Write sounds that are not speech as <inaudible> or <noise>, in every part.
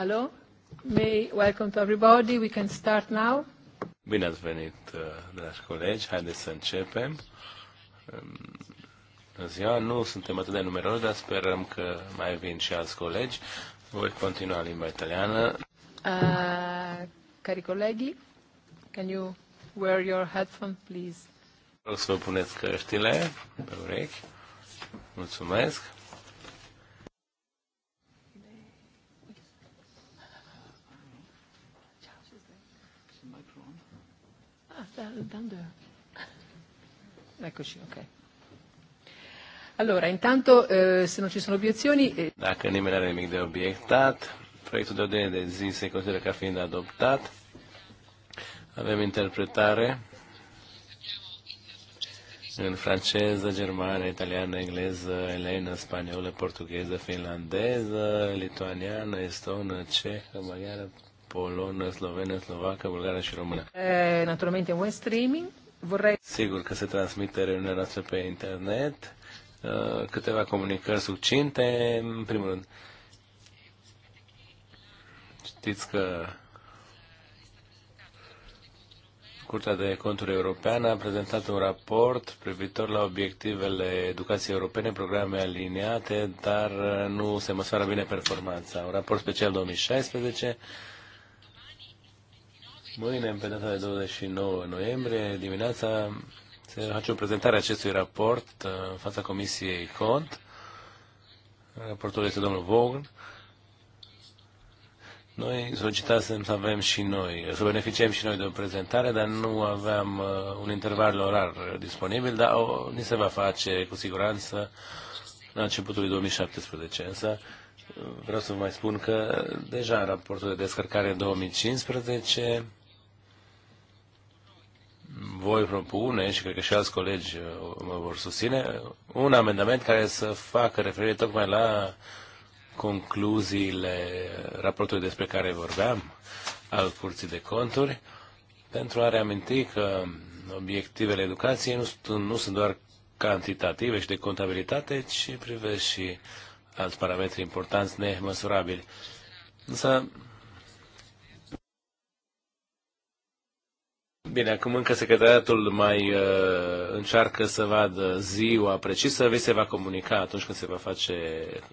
Hello. May welcome to everybody. We can start now. Bine ați venit, uh, dragi colegi. Haideți să începem. În um, ziua nu suntem atât de numeroși, dar sperăm că mai vin și alți colegi. Voi continua limba italiană. Uh, cari colegi, can you wear your headphone, please? Vreau să vă puneți căștile pe urechi. Mulțumesc. <laughs> Eccoci, ok. Allora, intanto, eh, se non ci sono obiezioni... Eh... Dacă nimeni are nimic de obiectat, proiectul de ordine de zi se consideră ca fiind adoptat. Avem interpretare în franceză, germană, italiană, engleză, elenă, spaniolă, portugheză, finlandeză, lituaniană, estonă, cehă, maghiară, polonă, slovenă, slovacă, bulgară și română. E, eh, naturalmente un streaming. Vorrei... Sigur că se transmite reuniunea noastră pe internet. Eh, câteva comunicări succinte. În primul rând, știți că Curtea de Conturi Europeană a prezentat un raport privitor la obiectivele educației europene, programe aliniate, dar nu se măsoară bine performanța. Un raport special 2016 Mâine, pe data de 29 noiembrie, dimineața, se face o prezentare a acestui raport uh, în fața Comisiei CONT. Raportul este domnul Vogel. Noi solicitasem să avem și noi, să beneficiem și noi de o prezentare, dar nu aveam uh, un interval orar disponibil, dar o, ni se va face cu siguranță la în începutul 2017. Însă vreau să vă mai spun că deja în raportul de descărcare 2015 voi propune, și cred că și alți colegi uh, mă vor susține, un amendament care să facă referire tocmai la concluziile raportului despre care vorbeam, al Curții de Conturi, pentru a reaminti că obiectivele educației nu sunt, nu sunt doar cantitative și de contabilitate, ci privesc și alți parametri importanți nemăsurabili. Însă, Bine, acum încă secretariatul mai uh, încearcă să vadă ziua precisă, vi se va comunica atunci când se va face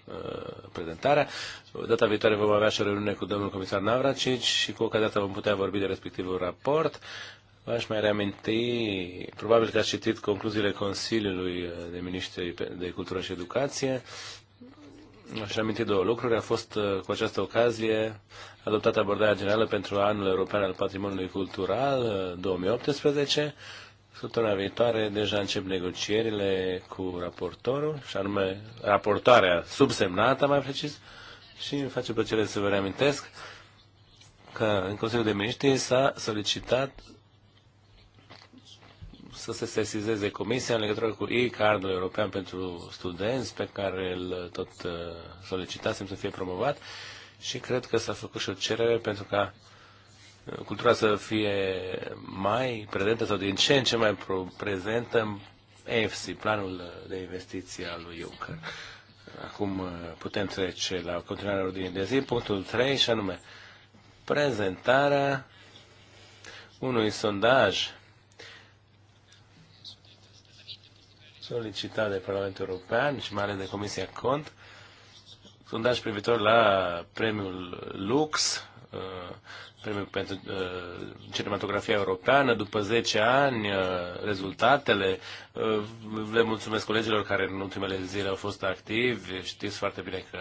uh, prezentarea. Data viitoare vom avea și o reuniune cu domnul comisar Navracici și cu ocazia asta vom putea vorbi de respectivul raport. V-aș mai reaminti, probabil că ați citit concluziile Consiliului uh, de Ministri de Cultură și Educație. Uh, aș aminti două lucruri. A fost uh, cu această ocazie adoptată abordarea generală pentru anul european al patrimoniului cultural 2018. Uh, Săptămâna viitoare deja încep negocierile cu raportorul, și anume raportarea subsemnată, mai precis, și îmi face plăcere să vă reamintesc că în Consiliul de Miniștri s-a solicitat să se sesizeze comisia în legătură cu e-cardul european pentru studenți pe care îl tot uh, solicitasem să fie promovat și cred că s-a făcut și o cerere pentru ca uh, cultura să fie mai prezentă sau din ce în ce mai prezentă în EFSI, planul de investiție al lui Juncker. Acum uh, putem trece la continuarea ordinii de zi, punctul 3, și anume prezentarea unui sondaj solicitat de Parlamentul European și mai ales de Comisia Cont, sondaj privitor la premiul Lux, uh, premiul pentru uh, cinematografia europeană, după 10 ani, uh, rezultatele. Le mulțumesc colegilor care în ultimele zile au fost activi. Știți foarte bine că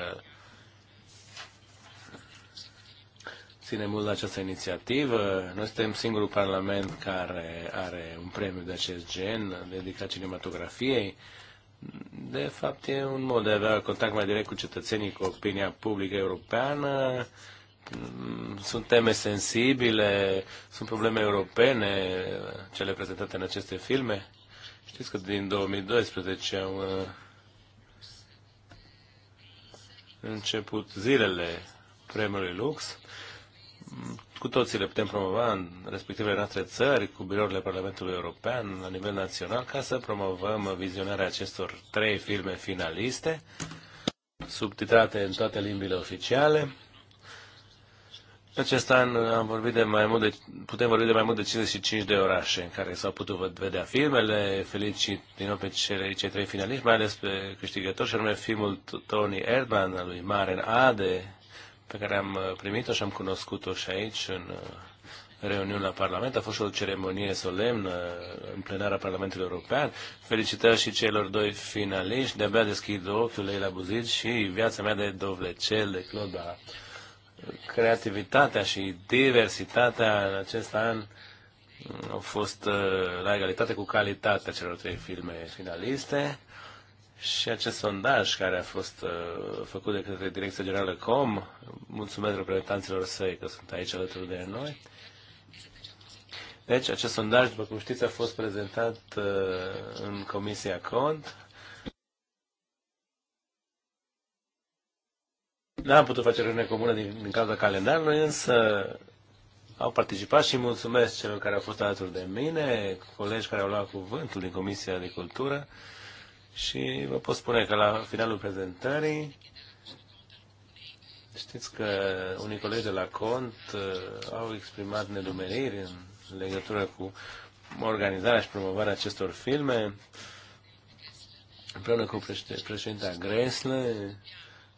ține mult la această inițiativă. Noi suntem singurul parlament care are un premiu de acest gen dedicat cinematografiei. De fapt, e un mod de a avea contact mai direct cu cetățenii, cu opinia publică europeană. Sunt teme sensibile, sunt probleme europene, cele prezentate în aceste filme. Știți că din 2012 am uh, început zilele premiului Lux cu toții le putem promova în respectivele noastre țări, cu birourile Parlamentului European, la nivel național, ca să promovăm vizionarea acestor trei filme finaliste, subtitrate în toate limbile oficiale. Acest an am vorbit de mai mult de, putem vorbi de mai mult de 55 de orașe în care s-au putut vedea filmele. Felicit din nou pe cele, cei trei finaliști, mai ales pe câștigători, și anume filmul Tony Erdman al lui Maren Ade, pe care am uh, primit-o și am cunoscut-o și aici în uh, reuniuni la Parlament. A fost o ceremonie solemnă uh, în plenara Parlamentului European. Felicitări și celor doi finaliști. De-abia deschid ochiul la Buzid și viața mea de dovlecel de Cloda. Creativitatea și diversitatea în acest an mm, au fost la egalitate cu calitatea celor trei filme finaliste. Și acest sondaj care a fost uh, făcut de către Direcția Generală Com, mulțumesc reprezentanților săi că sunt aici alături de noi. Deci, acest sondaj, după cum știți, a fost prezentat uh, în Comisia Cont. N-am putut face reuniune comună din, din cauza calendarului, însă au participat și mulțumesc celor care au fost alături de mine, colegi care au luat cuvântul din Comisia de Cultură. Și vă pot spune că la finalul prezentării știți că unii colegi de la cont uh, au exprimat nedumeriri în legătură cu organizarea și promovarea acestor filme. Împreună cu președinta Gresle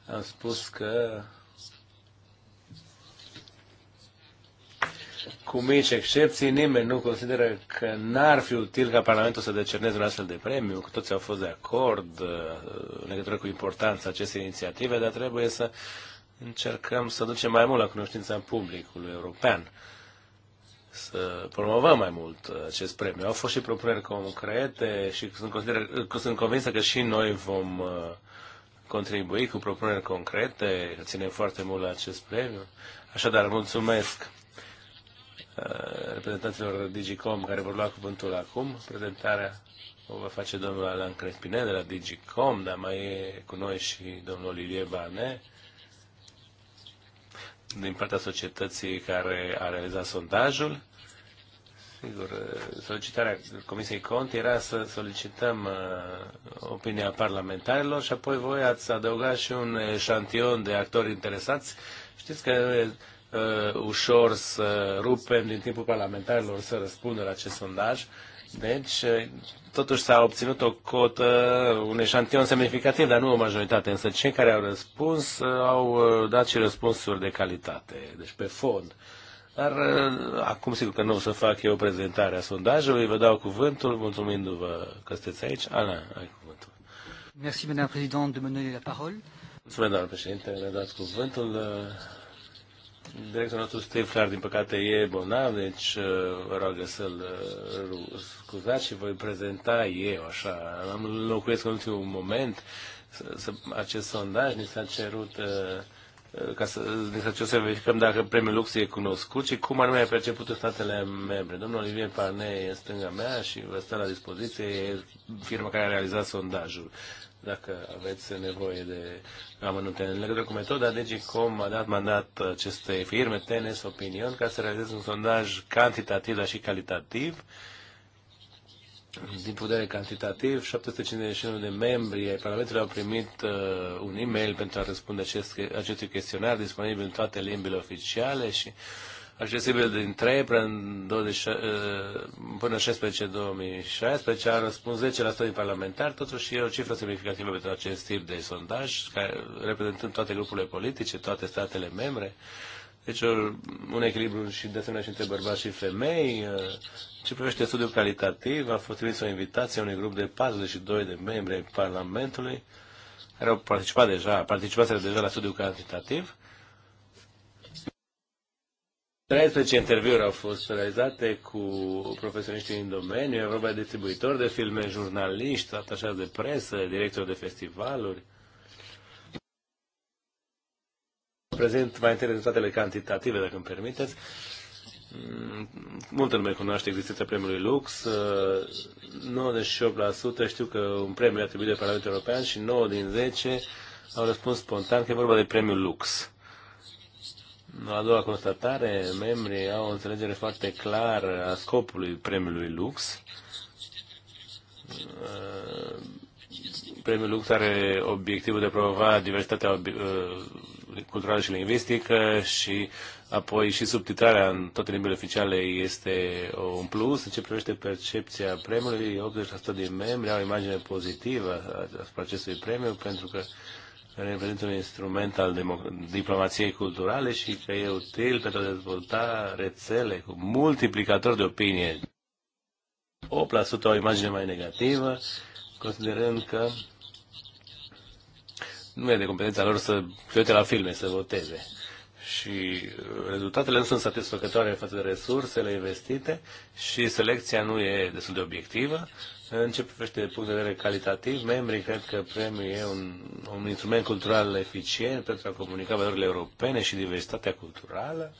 am spus că cu mici excepții, nimeni nu consideră că n-ar fi util ca Parlamentul să decerneze un astfel de premiu, că toți au fost de acord uh, în legătură cu importanța acestei inițiative, dar trebuie să încercăm să ducem mai mult la cunoștința publicului european, să promovăm mai mult uh, acest premiu. Au fost și propuneri concrete și sunt, uh, sunt convinsă că și noi vom contribui cu propuneri concrete, ținem foarte mult la acest premiu. Așadar, mulțumesc Uh, reprezentanților Digicom care vor lua cuvântul acum. Prezentarea o va face domnul Alan Crespine de la Digicom, dar mai e cu noi și domnul Olivier Bane din partea societății care a realizat sondajul. Sigur, uh, solicitarea Comisiei Cont era să solicităm uh, opinia parlamentarilor și apoi voi ați adăugat și un eșantion de actori interesați. Știți că uh, ușor să rupem din timpul parlamentarilor să răspundă la acest sondaj. Deci, uh, totuși s-a obținut o cotă, un eșantion semnificativ, dar nu o majoritate. Însă cei care au răspuns uh, au uh, dat și răspunsuri de calitate, deci pe fond. Dar acum sigur că nu o să fac eu prezentarea sondajului, vă dau cuvântul, mulțumindu-vă că sunteți aici. Ana, ai cuvântul. de la parole. Mulțumesc, doamnă președinte, mi-a dat cuvântul. Directorul nostru Steve Flar, din păcate, e bolnav, deci uh, vă rog să-l uh, scuzați și voi prezenta eu, așa. Am locuiesc în ultimul moment acest sondaj, ni s-a cerut uh, ca să ne să, să verificăm dacă premiul Lux e cunoscut și cum anume a perceput statele membre. Domnul Olivier parne e în stânga mea și vă stă la dispoziție, e firma care a realizat sondajul dacă aveți nevoie de amănunte. În legătură cu metoda, DGCOM a dat mandat acestei firme, TNS Opinion, ca să realizeze un sondaj cantitativ, dar și calitativ. Din vedere cantitativ, 751 de membri ai Parlamentului au primit uh, un e-mail pentru a răspunde acest, acestui chestionar disponibil în toate limbile oficiale și uh, accesibil din 3 eh, până, în până 16 2016, a răspuns 10% din parlamentari, totuși e o cifră semnificativă pentru acest tip de sondaj, care, reprezentând toate grupurile politice, toate statele membre, deci un echilibru și de asemenea și între bărbați și femei. Eh, ce privește studiul calitativ, a fost trimis o invitație a unui grup de 42 de membri ai Parlamentului, care au participat deja, participaseră deja la studiul calitativ. 13 interviuri au fost realizate cu profesioniști din domeniu, e vorba de distribuitori de filme, jurnaliști, atașați de presă, directori de festivaluri. Prezent mai întâi rezultatele cantitative, dacă îmi permiteți. Mm, multă lume cunoaște existența premiului Lux, 98% uh, știu că un premiu e atribuit de Parlamentul European și 9 din 10 au răspuns spontan că e vorba de premiul Lux. A doua constatare, membrii au o înțelegere foarte clară a scopului premiului Lux. Premiul Lux are obiectivul de a promova diversitatea uh, culturală și lingvistică și apoi și subtitrarea în toate limbile oficiale este un plus. În ce privește percepția premiului, 80% din membri au o imagine pozitivă asupra acestui premiu pentru că uh, reprezintă un instrument al diplomației culturale și că e util pentru a dezvolta rețele cu multiplicator de opinie. 8% o imagine mai negativă, considerând că nu e de competența lor să se uite la filme, să voteze. Și uh, rezultatele nu sunt satisfăcătoare față de resursele investite și selecția nu e destul de obiectivă în ce privește punct de vedere calitativ, membrii cred că premiul e un, un instrument cultural eficient pentru a comunica valorile europene și diversitatea culturală.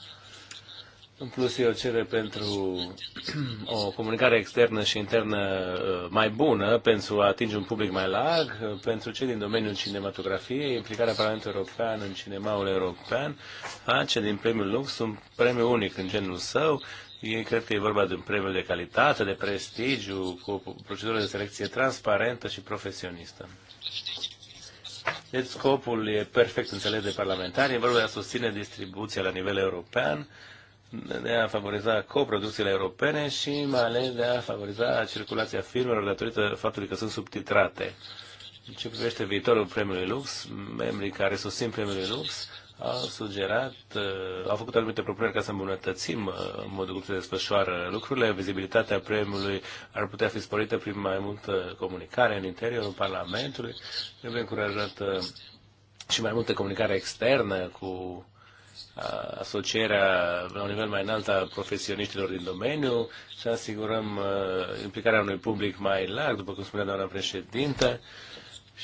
În plus, e o cerere pentru <clears throat> o comunicare externă și internă uh, mai bună, pentru a atinge un public mai larg, uh, pentru cei din domeniul cinematografiei, implicarea Parlamentului European în cinemaul european face din premiul Lux un premiu unic în genul său ei cred că e vorba de un premiu de calitate, de prestigiu, cu o procedură de selecție transparentă și profesionistă. Deci scopul e perfect înțeles de parlamentari, e vorba de a susține distribuția la nivel european, de a favoriza coproducțiile europene și mai ales de a favoriza circulația firmelor datorită faptului că sunt subtitrate. În ce privește viitorul premiului Lux, membrii care susțin premiului Lux a sugerat, a făcut anumite propuneri ca să îmbunătățim modul cum se desfășoară lucrurile. Vizibilitatea premiului ar putea fi sporită prin mai multă comunicare în interiorul Parlamentului. Trebuie încurajată și mai multă comunicare externă cu asocierea la un nivel mai înalt a profesioniștilor din domeniu, să asigurăm implicarea unui public mai larg, după cum spunea doamna președintă,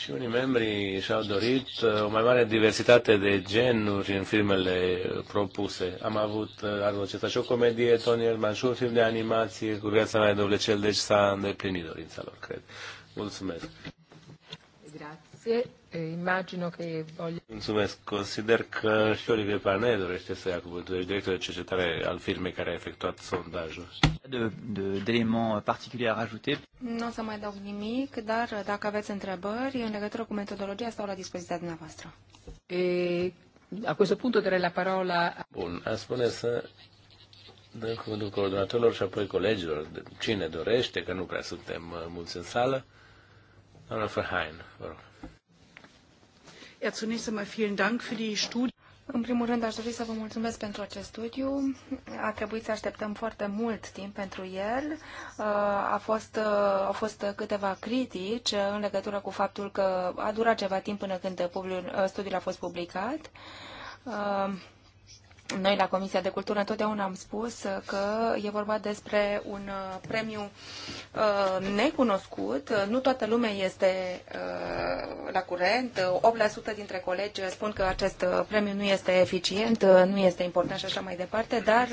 și unii membri și-au dorit uh, o mai mare diversitate de genuri în filmele propuse. Am avut uh, anul acesta și o comedie, Tony Elman, și un film de animație cu viața mea de cel, deci s-a îndeplinit dorința lor, cred. Mulțumesc! Grazie immagino che voglio... Mulțumesc. Consider că și Olivier Pane dorește să ia cuvântul, deci directorul de cercetare al firmei care a efectuat sondajul. De, de, particulier ajouté. Nu o să mai dau nimic, dar dacă aveți întrebări în legătură cu metodologia, stau la dispoziția dumneavoastră. E, a questo punto darei la parola... Bun, a spune să dăm cuvântul coordonatorilor și apoi colegilor. Cine dorește, că nu prea suntem uh, mulți în sală. Doamna Ferhain, vă rog zunächst einmal vielen Dank für die Studie. În primul rând, aș dori să vă mulțumesc pentru acest studiu. A trebuit să așteptăm foarte mult timp pentru el. Uh, a fost, uh, au fost câteva critici în legătură cu faptul că a durat ceva timp până când uh, studiul a fost publicat. Noi la Comisia de Cultură întotdeauna am spus că e vorba despre un uh, premiu uh, necunoscut. Nu toată lumea este uh, la curent. 8% dintre colegi spun că acest premiu nu este eficient, nu este important și așa mai departe, dar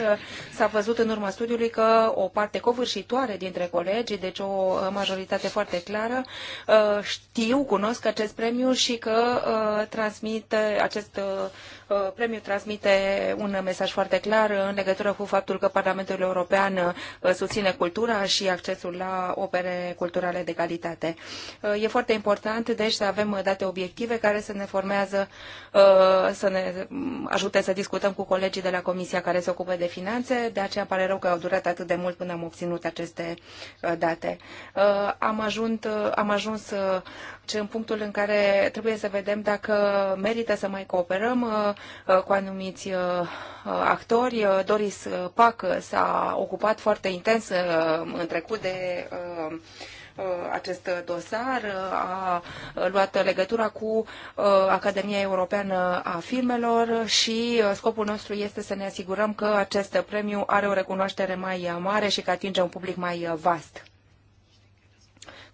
s-a văzut în urma studiului că o parte covârșitoare dintre colegi, deci o majoritate foarte clară, știu, cunosc acest premiu și că transmit acest Uh, premiu transmite un mesaj foarte clar în legătură cu faptul că Parlamentul European uh, susține cultura și accesul la opere culturale de calitate. Uh, e foarte important, deci, să avem date obiective care să ne formează, să ne ajute să discutăm cu colegii de la Comisia care se ocupă de finanțe, de aceea pare rău că au durat atât de mult până am obținut aceste date. Am ajuns, am ajuns 13, deci, în punctul în care trebuie să vedem dacă merită să mai cooperăm uh, uh, cu anumiți uh, actori. Doris Pac s-a ocupat foarte intens în trecut de acest dosar, a luat legătura cu Academia Europeană a Filmelor și scopul nostru este să ne asigurăm că acest premiu are o recunoaștere mai mare și că atinge un public mai vast.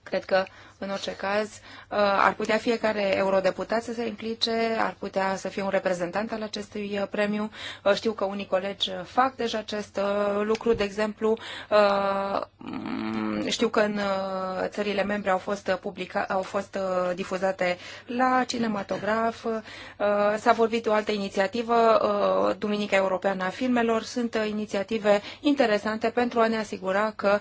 Cred că în orice caz, uh, ar putea fiecare eurodeputat să se implice, ar putea să fie un reprezentant al acestui uh, premiu. Uh, știu că unii colegi fac deja acest lucru, de exemplu, știu că în țările membre au fost, publica, au fost difuzate la cinematograf, s-a vorbit o altă inițiativă, Duminica Europeană a Filmelor, sunt inițiative interesante pentru a ne asigura că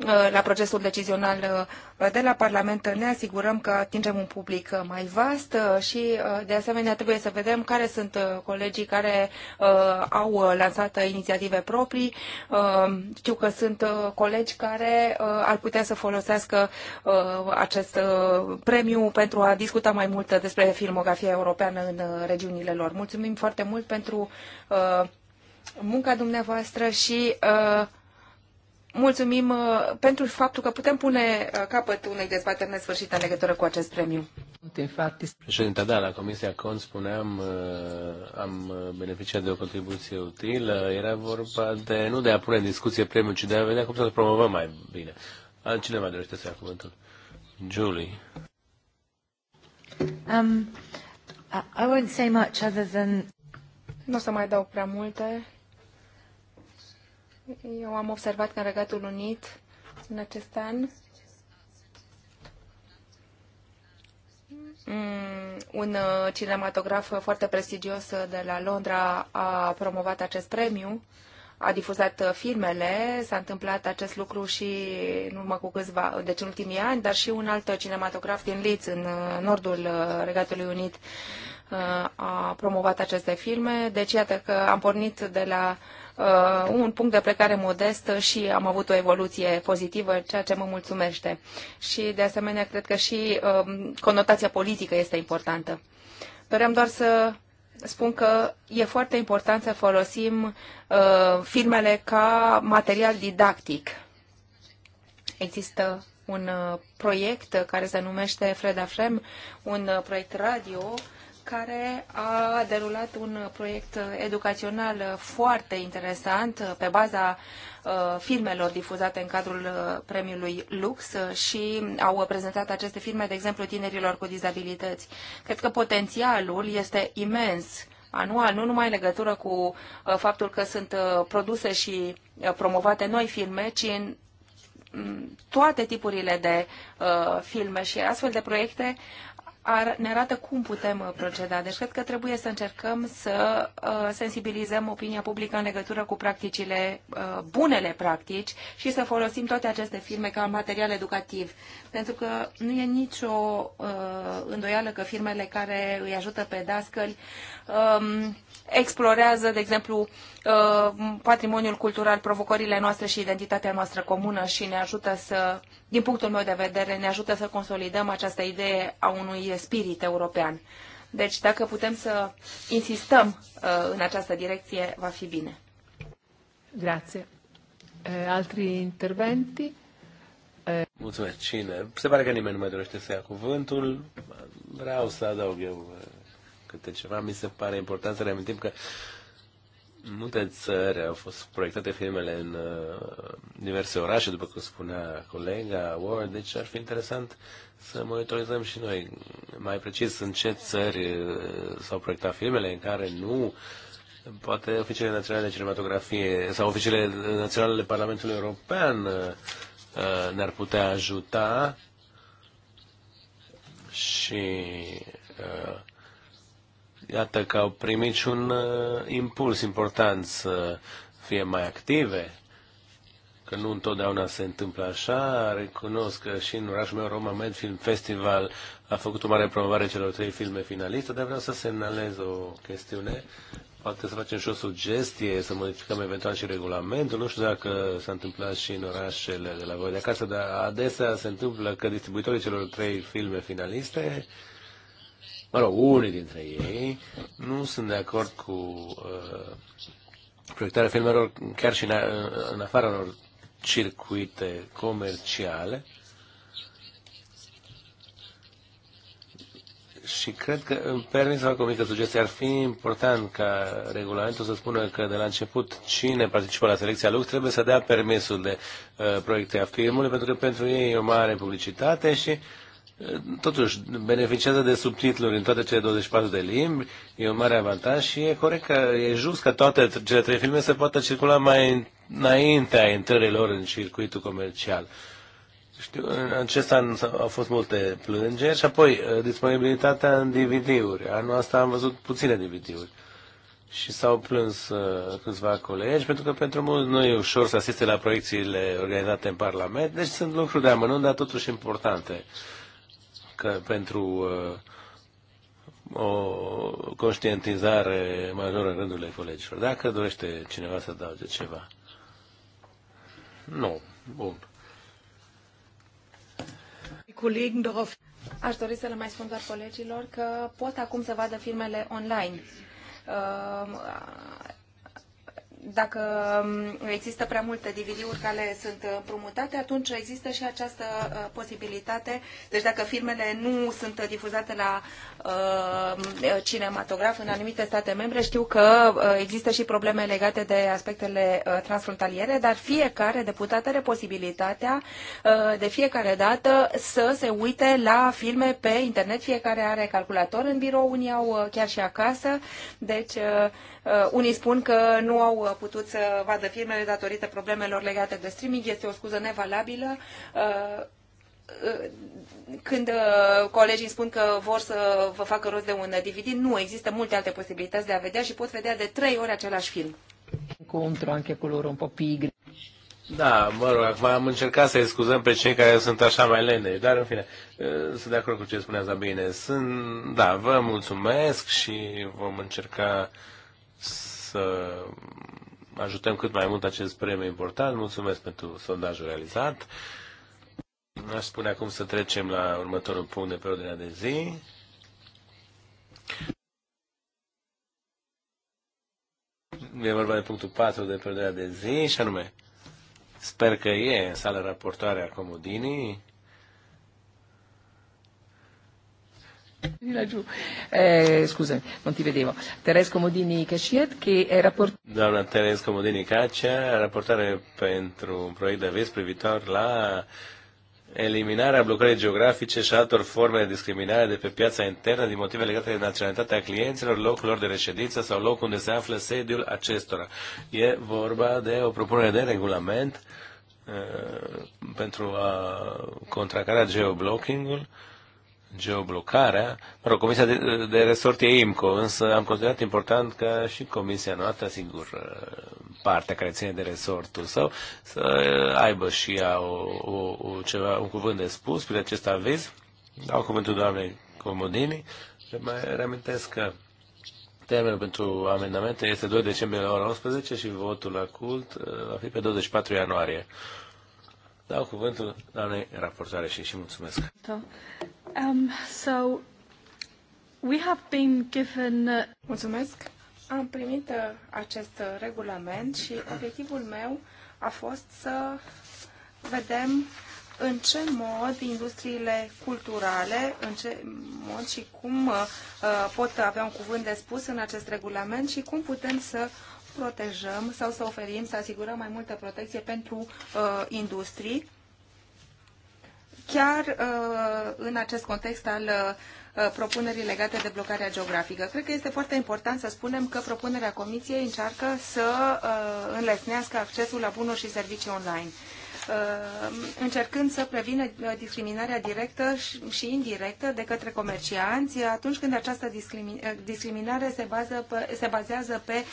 Uh, la procesul decizional uh, de la Parlament ne asigurăm că atingem un public uh, mai vast și, de asemenea, trebuie să vedem care sunt colegii care au lansat inițiative proprii. Știu că sunt colegi care ar putea să folosească acest premiu pentru a discuta mai mult despre filmografia europeană în regiunile lor. Mulțumim foarte mult pentru munca dumneavoastră și uh, mulțumim uh, pentru faptul că putem pune uh, capăt unei dezbateri nesfârșite în legătură cu acest premiu. Președinte, da, la Comisia CON spuneam, uh, am beneficiat de o contribuție utilă. Era vorba de, nu de a pune în discuție premiul, ci de a vedea cum să-l promovăm mai bine. Altcineva dorește să ia cuvântul. Julie. Um, I won't say much other than... Nu o să mai dau prea multe eu am observat că în Regatul Unit, în acest an, mm, un uh, cinematograf foarte prestigios de la Londra a promovat acest premiu, a difuzat uh, filmele, s-a întâmplat acest lucru și în urmă cu câțiva, deci în ultimii ani, dar și un alt uh, cinematograf din Leeds, în nordul Regatului Unit, a promovat aceste filme. Deci iată că am pornit de la uh, Uh, un punct de plecare modest și am avut o evoluție pozitivă, ceea ce mă mulțumește. Și, de asemenea, cred că și um, conotația politică este importantă. Doream doar să spun că e foarte important să folosim uh, filmele ca material didactic. Există un uh, proiect care se numește Freda Frem, un proiect radio uh, care a derulat un proiect educațional foarte interesant pe baza uh, filmelor difuzate în cadrul uh, premiului Lux uh, și au prezentat aceste filme, de exemplu, tinerilor cu dizabilități. Cred că potențialul este imens anual, nu numai în legătură cu faptul că sunt produse și promovate noi filme, ci în mm, toate tipurile de uh, filme și astfel de proiecte ar, ne arată cum putem uh, proceda. Deci cred că trebuie să încercăm să uh, sensibilizăm opinia publică în legătură cu practicile, uh, bunele practici și să folosim toate aceste firme ca material educativ. Pentru că nu e nicio uh, îndoială că firmele care îi ajută pe dascăli um, explorează, de exemplu, uh, patrimoniul cultural, provocările noastre și identitatea noastră comună și ne ajută să, din punctul meu de vedere, ne ajută să consolidăm această idee a unui acestui spirit european. Deci dacă putem să insistăm uh, în această direcție, va fi bine. Grazie. Eh, altri interventi? Eh. Mulțumesc. Cine? Se pare că nimeni nu mai dorește să ia cuvântul. Vreau să adaug eu eh, câte ceva. Mi se pare important să reamintim că în multe țări au fost proiectate filmele în uh, diverse orașe, după cum spunea colega Ward, deci ar fi interesant să monitorizăm și noi mai precis în ce țări uh, s-au proiectat filmele, în care nu poate oficiile naționale de cinematografie sau oficiile naționale ale Parlamentului European uh, ne-ar putea ajuta și uh, iată că au primit și un uh, impuls important să fie mai active, că nu întotdeauna se întâmplă așa. Recunosc că și în orașul meu, Roma Med Film Festival, a făcut o mare promovare celor trei filme finaliste, dar vreau să semnalez o chestiune. Poate să facem și o sugestie, să modificăm eventual și regulamentul. Nu știu dacă s-a întâmplat și în orașele de la voi de acasă, dar adesea se întâmplă că distribuitorii celor trei filme finaliste mă rog, unii dintre ei nu sunt de acord cu uh, proiectarea filmelor chiar și în, în afara unor circuite comerciale. Și cred că, îmi permit să fac o mică sugestie, ar fi important ca regulamentul să spună că de la început cine participă la selecția Lux trebuie să dea permisul de uh, proiecte a filmului, pentru că pentru ei e o mare publicitate și uh, totuși beneficiază de subtitluri în toate cele 24 de limbi, e un mare avantaj și e corect că e just că toate cele trei filme se poată circula mai înaintea intrărilor în circuitul comercial. Știu, în acest an au fost multe plângeri și apoi uh, disponibilitatea în DVD-uri. Anul ăsta am văzut puține DVD-uri și s-au plâns uh, câțiva colegi, pentru că pentru mulți nu e ușor să asiste la proiecțiile organizate în Parlament, deci sunt lucruri de amănunt, dar totuși importante că pentru uh, o conștientizare majoră în rândurile colegilor. Dacă dorește cineva să adauge ceva. Nu. Bun. Aș dori să le mai spun doar colegilor că pot acum să vadă filmele online. Uh, dacă um, există prea multe DVD-uri care sunt împrumutate, atunci există și această uh, posibilitate. Deci dacă filmele nu sunt difuzate la uh, cinematograf în anumite state membre, știu că uh, există și probleme legate de aspectele uh, transfrontaliere, dar fiecare deputat are posibilitatea uh, de fiecare dată să se uite la filme pe internet. Fiecare are calculator în birou, unii au chiar și acasă. Deci uh, unii spun că nu au au putut să vadă filmele datorită problemelor legate de streaming. Este o scuză nevalabilă uh, uh, când uh, colegii spun că vor să vă facă rost de un DVD, nu există multe alte posibilități de a vedea și pot vedea de trei ori același film. Contro anche coloro un po' pigri. Da, mă rog, acum am încercat să-i scuzăm pe cei care sunt așa mai leneși, dar în fine, sunt de acord cu ce spunea Zabine. Sunt, da, vă mulțumesc și vom încerca să ajutăm cât mai mult acest premiu important. Mulțumesc pentru sondajul realizat. Aș spune acum să trecem la următorul punct de pe ordinea de zi. E vorba de punctul 4 de pe ordinea de zi și anume, sper că e în sala raportoare a Comodinii. Laggiù. Eh, scusami, non ti vedevo. Teresco Modini Caciet, che è rapportare... Doamna Teresco Modini Cacea, raportare pentru un proiect de aviz privitor la eliminarea blocării geografice și altor forme de discriminare de pe piața internă din motive legate de naționalitatea clienților, locul lor de reședință sau locul unde se află sediul acestora. E vorba de o propunere de regulament uh, pentru a contracara geoblocking-ul geoblocarea. Mă rog, Comisia de, de Resort e IMCO, însă am considerat important ca și Comisia noastră, sigur, partea care ține de resortul sau să aibă și ea o, o, o, ceva, un cuvânt de spus prin acest aviz. Dau cuvântul doamnei Comodini. Le mai reamintesc că termenul pentru amendamente este 2 decembrie la ora 11 și votul la cult uh, va fi pe 24 ianuarie. Dau cuvântul doamnei raportoare și și mulțumesc. Da. Um, so we have been given... Uh, Mulțumesc. Am primit uh, acest uh, regulament și obiectivul meu a fost să vedem în ce mod industriile culturale, în ce mod și cum uh, pot avea un cuvânt de spus în acest regulament și cum putem să protejăm sau să oferim, să asigurăm mai multă protecție pentru uh, industrii chiar uh, în acest context al uh, propunerii legate de blocarea geografică. Cred că este foarte important să spunem că propunerea Comisiei încearcă să uh, înlesnească accesul la bunuri și servicii online încercând să prevină discriminarea directă și indirectă de către comercianți atunci când această discriminare se, bază pe, se bazează pe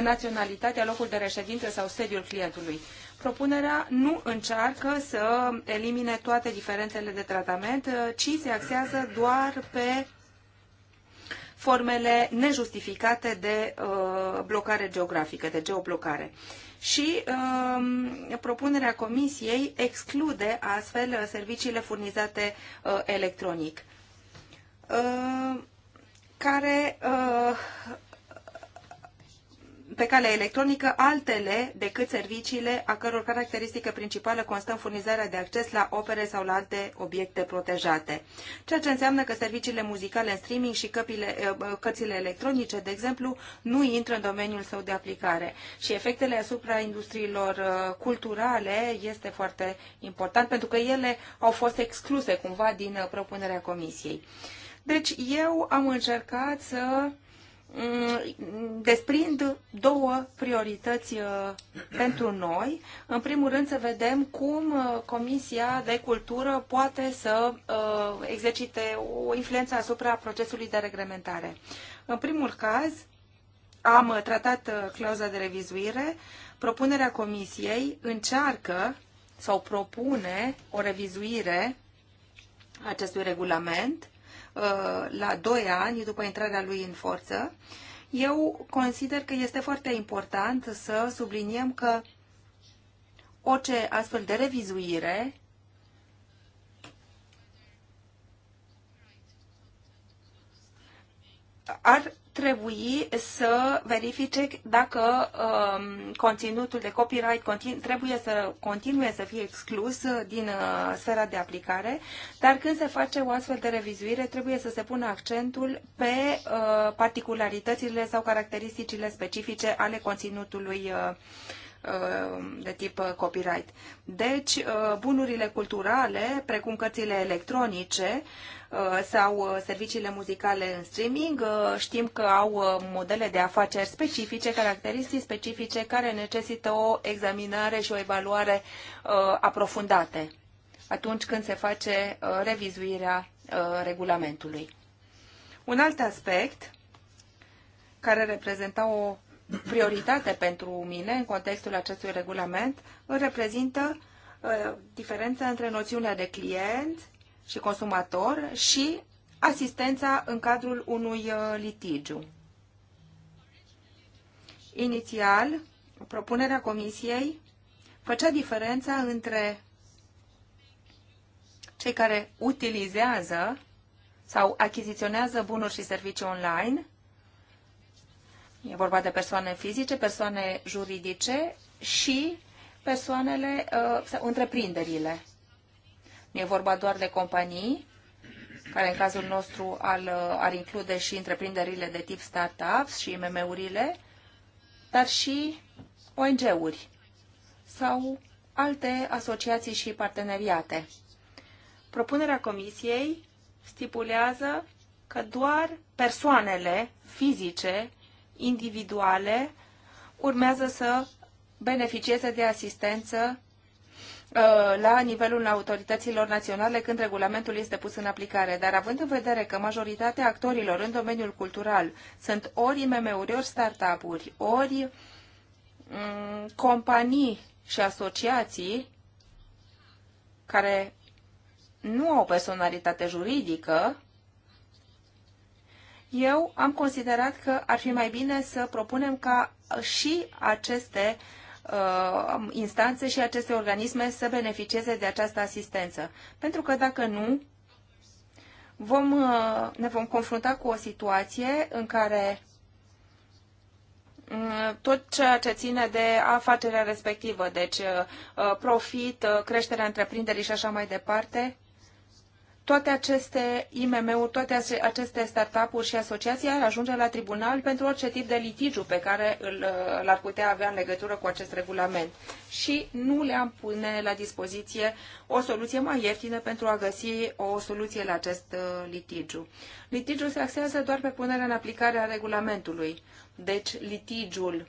naționalitatea, locul de reședință sau sediul clientului propunerea nu încearcă să elimine toate diferențele de tratament, uh, ci se axează doar pe formele nejustificate de uh, blocare geografică, de geoblocare. Și uh, propunerea comisiei exclude astfel uh, serviciile furnizate uh, electronic, uh, care pe calea electronică altele decât serviciile a căror caracteristică principală constă în furnizarea de acces la opere sau la alte obiecte protejate. Ceea ce înseamnă că serviciile muzicale în streaming și căpile, eh, cărțile electronice, de exemplu, nu intră în domeniul său de aplicare. Și efectele asupra industriilor eh, culturale este foarte important pentru că ele au fost excluse cumva din eh, propunerea Comisiei. Deci eu am încercat să uh, Mm, desprind două priorități uh, pentru noi. În primul rând să vedem cum uh, Comisia de Cultură poate să uh, exercite o influență asupra procesului de reglementare. În primul caz, am tratat clauza de revizuire. Propunerea Comisiei încearcă sau propune o revizuire acestui regulament Uh, la 2 ani după intrarea lui în forță, eu consider că este foarte important să subliniem că orice astfel de revizuire ar trebui să verifice dacă um, conținutul de copyright continu- trebuie să continue să fie exclus din uh, sfera de aplicare, dar când se face o astfel de revizuire, trebuie să se pună accentul pe uh, particularitățile sau caracteristicile specifice ale conținutului uh, Uh, de tip uh, copyright. Deci, uh, bunurile culturale, precum cărțile electronice sau serviciile muzicale în streaming, știm că au modele de afaceri specifice, caracteristici specifice, care necesită o examinare și o evaluare aprofundate atunci când se face revizuirea regulamentului. Un alt aspect care reprezenta o prioritate pentru mine în contextul acestui regulament îl reprezintă uh, diferența între noțiunea de client și consumator și asistența în cadrul unui uh, litigiu. Inițial, propunerea comisiei făcea diferența între cei care utilizează sau achiziționează bunuri și servicii online E vorba de persoane fizice, persoane juridice și persoanele, uh, întreprinderile. Nu e vorba doar de companii, care în cazul nostru al, uh, ar include și întreprinderile de tip startups și mm urile dar și ONG-uri sau alte asociații și parteneriate. Propunerea Comisiei stipulează că doar persoanele fizice individuale urmează să beneficieze de asistență uh, la nivelul autorităților naționale când regulamentul este pus în aplicare, dar având în vedere că majoritatea actorilor în domeniul cultural sunt ori IMM-uri, ori startup-uri, ori mm, companii și asociații care nu au personalitate juridică, eu am considerat că ar fi mai bine să propunem ca și aceste uh, instanțe și aceste organisme să beneficieze de această asistență. Pentru că dacă nu, vom, uh, ne vom confrunta cu o situație în care mm, tot ceea ce ține de afacerea respectivă, deci uh, profit, uh, creșterea întreprinderii și așa mai departe, toate aceste IMM-uri, toate aceste startup-uri și asociații ar ajunge la tribunal pentru orice tip de litigiu pe care uh, l-ar putea avea în legătură cu acest regulament. Și nu le-am pune la dispoziție o soluție mai ieftină pentru a găsi o soluție la acest uh, litigiu. Litigiul se axează doar pe punerea în aplicare a regulamentului. Deci litigiul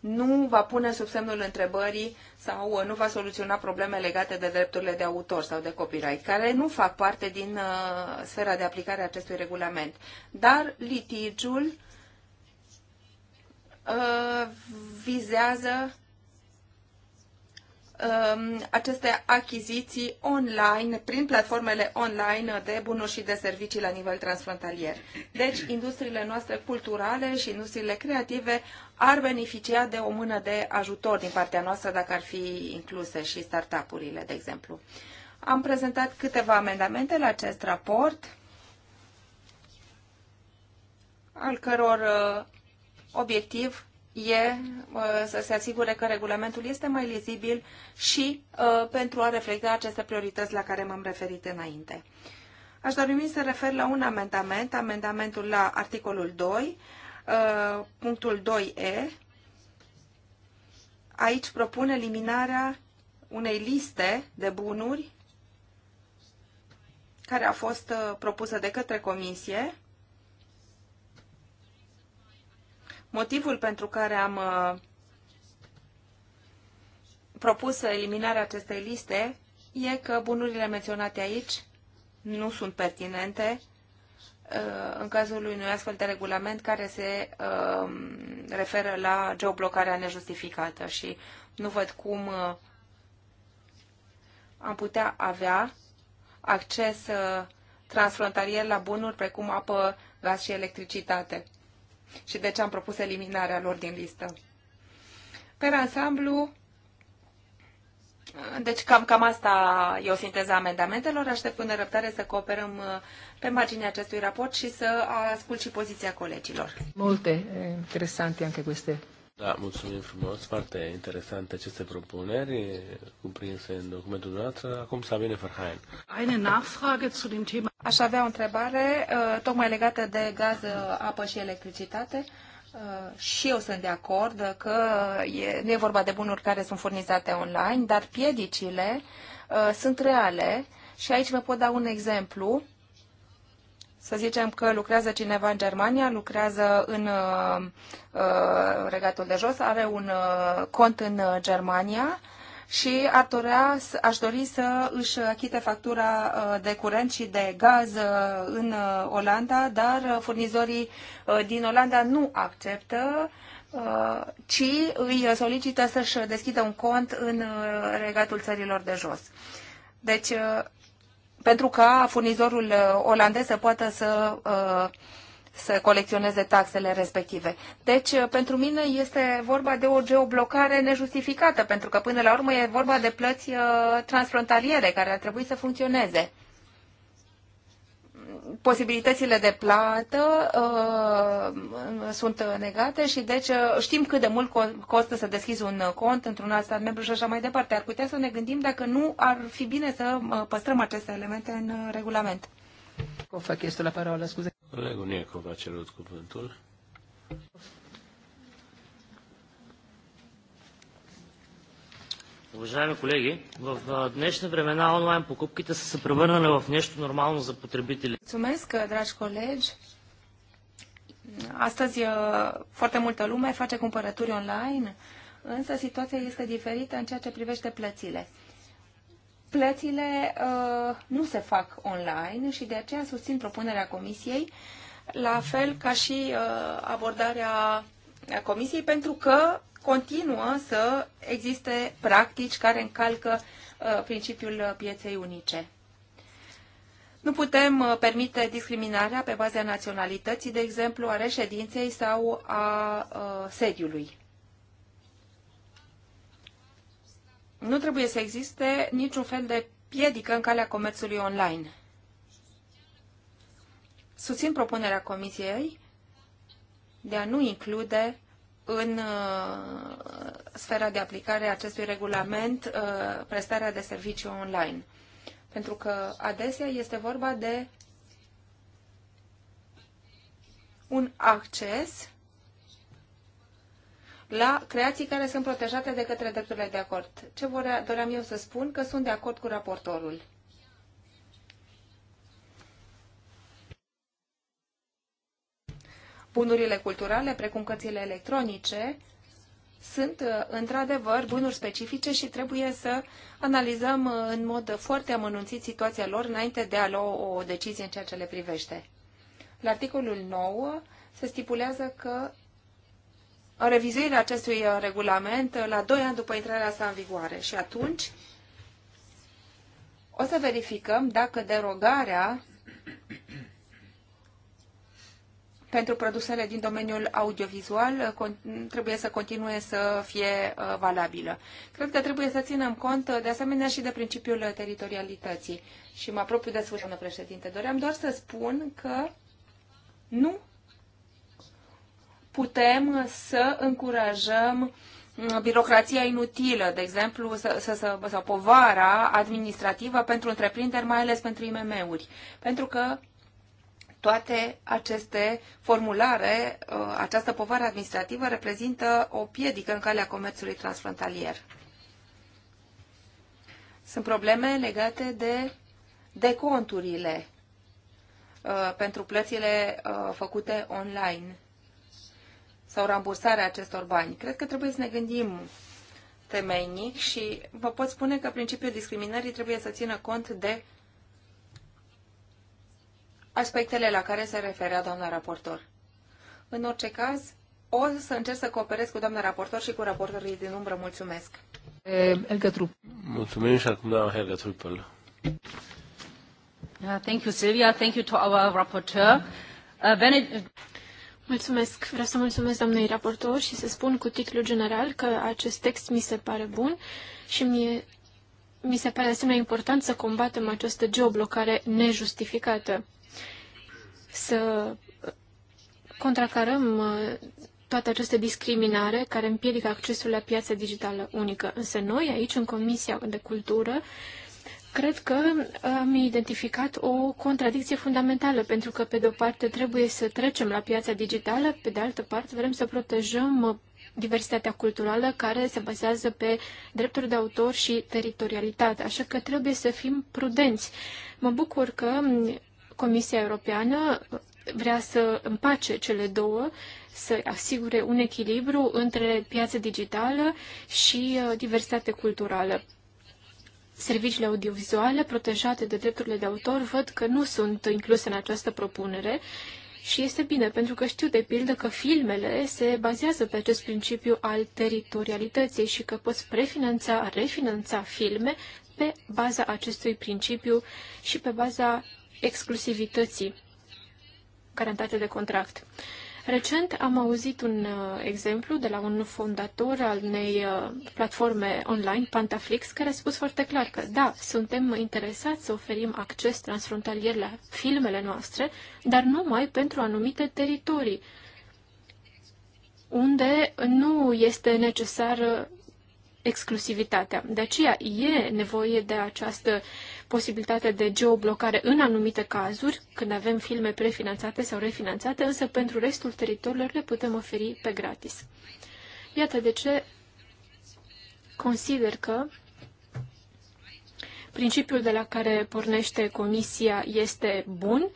nu va pune sub semnul întrebării sau uh, nu va soluționa probleme legate de drepturile de autor sau de copyright, care nu fac parte din uh, sfera de aplicare a acestui regulament. Dar litigiul uh, vizează Um, aceste achiziții online, prin platformele online de bunuri și de servicii la nivel transfrontalier. Deci, industriile noastre culturale și industriile creative ar beneficia de o mână de ajutor din partea noastră dacă ar fi incluse și startup-urile, de exemplu. Am prezentat câteva amendamente la acest raport, al căror uh, obiectiv e uh, să se asigure că regulamentul este mai lizibil și uh, pentru a reflecta aceste priorități la care m-am referit înainte. Aș dori să refer la un amendament, amendamentul la articolul 2, uh, punctul 2e. Aici propun eliminarea unei liste de bunuri care a fost propusă de către comisie Motivul pentru care am uh, propus eliminarea acestei liste e că bunurile menționate aici nu sunt pertinente uh, în cazul unui astfel de regulament care se um, referă la geoblocarea nejustificată și nu văd cum uh, am putea avea acces transfrontalier la bunuri precum apă, gaz și electricitate și de ce am propus eliminarea lor din listă. Pe ansamblu, deci cam, cam asta e o sinteză a amendamentelor. Aștept cu nerăbdare să cooperăm uh, pe marginea acestui raport și să ascult și poziția colegilor. Multe eh, interesante anche queste. Da, mulțumim frumos. Foarte interesante aceste propuneri eh, cuprinse în documentul dumneavoastră. Acum Sabine Verheyen. Eine Nachfrage zu dem Aș avea o întrebare uh, tocmai legată de gaz, uh, apă și electricitate. Uh, și eu sunt de acord că e, nu e vorba de bunuri care sunt furnizate online, dar piedicile sunt reale și aici vă pot da un exemplu. Să zicem că lucrează cineva în Germania, lucrează în uh, Regatul de Jos, are un uh, cont în Germania și ar dorea, aș dori să își achite factura uh, de curent și de gaz uh, în uh, Olanda, dar furnizorii din Olanda nu acceptă ci îi solicită să-și deschidă un cont în regatul țărilor de jos. Deci, pentru ca furnizorul olandez să poată să să colecționeze taxele respective. Deci, uh, pentru mine este vorba de o geoblocare nejustificată, pentru că până la urmă e vorba de plăți uh, transfrontaliere care ar trebui să funcționeze posibilitățile de plată uh, sunt negate și deci uh, știm cât de mult costă să deschizi un cont într-un alt stat membru și așa mai departe. Ar putea să ne gândim dacă nu ar fi bine să păstrăm aceste elemente în regulament. O fac este la parola, scuze. Colegul Niecov a cerut cuvântul. Уважаеми колеги, в днешни времена онлайн покупките са се превърнали в нещо нормално за потребители. Mulțumesc, dragi colegi. Astăzi foarte multă lume face cumpărături online, însă situația este diferită în ceea ce privește plățile plățile uh, nu se fac online și de aceea susțin propunerea comisiei, la fel ca și uh, abordarea comisiei, pentru că continuă să existe practici care încalcă uh, principiul pieței unice. Nu putem uh, permite discriminarea pe baza naționalității, de exemplu, a reședinței sau a uh, sediului. nu trebuie să existe niciun fel de piedică în calea comerțului online. Susțin propunerea Comisiei de a nu include în uh, sfera de aplicare a acestui regulament uh, prestarea de servicii online. Pentru că adesea este vorba de un acces la creații care sunt protejate de către drepturile de acord. Ce vorea, doream eu să spun? Că sunt de acord cu raportorul. Bunurile culturale, precum cărțile electronice, sunt uh, într-adevăr bunuri specifice și trebuie să analizăm uh, în mod foarte amănunțit situația lor înainte de a lua o decizie în ceea ce le privește. La articolul 9 se stipulează că revizuirea acestui uh, regulament uh, la 2 ani după intrarea sa în vigoare și atunci o să verificăm dacă derogarea <clears throat> pentru produsele din domeniul audiovizual uh, trebuie să continue să fie valabilă. Cred că trebuie să ținem cont de asemenea și de principiul teritorialității. Și mă apropiu de sfârșit, doamnă președinte. Doream doar să spun că nu putem să încurajăm uh, birocrația inutilă, de exemplu, să, să, să, sau povara administrativă pentru întreprinderi, mai ales pentru IMM-uri. Pentru că toate aceste formulare, uh, această povară administrativă reprezintă o piedică în calea comerțului transfrontalier. Sunt probleme legate de deconturile uh, pentru plățile făcute online sau rambursarea acestor bani. Cred că trebuie să ne gândim temeinic și vă pot spune că principiul discriminării trebuie să țină cont de aspectele la care se referea doamna raportor. În orice caz, o să încerc să cooperez cu doamna raportor și cu raportorii din umbră. Mulțumesc! Helga Trup. Mulțumim și acum doamna Helga Trupel. Uh, thank you, Silvia. Thank you to our rapporteur. Uh, Mulțumesc. Vreau să mulțumesc doamnei raportor și să spun cu titlu general că acest text mi se pare bun și mie, mi se pare asemenea important să combatem această geoblocare nejustificată. Să contracarăm uh, toată această discriminare care împiedică accesul la piața digitală unică. Însă noi, aici, în Comisia de Cultură, Cred că am identificat o contradicție fundamentală, pentru că, pe de-o parte, trebuie să trecem la piața digitală, pe de altă parte, vrem să protejăm diversitatea culturală care se bazează pe drepturi de autor și teritorialitate, așa că trebuie să fim prudenți. Mă bucur că Comisia Europeană vrea să împace cele două, să asigure un echilibru între piața digitală și uh, diversitate culturală serviciile audiovizuale protejate de drepturile de autor văd că nu sunt incluse în această propunere și este bine, pentru că știu de pildă că filmele se bazează pe acest principiu al teritorialității și că poți prefinanța, refinanța filme pe baza acestui principiu și pe baza exclusivității garantate de contract. Recent am auzit un uh, exemplu de la un fondator al unei uh, platforme online, Pantaflix, care a spus foarte clar că, da, suntem interesați să oferim acces transfrontalier la filmele noastre, dar numai pentru anumite teritorii, unde nu este necesară exclusivitatea. De aceea e nevoie de această uh, posibilitatea de geoblocare în anumite cazuri, când avem filme prefinanțate sau refinanțate, însă pentru restul teritoriilor le putem oferi pe gratis. Iată de ce consider că principiul de la care pornește Comisia este bun,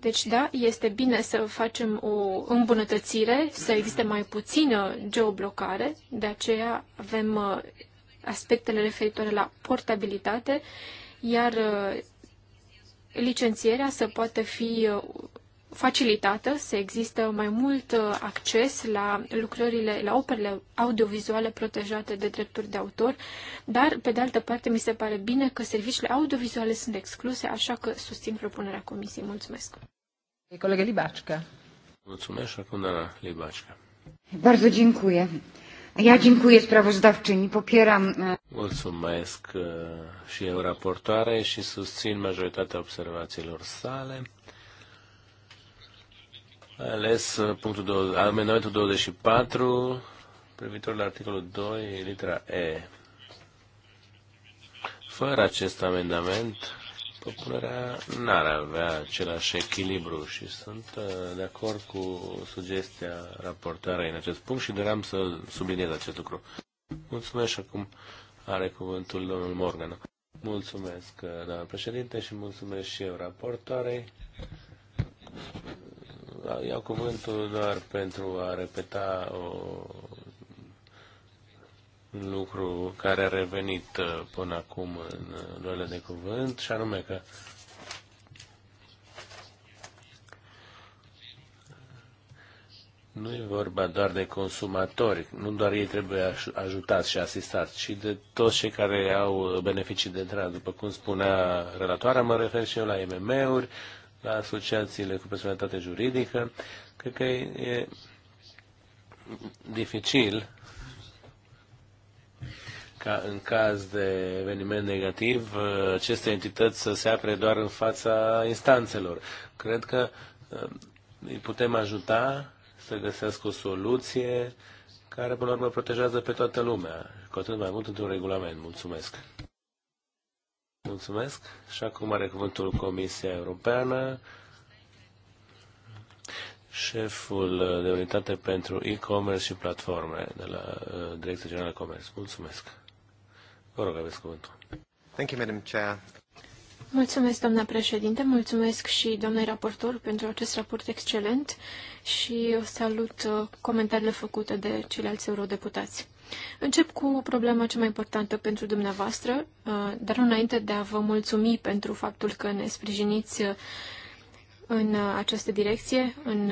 deci da, este bine să facem o îmbunătățire, să existe mai puțină geoblocare, de aceea avem uh, aspectele referitoare la portabilitate iar uh, licențierea să poată fi uh, facilitată, să există mai mult uh, acces la lucrările, la operele audiovizuale protejate de drepturi de autor, dar, pe de altă parte, mi se pare bine că serviciile audiovizuale sunt excluse, așa că susțin propunerea Comisiei. Mulțumesc! Colegă Libașca. Mulțumesc, acum doamna Libașca. Bardzo dziękuję. Ja dziękuję sprawozdawczyni, popieram... Mulțumesc și eu raportoare și susțin majoritatea observațiilor sale. Mai ales punctul 20, amendamentul 24 privitor la articolul 2, litera E. Fără acest amendament, propunerea n-ar avea același echilibru și sunt uh, de acord cu sugestia raportarei în acest punct și doream să subliniez acest lucru. Mulțumesc și acum are cuvântul domnul Morgan. Mulțumesc, uh, doamna președinte, și mulțumesc și eu raportoarei. Iau cuvântul doar pentru a repeta o un lucru care a revenit uh, până acum în uh, luările de cuvânt, și anume că Nu e vorba doar de consumatori, nu doar ei trebuie ajutați și asistați, ci de toți cei care au uh, beneficii de intrat. După cum spunea relatoarea, mă refer și eu la MM-uri, la asociațiile cu personalitate juridică. Cred că e dificil ca în caz de eveniment negativ, uh, aceste entități să se apere doar în fața instanțelor. Cred că uh, îi putem ajuta să găsească o soluție care, până la urmă, protejează pe toată lumea, cu atât mai mult într-un regulament. Mulțumesc! Mulțumesc! Și acum are cuvântul Comisia Europeană, șeful de unitate pentru e-commerce și platforme de la uh, Direcția Generală Comerț. Mulțumesc! Vă rog, aveți cuvântul. Thank you, Madam Chair. Mulțumesc, doamna președinte, mulțumesc și doamnei raportor pentru acest raport excelent și salut uh, comentariile făcute de ceilalți eurodeputați. Încep cu problema cea mai importantă pentru dumneavoastră, uh, dar înainte de a vă mulțumi pentru faptul că ne sprijiniți uh, în această direcție, în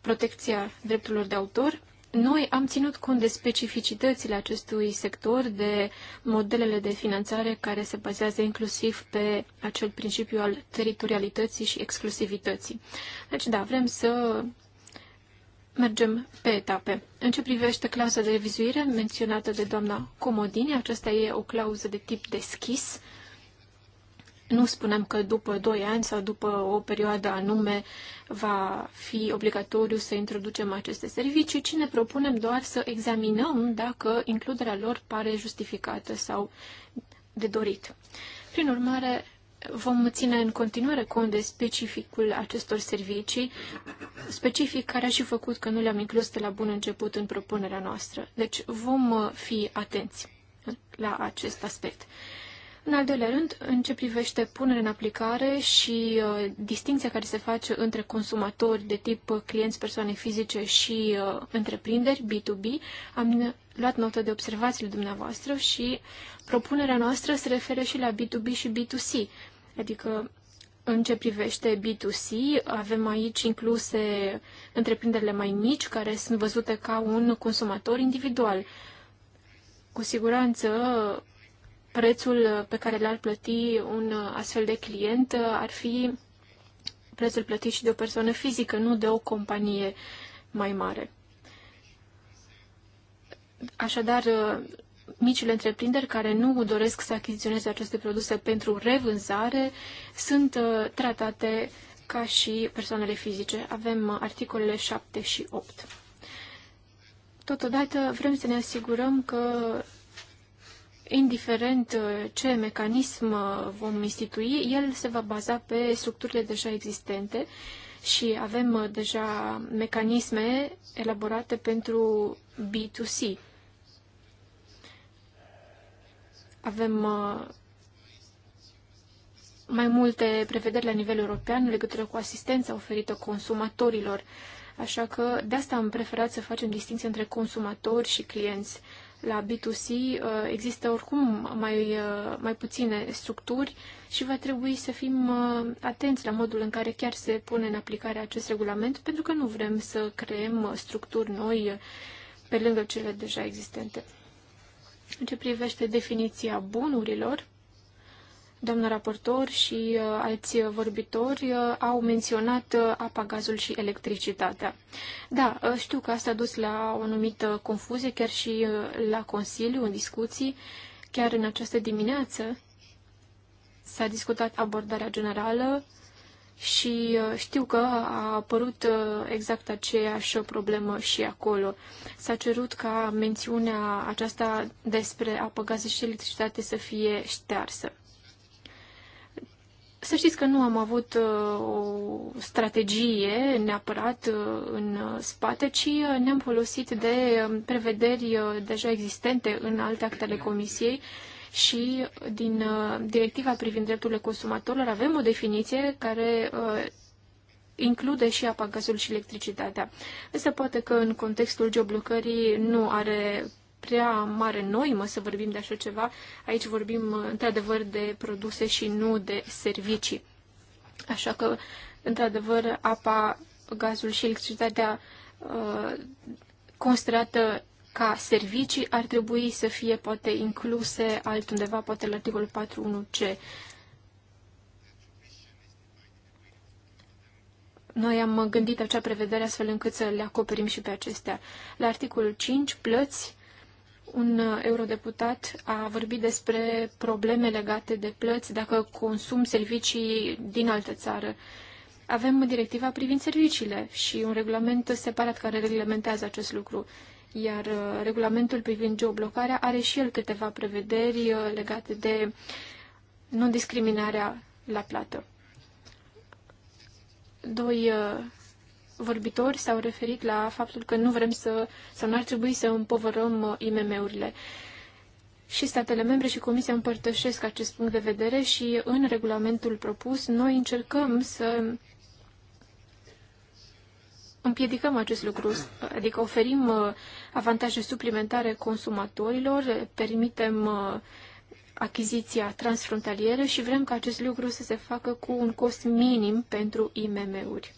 protecția drepturilor de autor, noi am ținut cont de specificitățile acestui sector, de modelele de finanțare care se bazează inclusiv pe acel principiu al teritorialității și exclusivității. Deci, da, vrem să mergem pe etape. În ce privește clauza de revizuire menționată de doamna Comodini, aceasta e o clauză de tip deschis, uh, nu spunem că după 2 ani sau după o perioadă anume va fi obligatoriu să introducem aceste servicii, ci ne propunem doar să examinăm dacă includerea lor pare justificată sau de dorit. Prin urmare, vom ține în continuare cont de specificul acestor servicii, specific care a și făcut că nu le-am inclus de la bun început în propunerea noastră. Deci vom uh, fi atenți la acest aspect. În al doilea rând, în ce privește punerea în aplicare și uh, distinția care se face între consumatori de tip uh, clienți, persoane fizice și uh, întreprinderi, B2B, am luat notă de observațiile dumneavoastră și propunerea noastră se referă și la B2B și B2C, adică în ce privește B2C, avem aici incluse întreprinderile mai mici, care sunt văzute ca un consumator individual. Cu siguranță, prețul pe care l-ar plăti un astfel de client ar fi prețul plătit și de o persoană fizică, nu de o companie mai mare. Așadar, micile întreprinderi care nu doresc să achiziționeze aceste produse pentru revânzare sunt uh, tratate ca și persoanele fizice. Avem articolele 7 și 8. Totodată vrem să ne asigurăm că indiferent uh, ce mecanism uh, vom institui, el se va baza pe structurile deja existente și avem uh, deja mecanisme elaborate pentru B2C. Avem mai multe prevederi la nivel european în legătură cu asistența oferită consumatorilor. Așa că de asta am preferat să facem distinție între consumatori și clienți la B2C uh, există oricum mai, uh, mai puține structuri și va trebui să fim uh, atenți la modul în care chiar se pune în aplicare acest regulament, pentru că nu vrem să creăm structuri noi pe lângă cele deja existente. În ce privește definiția bunurilor, doamna raportor și uh, alți vorbitori uh, au menționat uh, apa, gazul și electricitatea. Da, știu că asta a dus la o anumită confuzie, chiar și la Consiliu, în discuții. Chiar în această dimineață s-a discutat abordarea generală și știu că a apărut exact aceeași problemă și acolo. S-a cerut ca mențiunea aceasta despre apă, gaze și electricitate să fie ștearsă. Să știți că nu am avut uh, o strategie neapărat uh, în spate, ci uh, ne-am folosit de um, prevederi deja existente în alte actele comisiei și din directiva privind drepturile consumatorilor avem o definiție care include și apa, gazul și electricitatea. Însă poate că în contextul geoblocării nu are prea mare noimă să vorbim de așa ceva. Aici vorbim într-adevăr de produse și nu de servicii. Așa că, într-adevăr, apa, gazul și electricitatea construită uh, considerată ca servicii ar trebui să fie poate incluse altundeva, poate la articolul 4.1c. Noi am gândit acea prevedere astfel încât să le acoperim și pe acestea. La articolul 5, plăți, un uh, eurodeputat a vorbit despre probleme legate de plăți dacă consum servicii din altă țară. Avem directiva privind serviciile și un regulament separat care reglementează acest lucru, iar uh, regulamentul privind geoblocarea are și el câteva prevederi uh, legate de non-discriminarea la plată. Doi vorbitori s-au referit la faptul că nu vrem să, sau nu ar trebui să împovărăm uh, IMM-urile. Și statele membre și Comisia împărtășesc acest punct de vedere și în regulamentul propus noi încercăm să împiedicăm acest lucru, adică oferim uh, avantaje suplimentare consumatorilor, permitem uh, achiziția transfrontalieră și vrem ca acest lucru să se facă cu un cost minim pentru IMM-uri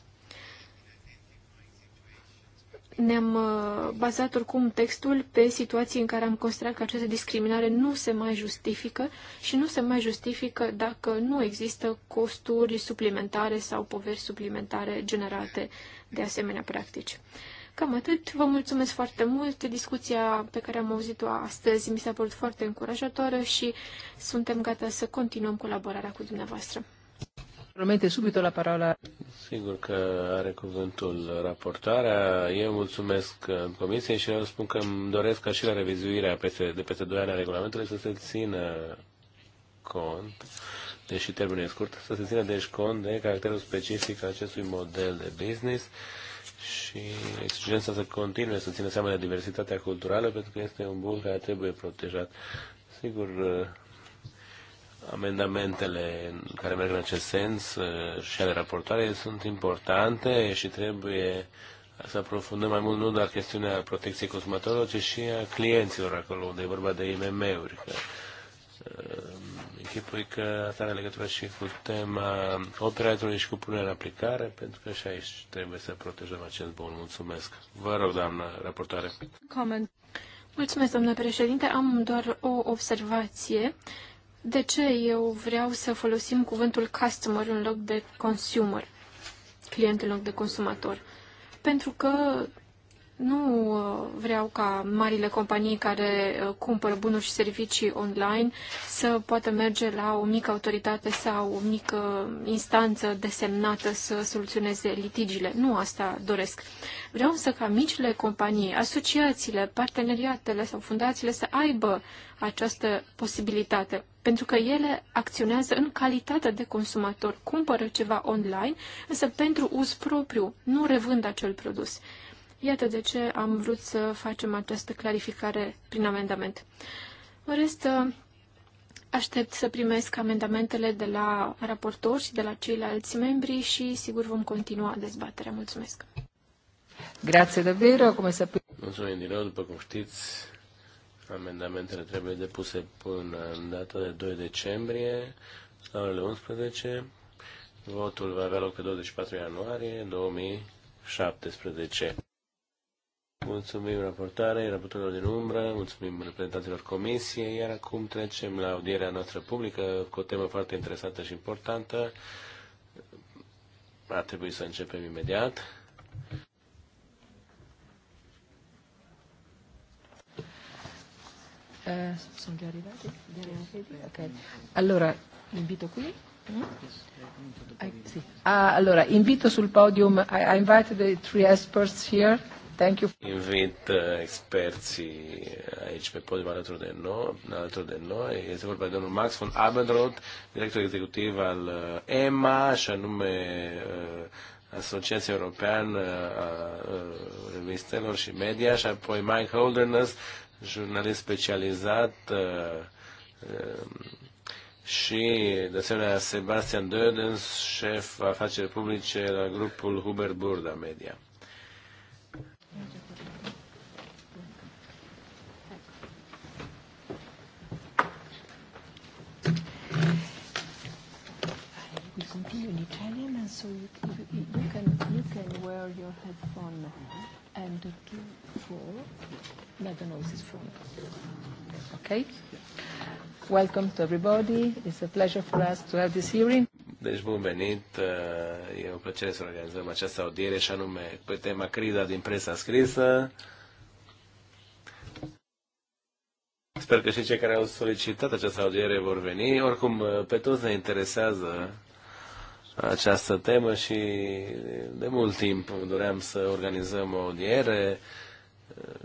ne-am uh, bazat oricum textul pe situații în care am considerat că această discriminare nu se mai justifică și nu se mai justifică dacă nu există costuri suplimentare sau poveri suplimentare generate de asemenea practici. Cam atât. Vă mulțumesc foarte mult. Discuția pe care am auzit-o astăzi mi s-a părut foarte încurajatoare și suntem gata să continuăm colaborarea cu dumneavoastră. Promete subito la parola. Sigur că are cuvântul raportarea. Eu mulțumesc uh, Comisiei și eu spun că îmi doresc ca și la revizuirea peste, de peste 2 ani a regulamentului să se țină cont, deși termenul e scurt, să se țină deci cont de caracterul specific al acestui model de business și exigența să continue să țină seama de diversitatea culturală pentru că este un bun care trebuie protejat. Sigur, uh, Amendamentele care merg în acest sens uh, și ale raportoarei sunt importante și trebuie să aprofundăm mai mult nu doar chestiunea protecției consumatorilor, ci și a clienților acolo, unde e vorba de IMM-uri. Uh, închipui că asta are legătură și cu tema operatorului și cu punerea în aplicare, pentru că și aici trebuie să protejăm acest bun. Mulțumesc. Vă rog, doamnă raportoare. Comment. Mulțumesc, domnule președinte. Am doar o observație. De ce eu vreau să folosim cuvântul customer în loc de consumer, client în loc de consumator? Pentru că nu uh, vreau ca marile companii care uh, cumpără bunuri și servicii online să poată merge la o mică autoritate sau o mică instanță desemnată să soluționeze litigiile. Nu asta doresc. Vreau să ca micile companii, asociațiile, parteneriatele sau fundațiile să aibă această posibilitate, pentru că ele acționează în calitate de consumator, cumpără ceva online, însă pentru uz propriu, nu revând acel produs. Iată de ce am vrut să facem această clarificare prin amendament. În rest, aștept să primesc amendamentele de la raportor și de la ceilalți membri și sigur vom continua dezbaterea. Mulțumesc! Grație de davvero, come să Mulțumim din nou, după cum știți, amendamentele trebuie depuse până în data de 2 decembrie, la orele 11. Votul va avea loc pe 24 ianuarie 2017. Mulțumim raportare, raportorilor din umbră, mulțumim reprezentanților comisiei, iar acum trecem la audierea noastră publică cu o temă foarte interesantă și importantă. Ar trebui să începem imediat. Uh, eh, sono già arrivati? Okay. Allora, invito qui. Mm? I, sì. ah, allora, invito sul podium, I, I invite the three experts here Thank you. Invit uh, experții aici pe podium alături de noi. Alături de noi. Este vorba de domnul Max von Abendroth, director executiv al uh, EMA, și anume uh, Asociația Europeană a Revistelor și Media, și apoi Mike Holderness, jurnalist specializat și, de asemenea, Sebastian Dödens, șef afaceri publice la grupul Huber Burda Media. in Italian, and so you, you, you can you can wear your headphone and two four. No, the noise is from. Okay. Welcome to everybody. It's a pleasure for us to have this hearing. Deci, bun venit. E o plăcere să organizăm această audiere și anume pe tema criza din presa scrisă. Sper că și cei care au solicitat această audiere vor veni. Oricum, pe toți ne interesează această temă și de mult timp doream să organizăm o audiere.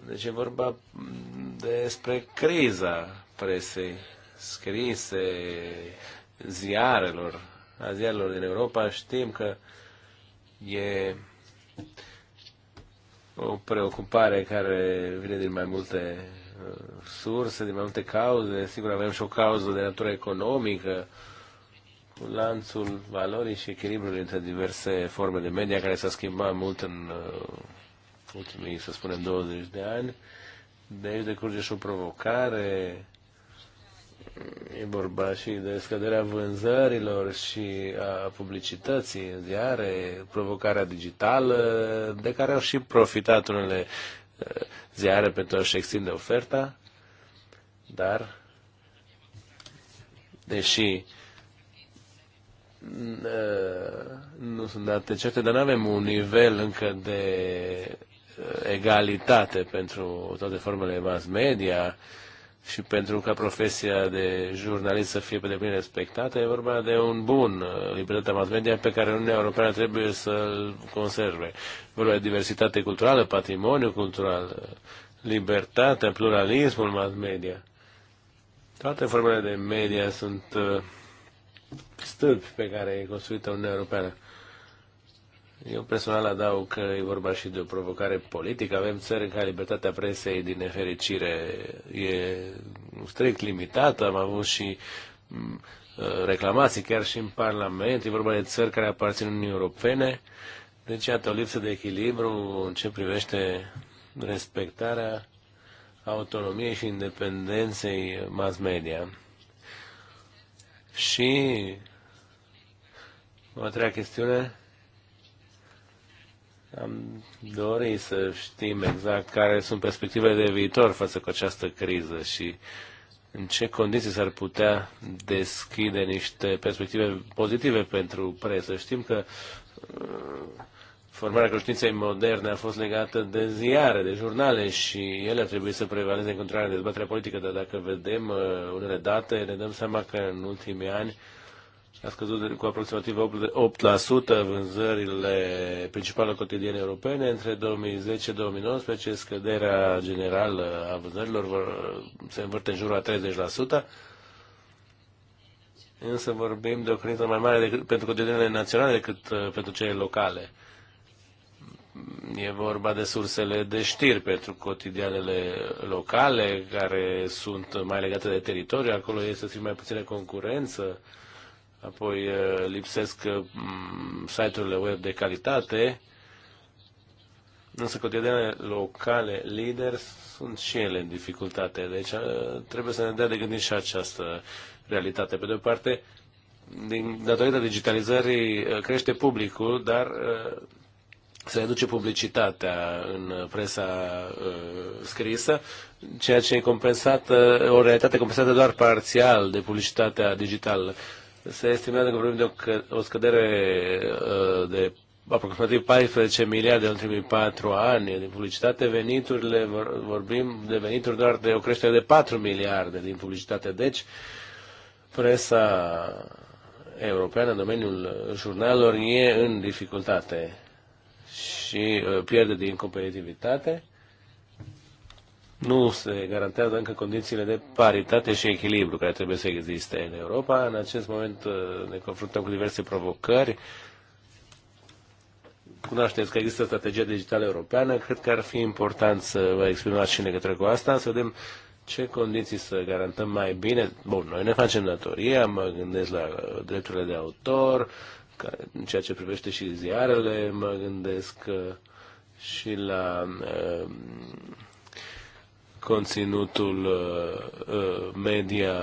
Deci e vorba despre criza presei scrise, ziarelor, a ziarelor din Europa. Știm că e o preocupare care vine din mai multe uh, surse, din mai multe cauze. Sigur, avem și o cauză de natură economică, lanțul valorii și echilibrul între diverse forme de media care s-a schimbat mult în uh, ultimii, să spunem, 20 de ani. De aici decurge și o provocare. E vorba și de scăderea vânzărilor și a publicității în ziare, provocarea digitală, de care au și profitat unele uh, ziare pentru a-și extinde oferta, dar, deși Mm, uh, nu sunt date certe, dar nu avem un nivel încă de uh, egalitate pentru toate formele mass media și pentru ca profesia de jurnalist să fie pe deplin respectată, e vorba de un bun, uh, libertatea mass media, pe care Uniunea Europeană trebuie să-l conserve. Vorba de diversitate culturală, patrimoniu cultural, libertate, pluralismul mass media. Toate formele de media sunt stâlpi pe care e construită Uniunea Europeană. Eu personal adaug că e vorba și de o provocare politică. Avem țări în care libertatea presei, din nefericire, e strict limitată. Am avut și mm, uh, reclamații chiar și în Parlament. E vorba de țări care aparțin Uniunii Europene. Deci, iată, o lipsă de echilibru în ce privește respectarea autonomiei și independenței mass media. Și o a treia chestiune, am dorit să știm exact care sunt perspectivele de viitor față cu această criză și în ce condiții s-ar putea deschide niște perspective pozitive pentru presă. Știm că formarea conștiinței moderne a fost legată de ziare, de jurnale și ele ar trebui să prevaleze în continuare dezbaterea politică, dar dacă vedem uh, unele date, ne dăm seama că în ultimii ani a scăzut cu aproximativ 8% vânzările principale cotidiene europene. Între 2010-2019 scăderea generală a vânzărilor se învârte în jurul a 30%. Însă vorbim de o credință mai mare decât pentru cotidianele naționale decât uh, pentru cele locale. E vorba de sursele de știri pentru cotidianele locale, care sunt mai legate de teritoriu. Acolo este, să mai puțină concurență. Apoi lipsesc site-urile web de calitate. Însă cotidianele locale lideri sunt și ele în dificultate. Deci trebuie să ne dea de gândit și această realitate. Pe de o parte, din, datorită digitalizării crește publicul, dar se reduce publicitatea în presa uh, scrisă, ceea ce e compensată, o realitate compensată doar parțial de publicitatea digitală. Se estimează că vorbim de o, o scădere uh, de aproximativ 14 miliarde în ultimii 4 ani din publicitate, veniturile, vor, vorbim de venituri doar de o creștere de 4 miliarde din publicitate. Deci, presa europeană în domeniul jurnalelor e în dificultate și uh, pierde din competitivitate. Nu se garantează încă condițiile de paritate și echilibru care trebuie să existe în Europa. În acest moment uh, ne confruntăm cu diverse provocări. Cunoașteți că există strategia digitală europeană. Cred că ar fi important să vă exprimați și în legătură cu asta, să vedem ce condiții să garantăm mai bine. Bun, noi ne facem datoria, mă gândesc la drepturile de autor, uh, în ceea ce privește și ziarele, mă gândesc uh, și la uh, conținutul uh, uh, media,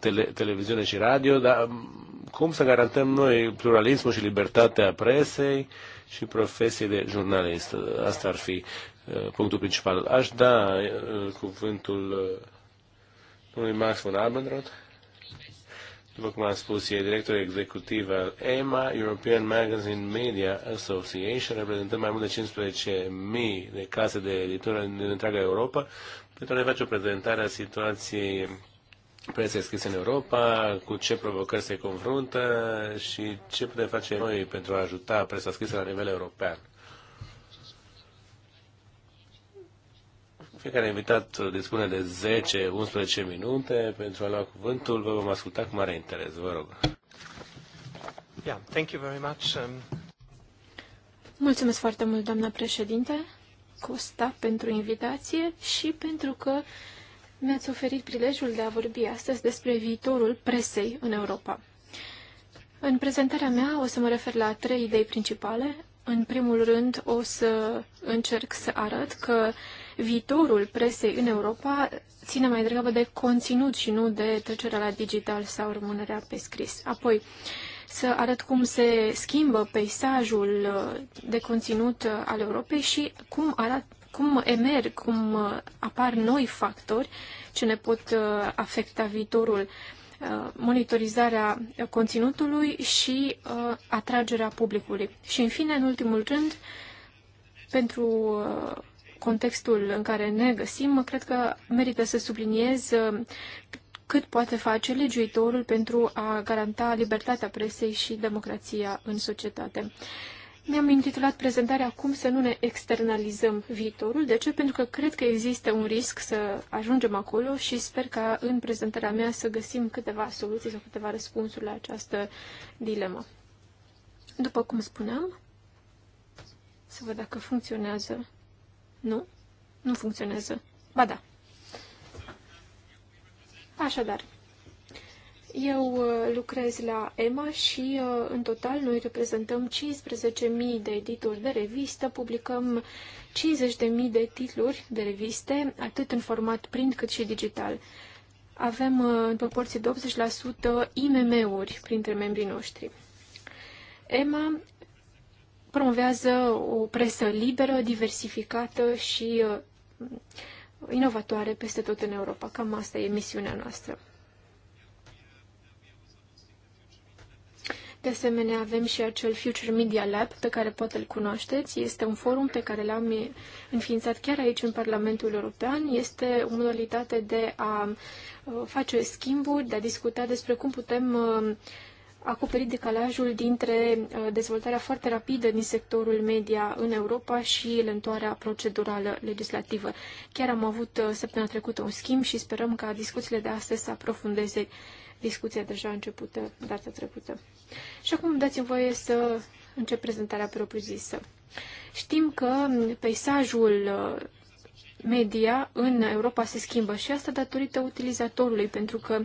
tele, televiziune și radio, dar um, cum să garantăm noi pluralismul și libertatea presei și profesiei de jurnalist? Asta ar fi uh, punctul principal. Aș da uh, cuvântul domnului Max von Abendroth. După cum am spus, e director executiv al EMA, European Magazine Media Association, reprezentând mai mult de 15.000 de case de editură din întreaga Europa, pentru a ne face o prezentare a situației presei scrise în Europa, cu ce provocări se confruntă și ce putem face noi pentru a ajuta presa scrisă la nivel european. Fiecare invitat dispune de 10-11 minute pentru a lua cuvântul. Vă vom asculta cu mare interes. Vă rog. Yeah, thank you very much. Um... Mulțumesc foarte mult, doamna președinte Costa, pentru invitație și pentru că mi-ați oferit prilejul de a vorbi astăzi despre viitorul presei în Europa. În prezentarea mea o să mă refer la trei idei principale. În primul rând o să încerc să arăt că viitorul presei în Europa ține mai degrabă de conținut și nu de trecerea la digital sau rămânerea pe scris. Apoi, să arăt cum se schimbă peisajul uh, de conținut uh, al Europei și cum arat, cum emerg, cum uh, apar noi factori ce ne pot afecta viitorul, monitorizarea conținutului și atragerea publicului. Și în fine, în ultimul rând, pentru contextul în care ne găsim, cred că merită să subliniez uh, cât poate face legiuitorul pentru a garanta libertatea presei și democrația în societate. Mi-am intitulat prezentarea Cum să nu ne externalizăm viitorul. De ce? Pentru că cred că există un risc să ajungem acolo și sper ca în prezentarea mea să găsim câteva soluții sau câteva răspunsuri la această dilemă. După cum spuneam, să văd dacă funcționează nu? Nu funcționează. Ba da. Așadar, eu uh, lucrez la EMA și uh, în total noi reprezentăm 15.000 de titluri de revistă, publicăm 50.000 de titluri de reviste, atât în format print cât și digital. Avem uh, în proporție de 80% IMM-uri printre membrii noștri. EMA promovează o presă liberă, diversificată și uh, inovatoare peste tot în Europa. Cam asta e misiunea noastră. De asemenea, avem și acel Future Media Lab pe care poate îl cunoașteți. Este un forum pe care l-am înființat chiar aici în Parlamentul European. Este o modalitate de a uh, face schimburi, de a discuta despre cum putem uh, acoperit decalajul dintre uh, dezvoltarea foarte rapidă din sectorul media în Europa și lentoarea procedurală legislativă. Chiar am avut uh, săptămâna trecută un schimb și sperăm ca discuțiile de astăzi să aprofundeze discuția deja începută data trecută. Și acum dați-mi voie să încep prezentarea propriu-zisă. Știm că peisajul uh, media în Europa se schimbă și asta datorită utilizatorului, pentru că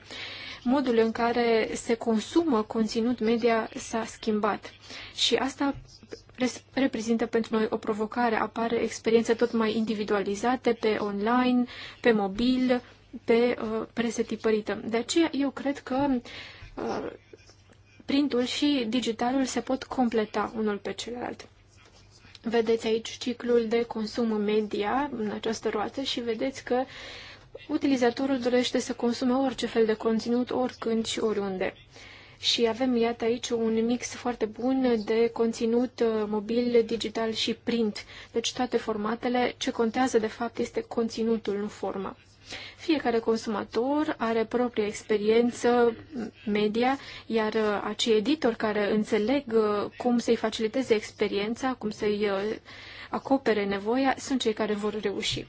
modul în care se consumă conținut media s-a schimbat. Și asta reprezintă pentru noi o provocare. Apare experiențe tot mai individualizate pe online, pe mobil, pe uh, presă tipărită. De aceea eu cred că uh, printul și digitalul se pot completa unul pe celălalt. Vedeți aici ciclul de consum media în această roată și vedeți că uh, utilizatorul dorește să consume orice fel de conținut, oricând și oriunde. Și avem, iată, aici un mix foarte bun de conținut uh, mobil, digital și print. Deci toate formatele, ce contează de fapt este conținutul, nu forma. Fiecare consumator are propria experiență media, iar uh, acei editori care înțeleg uh, cum să-i faciliteze experiența, cum să-i acopere nevoia, sunt cei care vor reuși.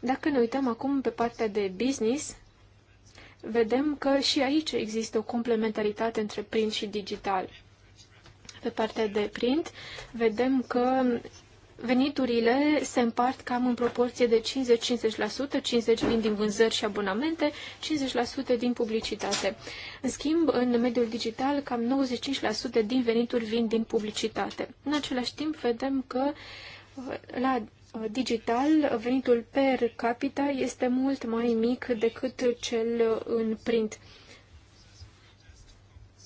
Dacă ne uităm acum pe partea de business, vedem că și aici există o complementaritate între print și digital. Pe partea de print, vedem că veniturile se împart cam în proporție de 50-50%, 50%, -50 vin din vânzări și abonamente, 50% din publicitate. În schimb, în mediul digital, cam 95% din venituri vin din publicitate. În același timp, vedem că uh, la Uh, digital, venitul per capita este mult mai mic decât cel în print.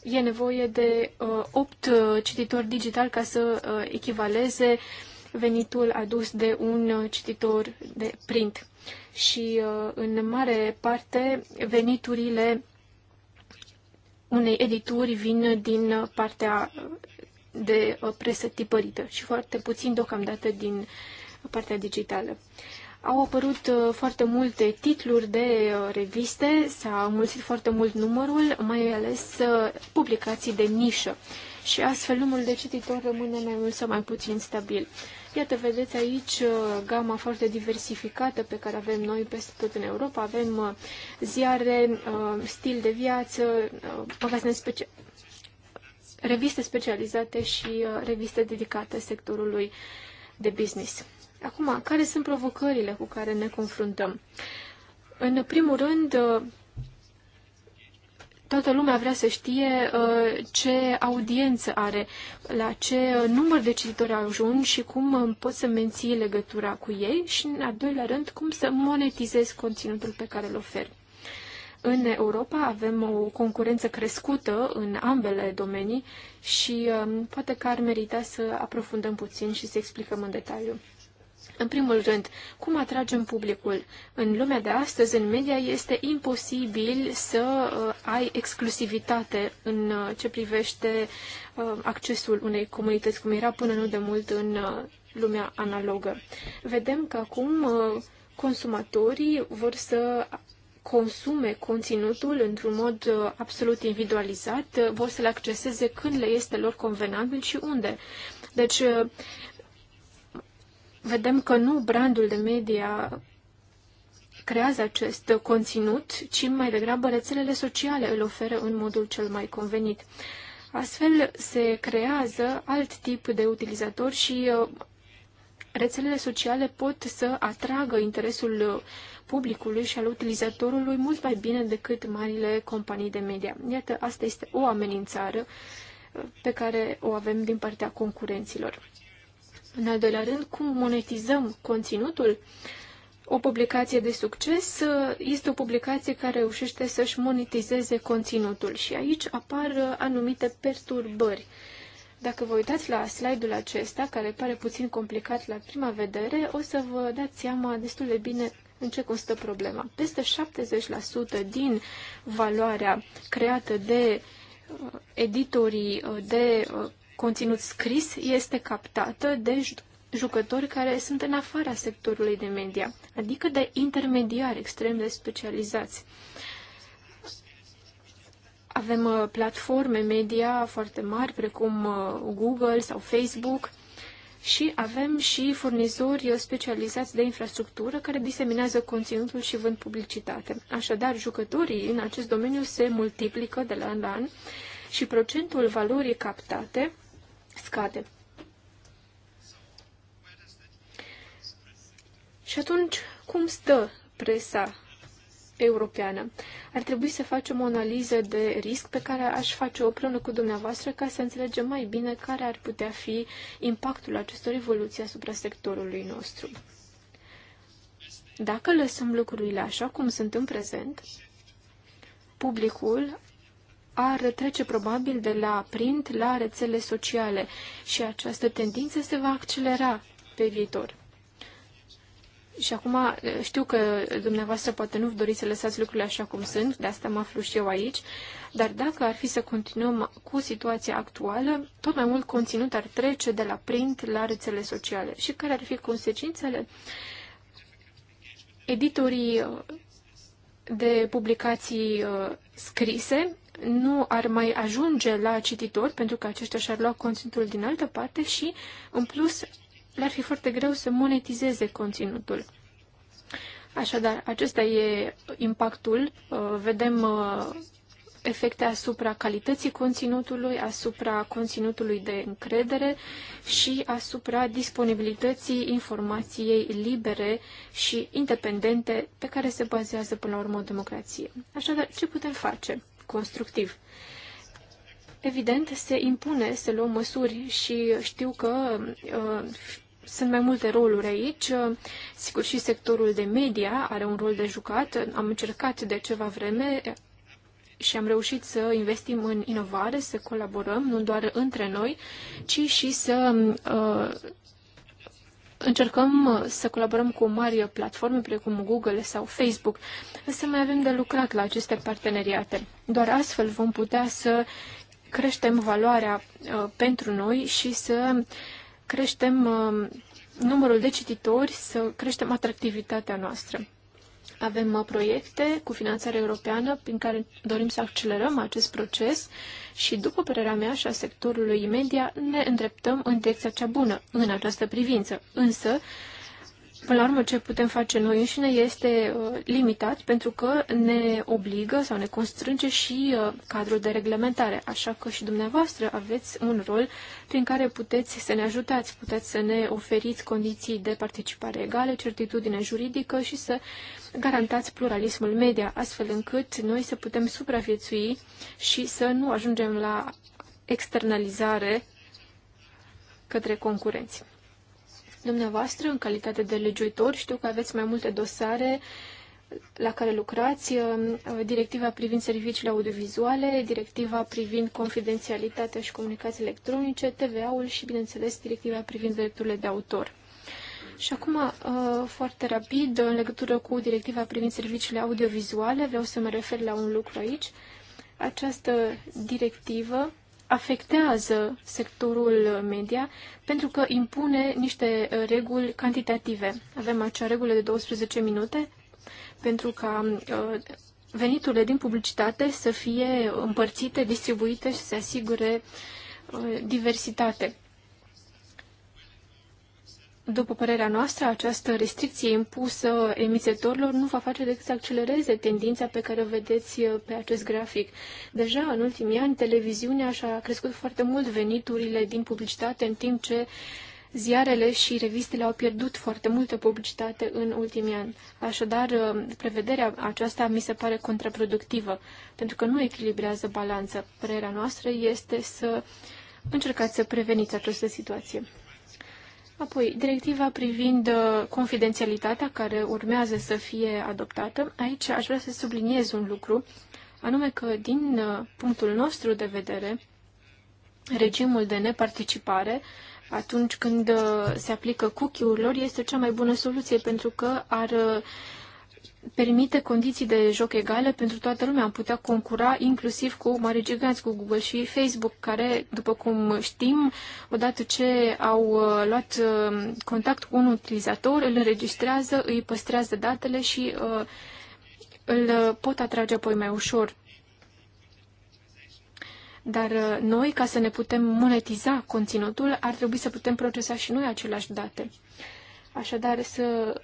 E nevoie de uh, 8 cititori digital ca să uh, echivaleze venitul adus de un cititor de print. Și uh, în mare parte veniturile unei edituri vin din partea uh, de uh, presă tipărită și foarte puțin deocamdată din uh, partea digitală. Au apărut uh, foarte multe titluri de uh, reviste, s-a mulțit foarte mult numărul, mai ales uh, publicații de nișă și astfel numărul de cititori rămâne mai mult sau mai puțin stabil. Iată, vedeți aici gama foarte diversificată pe care avem noi peste tot în Europa. Avem ziare, stil de viață, magazine speciale reviste specializate și reviste dedicate sectorului de business. Acum, care sunt provocările cu care ne confruntăm? În primul rând, toată lumea vrea să știe uh, ce audiență are, la ce uh, număr de cititori ajung și cum uh, pot să menții legătura cu ei și, în al doilea rând, cum să monetizez conținutul pe care îl ofer. În Europa avem o concurență crescută în ambele domenii și poate că ar merita să aprofundăm puțin și să explicăm în detaliu. În primul rând, cum atragem publicul? În lumea de astăzi, în media, este imposibil să uh, ai exclusivitate în uh, ce privește uh, accesul unei comunități, cum era până nu de mult în lumea analogă. Vedem că acum consumatorii vor să consume conținutul într-un mod absolut individualizat, vor să-l acceseze când le este lor convenabil și unde. Deci, vedem că nu brandul de media creează acest conținut, ci mai degrabă rețelele sociale îl oferă în modul cel mai convenit. Astfel se creează alt tip de utilizator și uh, rețelele sociale pot să atragă interesul uh, publicului și al utilizatorului mult mai bine decât marile companii de media. Iată, asta este o amenințare uh, pe care o avem din partea concurenților. În al doilea rând, cum monetizăm conținutul? O publicație de succes uh, este o publicație care reușește să-și monetizeze conținutul și aici apar uh, anumite perturbări. Dacă vă uitați la slide-ul acesta, care pare puțin complicat la prima vedere, o să vă dați seama destul de bine în ce constă problema. Peste 70% din valoarea creată de uh, editorii, de conținut scris este captată de jucători care sunt în afara sectorului de media, adică de intermediari extrem de specializați. Avem uh, platforme media foarte mari, precum uh, Google sau Facebook, și avem și furnizori uh, specializați de infrastructură care diseminează conținutul și vând publicitate. Așadar, jucătorii în acest domeniu se multiplică de la an la an și procentul valorii captate scade. Și atunci, cum stă presa europeană? Ar trebui să facem o analiză de risc pe care aș face-o prână cu dumneavoastră ca să înțelegem mai bine care ar putea fi impactul acestor evoluții asupra sectorului nostru. Dacă lăsăm lucrurile așa cum sunt în prezent, publicul ar trece probabil de la print la rețele sociale și această tendință se va accelera pe viitor. Și acum știu că dumneavoastră poate nu doriți să lăsați lucrurile așa cum sunt, de asta mă aflu și eu aici, dar dacă ar fi să continuăm cu situația actuală, tot mai mult conținut ar trece de la print la rețele sociale. Și care ar fi consecințele? Editorii de publicații uh, scrise nu ar mai ajunge la cititor, pentru că aceștia și-ar lua conținutul din altă parte și, în plus, le-ar fi foarte greu să monetizeze conținutul. Așadar, acesta e impactul. Uh, vedem uh, efecte asupra calității conținutului, asupra conținutului de încredere și asupra disponibilității informației libere și independente pe care se bazează până la urmă o democrație. Așadar, ce putem face? constructiv. Evident, se impune să luăm măsuri și știu că uh, sunt mai multe roluri aici. Sigur, și sectorul de media are un rol de jucat. Am încercat de ceva vreme și am reușit să investim în inovare, să colaborăm, nu doar între noi, ci și să uh, Încercăm uh, să colaborăm cu mari platforme precum Google sau Facebook, însă mai avem de lucrat la aceste parteneriate. Doar astfel vom putea să creștem valoarea uh, pentru noi și să creștem uh, numărul de cititori, să creștem atractivitatea noastră. Avem uh, proiecte cu finanțare europeană prin care dorim să accelerăm acest proces și, după părerea mea și a sectorului media, ne îndreptăm în direcția cea bună în această privință. Însă, Până la urmă, ce putem face noi înșine este uh, limitat pentru că ne obligă sau ne constrânge și uh, cadrul de reglementare. Așa că și dumneavoastră aveți un rol prin care puteți să ne ajutați, puteți să ne oferiți condiții de participare egale, certitudine juridică și să garantați pluralismul media, astfel încât noi să putem supraviețui și să nu ajungem la externalizare către concurenți. Dumneavoastră, în calitate de legiuitor, știu că aveți mai multe dosare la care lucrați, uh, directiva privind serviciile audiovizuale, directiva privind confidențialitatea și comunicații electronice, TVA-ul și, bineînțeles, directiva privind drepturile de autor. Și acum, uh, foarte rapid, în legătură cu directiva privind serviciile audiovizuale, vreau să mă refer la un lucru aici. Această directivă afectează sectorul media pentru că impune niște uh, reguli cantitative. Avem acea regulă de 12 minute pentru ca uh, veniturile din publicitate să fie împărțite, distribuite și să se asigure uh, diversitate. După părerea noastră, această restricție impusă emițătorilor nu va face decât să accelereze tendința pe care o vedeți uh, pe acest grafic. Deja în ultimii ani, televiziunea și-a crescut foarte mult veniturile din publicitate, în timp ce ziarele și revistele au pierdut foarte multă publicitate în ultimii ani. Așadar, uh, prevederea aceasta mi se pare contraproductivă, pentru că nu echilibrează balanța. Părerea noastră este să încercați să preveniți această situație. Apoi, directiva privind uh, confidențialitatea care urmează să fie adoptată, aici aș vrea să subliniez un lucru, anume că din uh, punctul nostru de vedere, regimul de neparticipare atunci când uh, se aplică cookie-urilor este cea mai bună soluție pentru că ar permite condiții de joc egale pentru toată lumea. Am putea concura inclusiv cu mari giganți, cu Google și Facebook, care, după cum știm, odată ce au uh, luat uh, contact cu un utilizator, îl înregistrează, îi păstrează datele și uh, îl pot atrage apoi mai ușor. Dar uh, noi, ca să ne putem monetiza conținutul, ar trebui să putem procesa și noi aceleași date. Așadar, să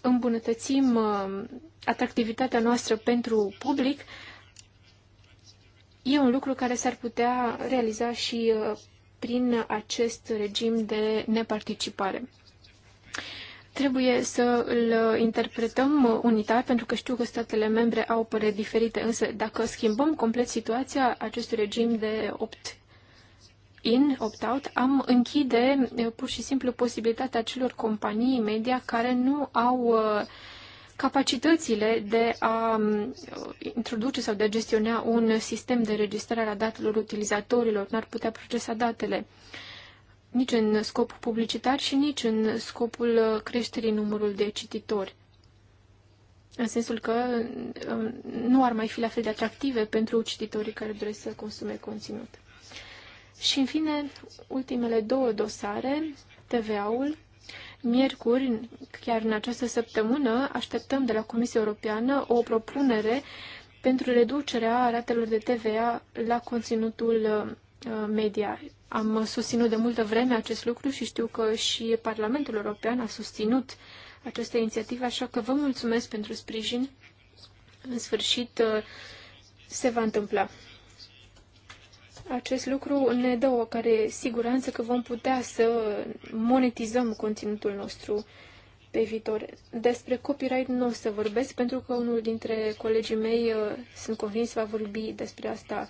îmbunătățim uh, atractivitatea noastră pentru public, e un lucru care s-ar putea realiza și uh, prin acest regim de neparticipare. Trebuie să îl interpretăm unitar, pentru că știu că statele membre au păreri diferite, însă dacă schimbăm complet situația, acest regim de 8 opt-in, opt-out, am închide eh, pur și simplu posibilitatea celor companii media care nu au eh, capacitățile de a mm, eh, introduce sau de a gestiona un sistem de registrare a datelor utilizatorilor, n-ar putea procesa datele nici în scopul publicitar și nici în scopul creșterii numărul de cititori. În sensul că mm, mm, nu ar mai fi la fel de atractive pentru cititorii care doresc să consume conținut. Și, în fine, ultimele două dosare, TVA-ul, miercuri, chiar în această săptămână, așteptăm de la Comisia Europeană o propunere pentru reducerea ratelor de TVA la conținutul uh, media. Am susținut de multă vreme acest lucru și știu că și Parlamentul European a susținut această inițiativă, așa că vă mulțumesc pentru sprijin. În sfârșit, uh, se va întâmpla. Acest lucru ne dă o care siguranță că vom putea să monetizăm conținutul nostru pe viitor. Despre copyright nu o să vorbesc, pentru că unul dintre colegii mei, uh, sunt convins, va vorbi despre asta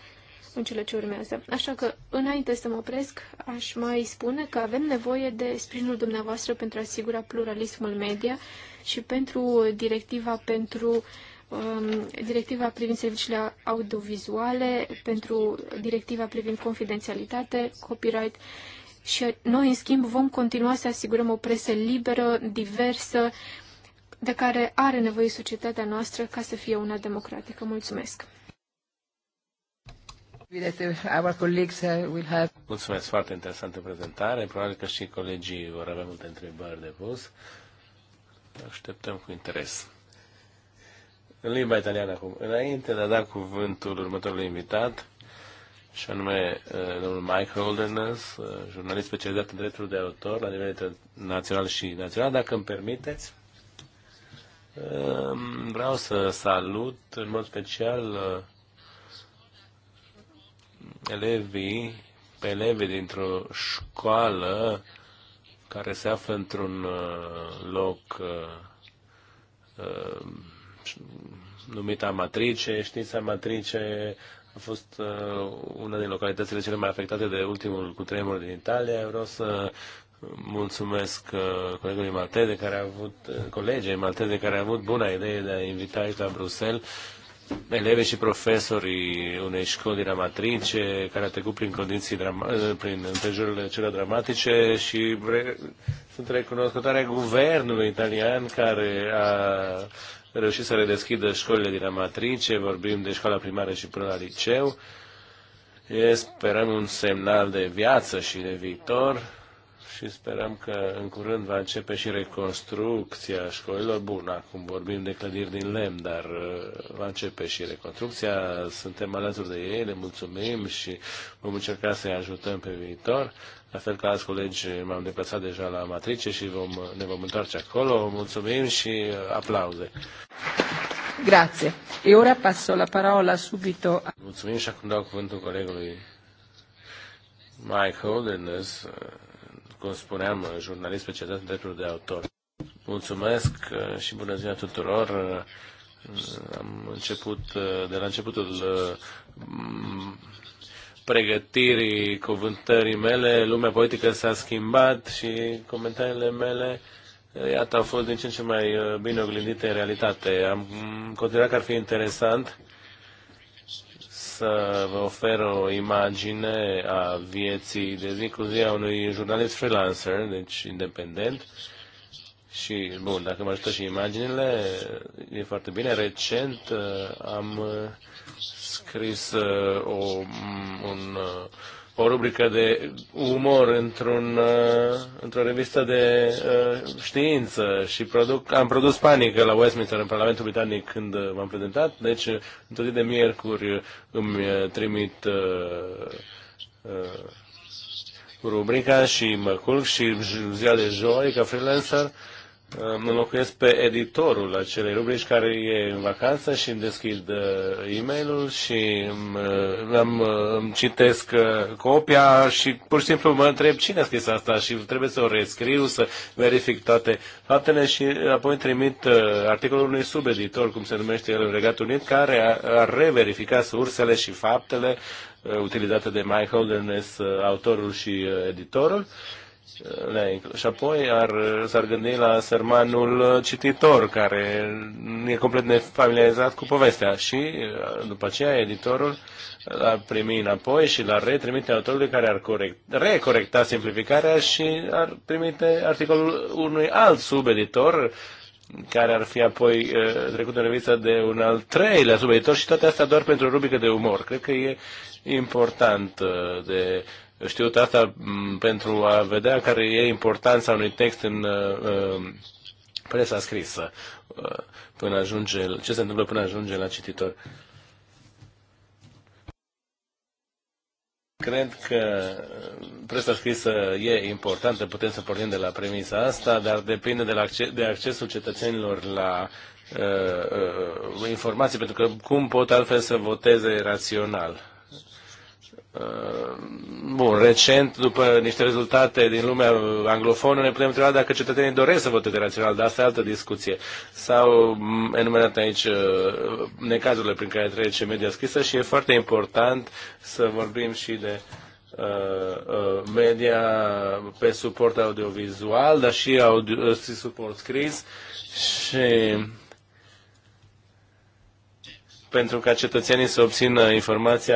în cele ce urmează. Așa că, înainte să mă opresc, aș mai spune că avem nevoie de sprijinul dumneavoastră pentru a asigura pluralismul media și pentru directiva pentru uh, Um, directiva privind serviciile audiovizuale, pentru directiva privind confidențialitate, copyright și noi, în schimb, vom continua să asigurăm o presă liberă, diversă, de care are nevoie societatea noastră ca să fie una democratică. Mulțumesc! Mulțumesc, foarte interesantă prezentare. Probabil că și colegii vor avea multe întrebări de pus. Așteptăm cu interes în limba italiană acum. Înainte de a da cuvântul următorului invitat, și anume uh, domnul Mike Holderness, uh, jurnalist specializat în dreptul de autor la nivel național și național, dacă îmi permiteți. Uh, vreau să salut în mod special elevii, pe elevii dintr-o școală care se află într-un loc deci, numita Matrice. Știința Matrice a fost uh, una din localitățile cele mai afectate de ultimul cutremur din Italia. Vreau să mulțumesc uh, colegului de care a avut, uh, colegei de care a avut buna idee de a invita aici la Bruxelles elevii și profesorii unei școli din Amatrice, care a trecut prin condiții drama- prin împrejurile cele dramatice și re- sunt recunoscătoare guvernului italian care a reușit să redeschidă școlile din amatrice, vorbim de școala primară și până la liceu. E, sperăm un semnal de viață și de viitor și sperăm că în curând va începe și reconstrucția școlilor. Bun, acum vorbim de clădiri din lemn, dar uh, va începe și reconstrucția. Suntem alături de ei, le mulțumim și vom încerca să-i ajutăm pe viitor. La fel ca alți colegi m-am deplasat deja la Matrice și vom, ne vom întoarce acolo. Mulțumim și uh, aplauze. Grazie. E ora passo la parola subito. Mulțumim și acum dau cuvântul colegului Mike Holdenes, uh, cum spuneam, jurnalist specializat în drepturi de autor. Mulțumesc uh, și bună ziua tuturor. Am început de la începutul pregătirii cuvântării mele, lumea politică s-a schimbat și comentariile mele, iată, au fost din ce în ce mai uh, bine oglindite în realitate. Am considerat că ar fi interesant să vă ofer o imagine a vieții de zi cu zi a unui jurnalist freelancer, deci independent. Și, bun, dacă mă ajută și imaginile, e foarte bine. Recent uh, am scris uh, o, mm, un, uh, o rubrică de umor într-un, uh, într-o revistă de știință și produc, am produs panică la Westminster în Parlamentul Britanic când m-am prezentat, deci într-o zi de miercuri îmi trimit rubrica și mă culc și ziua de joi ca freelancer înlocuiesc pe editorul acelei rubrici care e în vacanță și îmi deschid uh, e mail și îmi, îmi, uh, uh, îmi citesc copia și pur și simplu mă întreb cine a scris asta și trebuie să o rescriu, să verific toate faptele și apoi trimit articolul unui subeditor, cum se numește el în Regatul Unit, care a, a reverificat sursele și faptele utilizate de Mike Dennis autorul și editorul. Uh, și apoi ar, s-ar gândi la sărmanul cititor, care e complet nefamiliarizat cu povestea. Și uh, după aceea editorul l-ar primi înapoi și l-ar retrimite autorului care ar corect, recorecta simplificarea și ar trimite articolul unui alt subeditor care ar fi apoi uh, trecut în revistă de un al treilea subeditor și toate astea doar pentru rubrică de umor. Cred că e important uh, de știut asta pentru a vedea care e importanța unui text în uh, uh, presa scrisă, uh, până ajunge, ce se întâmplă până ajunge la cititor. Cred că presa scrisă e importantă, putem să pornim de la premisa asta, dar depinde de, la acces, de accesul cetățenilor la uh, uh, informații, pentru că cum pot altfel să voteze rațional? Uh, bun, recent, după niște rezultate din lumea anglofonă, ne putem întreba dacă cetățenii doresc să voteze rațional, dar asta e altă discuție. S-au mm, enumerat aici uh, necazurile prin care trece media scrisă și e foarte important să vorbim și de uh, media pe suport audiovizual, dar și audio, suport scris și pentru ca cetățenii să obțină informații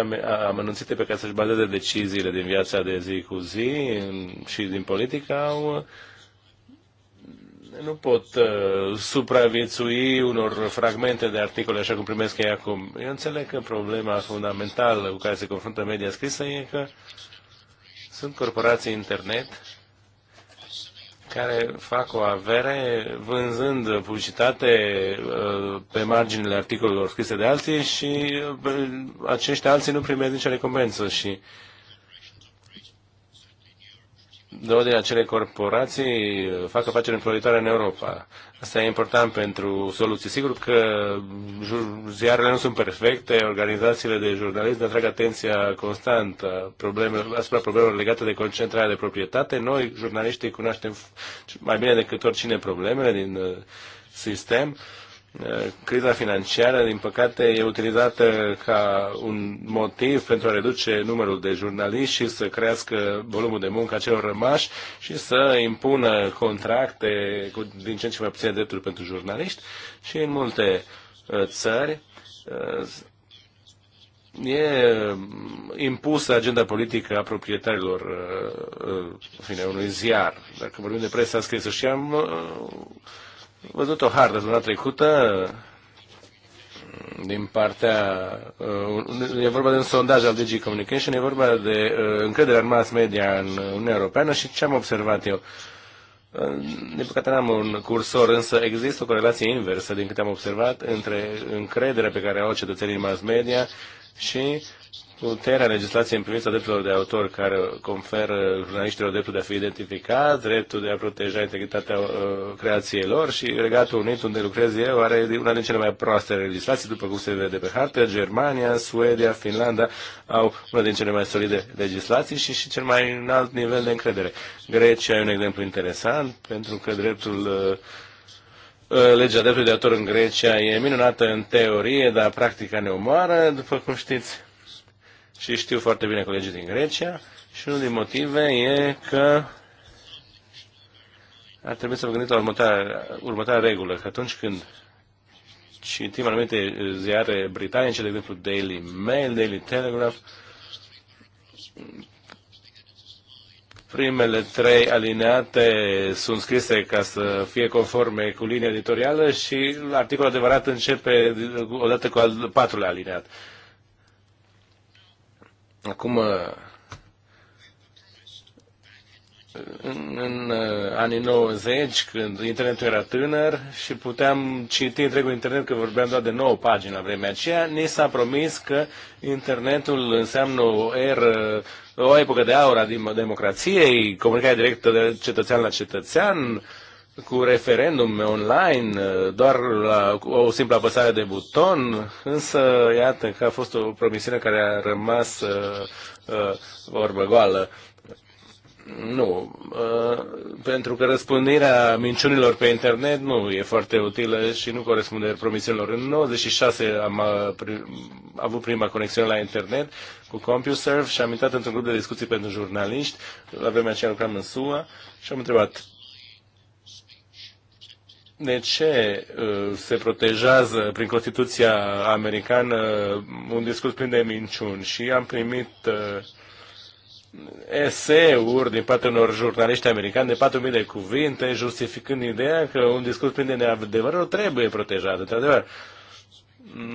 amănunțite pe care să-și bazeze deciziile din viața de zi cu zi și din politică, au, uh, nu pot uh, supraviețui unor fragmente de articole așa cum primesc ei acum. Eu înțeleg că problema fundamentală cu care se confruntă media scrisă e că sunt corporații internet care fac o avere vânzând publicitate uh, pe marginile articolelor scrise de alții și uh, acești alții nu primesc nicio recompensă și două din acele corporații fac afaceri înfloritoare în Europa. Asta e important pentru soluții. Sigur că ziarele nu sunt perfecte, organizațiile de jurnalism ne atrag atenția constantă probleme, asupra problemelor legate de concentrarea de proprietate. Noi, jurnaliștii, cunoaștem mai bine decât oricine problemele din uh, sistem. Uh, Eh, criza financiară, din păcate, e utilizată ca un motiv pentru a reduce numărul de jurnaliști și să crească volumul de muncă a celor rămași și să impună contracte cu din ce în ce mai puține drepturi pentru jurnaliști. Și în multe eh, țări eh, e mm, impusă agenda politică a proprietarilor în fine, unui ziar, dacă vorbim de presa scrisă. Și am văzut o hartă luna trecută mm, din partea, uh, e vorba de un sondaj al DG Communication, e vorba de uh, încrederea în mass media în Uniunea Europeană și ce am observat eu. Uh, din păcate n-am un cursor, însă există o corelație inversă, din câte am observat, între încrederea pe care au cetățenii mass media și puterea legislației în privința drepturilor de autor care conferă jurnaliștilor dreptul de a fi identificat, dreptul de a proteja integritatea uh, creației lor și Regatul Unit, unde lucrez eu, are una din cele mai proaste legislații, după cum se vede pe hartă. Germania, Suedia, Finlanda au una din cele mai solide legislații și, și cel mai înalt nivel de încredere. Grecia e un exemplu interesant, pentru că dreptul uh, uh legea dreptului de autor în Grecia e minunată în teorie, dar practica ne omoară, după cum știți și știu foarte bine colegii din Grecia și unul din motive e că ar trebui să vă gândiți la următoarea, următoarea regulă, că atunci când citim anumite ziare britanice, de exemplu Daily Mail, Daily Telegraph, primele trei alineate sunt scrise ca să fie conforme cu linia editorială și articolul adevărat începe odată cu al patrulea alineat. Acum, uh, în, în uh, anii 90, când internetul era tânăr și puteam citi întregul internet, că vorbeam doar de 9 pagini la vremea aceea, ni s-a promis că internetul înseamnă o eră, o epocă de aur a democrației, comunicarea directă de cetățean la cetățean, uh, cu referendum online, doar la o simplă apăsare de buton, însă iată că a fost o promisiune care a rămas uh, uh, vorbă goală. Nu, uh, pentru că răspândirea minciunilor pe internet nu e foarte utilă și nu corespunde promisiunilor. În 96 am a, uh, prim, avut prima conexiune la internet cu CompuServe și am intrat într-un grup de discuții pentru jurnaliști, la vremea aceea lucram în SUA și am întrebat de ce uh, se protejează prin Constituția americană un discurs plin de minciuni? Și am primit uh, eseuri din partea unor jurnaliști americani de 4.000 de cuvinte, justificând ideea că un discurs plin de neadevărul trebuie protejat, într-adevăr.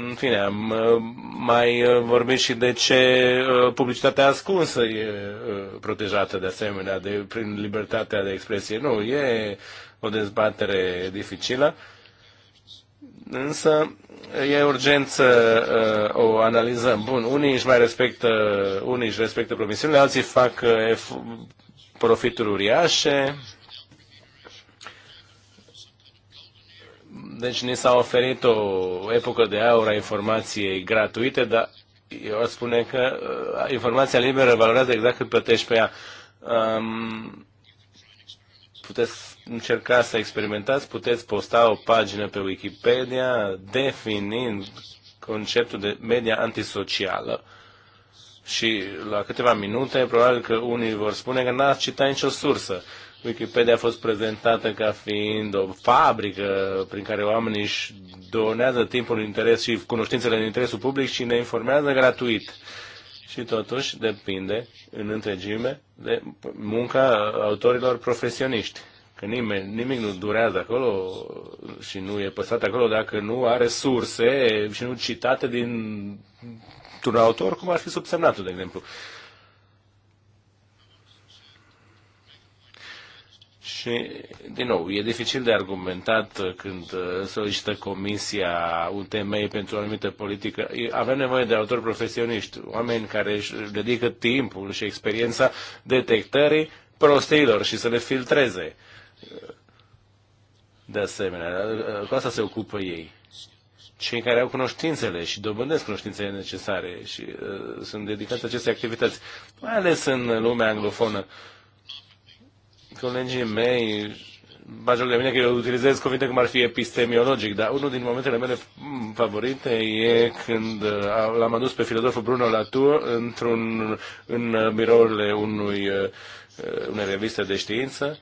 În fine, am uh, mai vorbit și de ce publicitatea ascunsă e protejată de asemenea de, prin libertatea de expresie. Nu, e o dezbatere dificilă. Însă e urgent să uh, o analizăm. Bun, unii își mai respectă, unii își respectă promisiunile, alții fac uh, profituri uriașe. Deci ni s-a oferit o epocă de aur a informației gratuite, dar eu aș spune că uh, informația liberă valorează exact cât plătești pe ea. Um, puteți încercați să experimentați, puteți posta o pagină pe Wikipedia definind conceptul de media antisocială. Și la câteva minute, probabil că unii vor spune că n-ați citat nicio sursă. Wikipedia a fost prezentată ca fiind o fabrică prin care oamenii își donează timpul în interes și cunoștințele în interesul public și ne informează gratuit. Și totuși depinde în întregime de munca autorilor profesioniști că nimeni, nimic nu durează acolo și nu e păstrat acolo dacă nu are surse și nu citate din un autor, cum ar fi subsemnatul, de exemplu. Și, din nou, e dificil de argumentat când uh, solicită comisia un temei pentru o anumită politică. Avem nevoie de autori profesioniști, oameni care își dedică timpul și experiența detectării prostiilor și să le filtreze de asemenea. Cu asta se ocupă ei. Cei care au cunoștințele și dobândesc cunoștințele necesare și uh, sunt dedicați acestei activități, mai ales în lumea anglofonă. Colegii mei bajul de mine că eu utilizez cuvinte cum ar fi epistemiologic, dar unul din momentele mele favorite e când uh, l-am adus pe filozoful Bruno Latour într-un, în birourile unui, uh, unei reviste de știință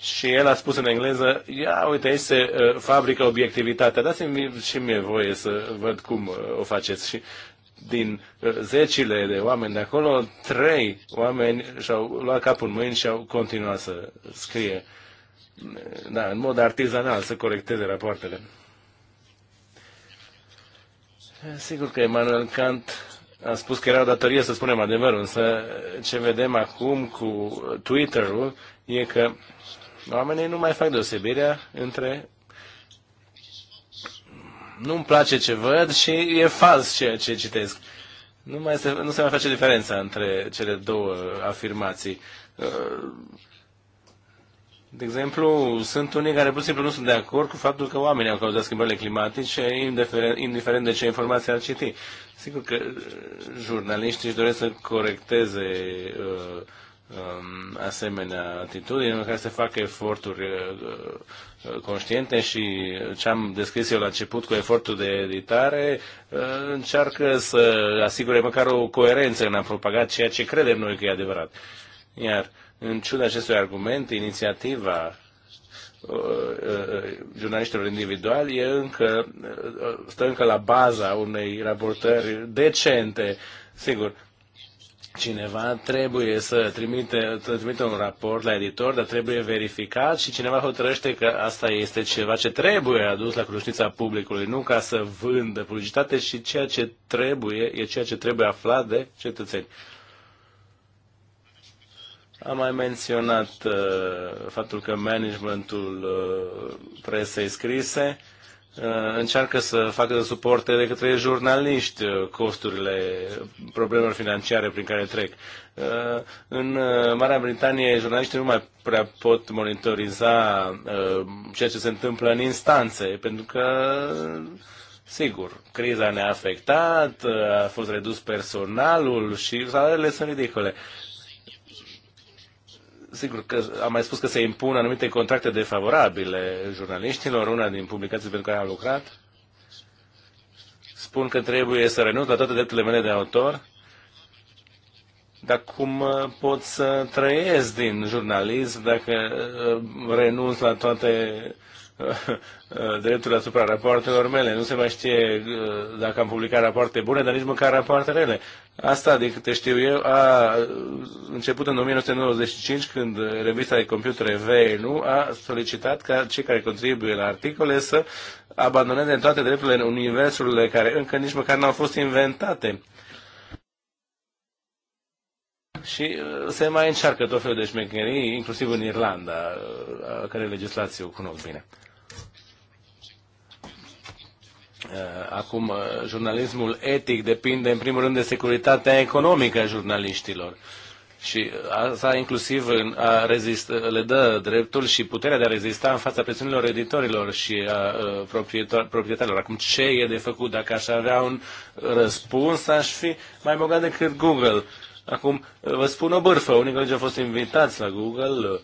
și el a spus în engleză, ia uite, aici se uh, fabrică obiectivitatea, dați-mi și mie voie să văd cum uh, o faceți. Și din uh, zecile de oameni de acolo, trei oameni și-au luat capul în mâini și au continuat să scrie, da, în mod artizanal, să corecteze rapoartele. Sigur că Emanuel Kant a spus că era o datorie să spunem adevărul, însă ce vedem acum cu Twitter-ul e că Oamenii nu mai fac deosebirea între nu-mi place ce văd și e fals ceea ce citesc. Nu, mai se, nu se mai face diferența între cele două afirmații. De exemplu, sunt unii care pur și simplu nu sunt de acord cu faptul că oamenii au cauzat schimbările climatice, indiferent, indiferent de ce informații ar citi. Sigur că jurnaliștii își doresc să corecteze uh, Um, asemenea atitudine în care se facă eforturi uh, uh, conștiente și ce am descris eu la început cu efortul de editare uh, încearcă să asigure măcar o coerență în a propaga ceea ce credem noi că e adevărat. Iar în ciuda acestui argument, inițiativa jurnaliștilor individuali e încă, stă încă la baza unei raportări decente. Sigur, cineva trebuie să trimite, să trimite un raport la editor, dar trebuie verificat și cineva hotărăște că asta este ceva ce trebuie adus la cunoștința publicului, nu ca să vândă publicitate și ceea ce trebuie e ceea ce trebuie aflat de cetățeni. Am mai menționat uh, faptul că managementul uh, presei scrise uh, Uh, încearcă să facă suporte de către jurnaliști uh, costurile problemelor financiare prin care trec. Uh, în Marea Britanie, jurnaliștii nu mai prea pot monitoriza ceea ce se întâmplă în instanțe, pentru că, sigur, criza ne-a afectat, a fost redus personalul și salariile sunt ridicole sigur că am mai spus că se impun anumite contracte defavorabile jurnaliștilor, una din publicații pentru care am lucrat. Spun că trebuie să renunț la toate drepturile mele de autor, dar cum uh, pot să trăiesc din jurnalism dacă uh, renunț la toate <laughs> dreptul asupra rapoartelor mele. Nu se mai știe uh, dacă am publicat rapoarte bune, dar nici măcar rapoarte rele. Asta, din câte știu eu, a început în 1995 când revista de computere VNU a solicitat ca cei care contribuie la articole să abandoneze toate drepturile în universurile care încă nici măcar n-au fost inventate. Și uh, se mai încearcă tot felul de șmecherii, inclusiv în Irlanda, uh, care legislație o cunosc bine. Eh, acum, eh, jurnalismul etic depinde în primul rând de securitatea economică a jurnaliștilor. Și eh, asta inclusiv a rezist, le dă dreptul și puterea de a rezista în fața presiunilor editorilor și a proprietarilor. Acum, ce e de făcut? Dacă aș avea un răspuns, aș fi mai bogat decât Google. Acum, vă spun o bârfă. Unii colegi au fost invitați la Google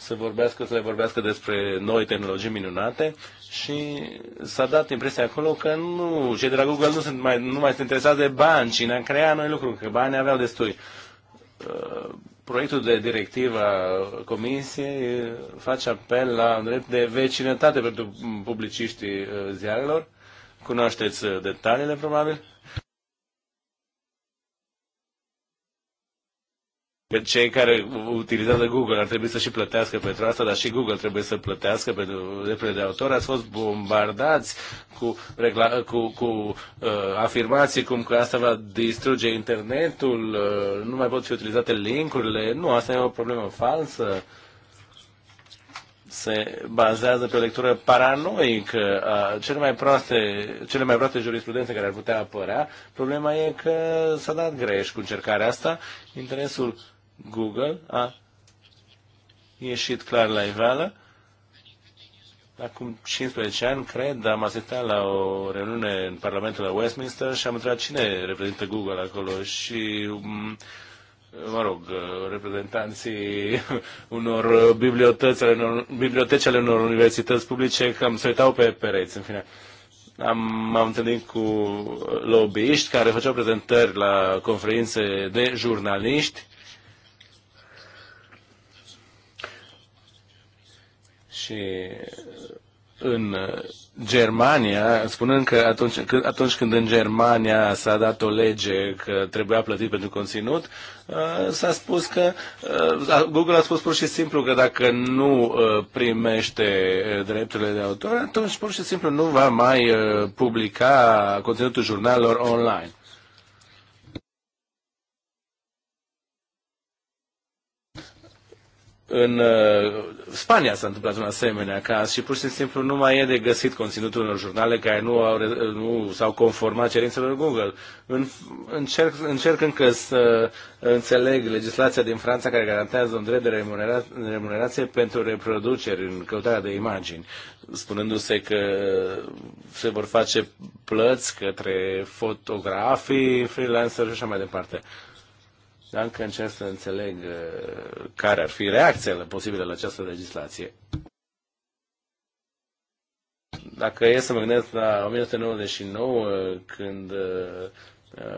să vorbească, să le vorbească despre noi tehnologii minunate și s-a dat impresia acolo că nu, cei de la Google nu, sunt mai, nu mai sunt interesați de bani, cine a creat noi lucruri, că bani aveau destui. Uh, proiectul de directivă a Comisiei uh, face apel la drept de vecinătate pentru publiciștii uh, ziarelor. Cunoașteți detaliile, probabil. cei care utilizează Google ar trebui să și plătească pentru asta, dar și Google trebuie să plătească pentru drepturile de autor. Ați fost bombardați cu, regla, cu, cu uh, afirmații cum că asta va distruge internetul, uh, nu mai pot fi utilizate linkurile. Nu, asta e o problemă falsă. Se bazează pe o lectură paranoică a cele mai proaste, cele mai proaste jurisprudențe care ar putea apărea. Problema e că s-a dat greș cu încercarea asta. Interesul Google a ieșit clar la iveală. Acum 15 ani, cred, am asistat la o reuniune în Parlamentul la Westminster și am întrebat cine reprezintă Google acolo și mm, mă rog, reprezentanții <laughs> unor biblioteci ale unor, biblioteci ale unor universități publice cam se uitau pe pereți, în fine. Am, m-am întâlnit cu lobbyiști care făceau prezentări la conferințe de jurnaliști Și în Germania, spunând că atunci, că atunci când în Germania s-a dat o lege că trebuia plătit pentru conținut, uh, s-a spus că uh, Google a spus pur și simplu că dacă nu uh, primește drepturile de autor, atunci pur și simplu nu va mai publica conținutul jurnalelor online. în uh, Spania s-a întâmplat un asemenea caz și pur și simplu nu mai e de găsit conținutul unor jurnale care nu, au, nu s-au conformat cerințelor Google. În, încerc, încerc încă să înțeleg legislația din Franța care garantează un drept de remunera, remunerație pentru reproduceri în căutarea de imagini, spunându-se că se vor face plăți către fotografii, freelancer și așa mai departe. Uh, dar încă încerc să înțeleg uh, care ar fi reacțiile posibile la această legislație. Dacă e să mă gândesc la 1999, uh, când uh,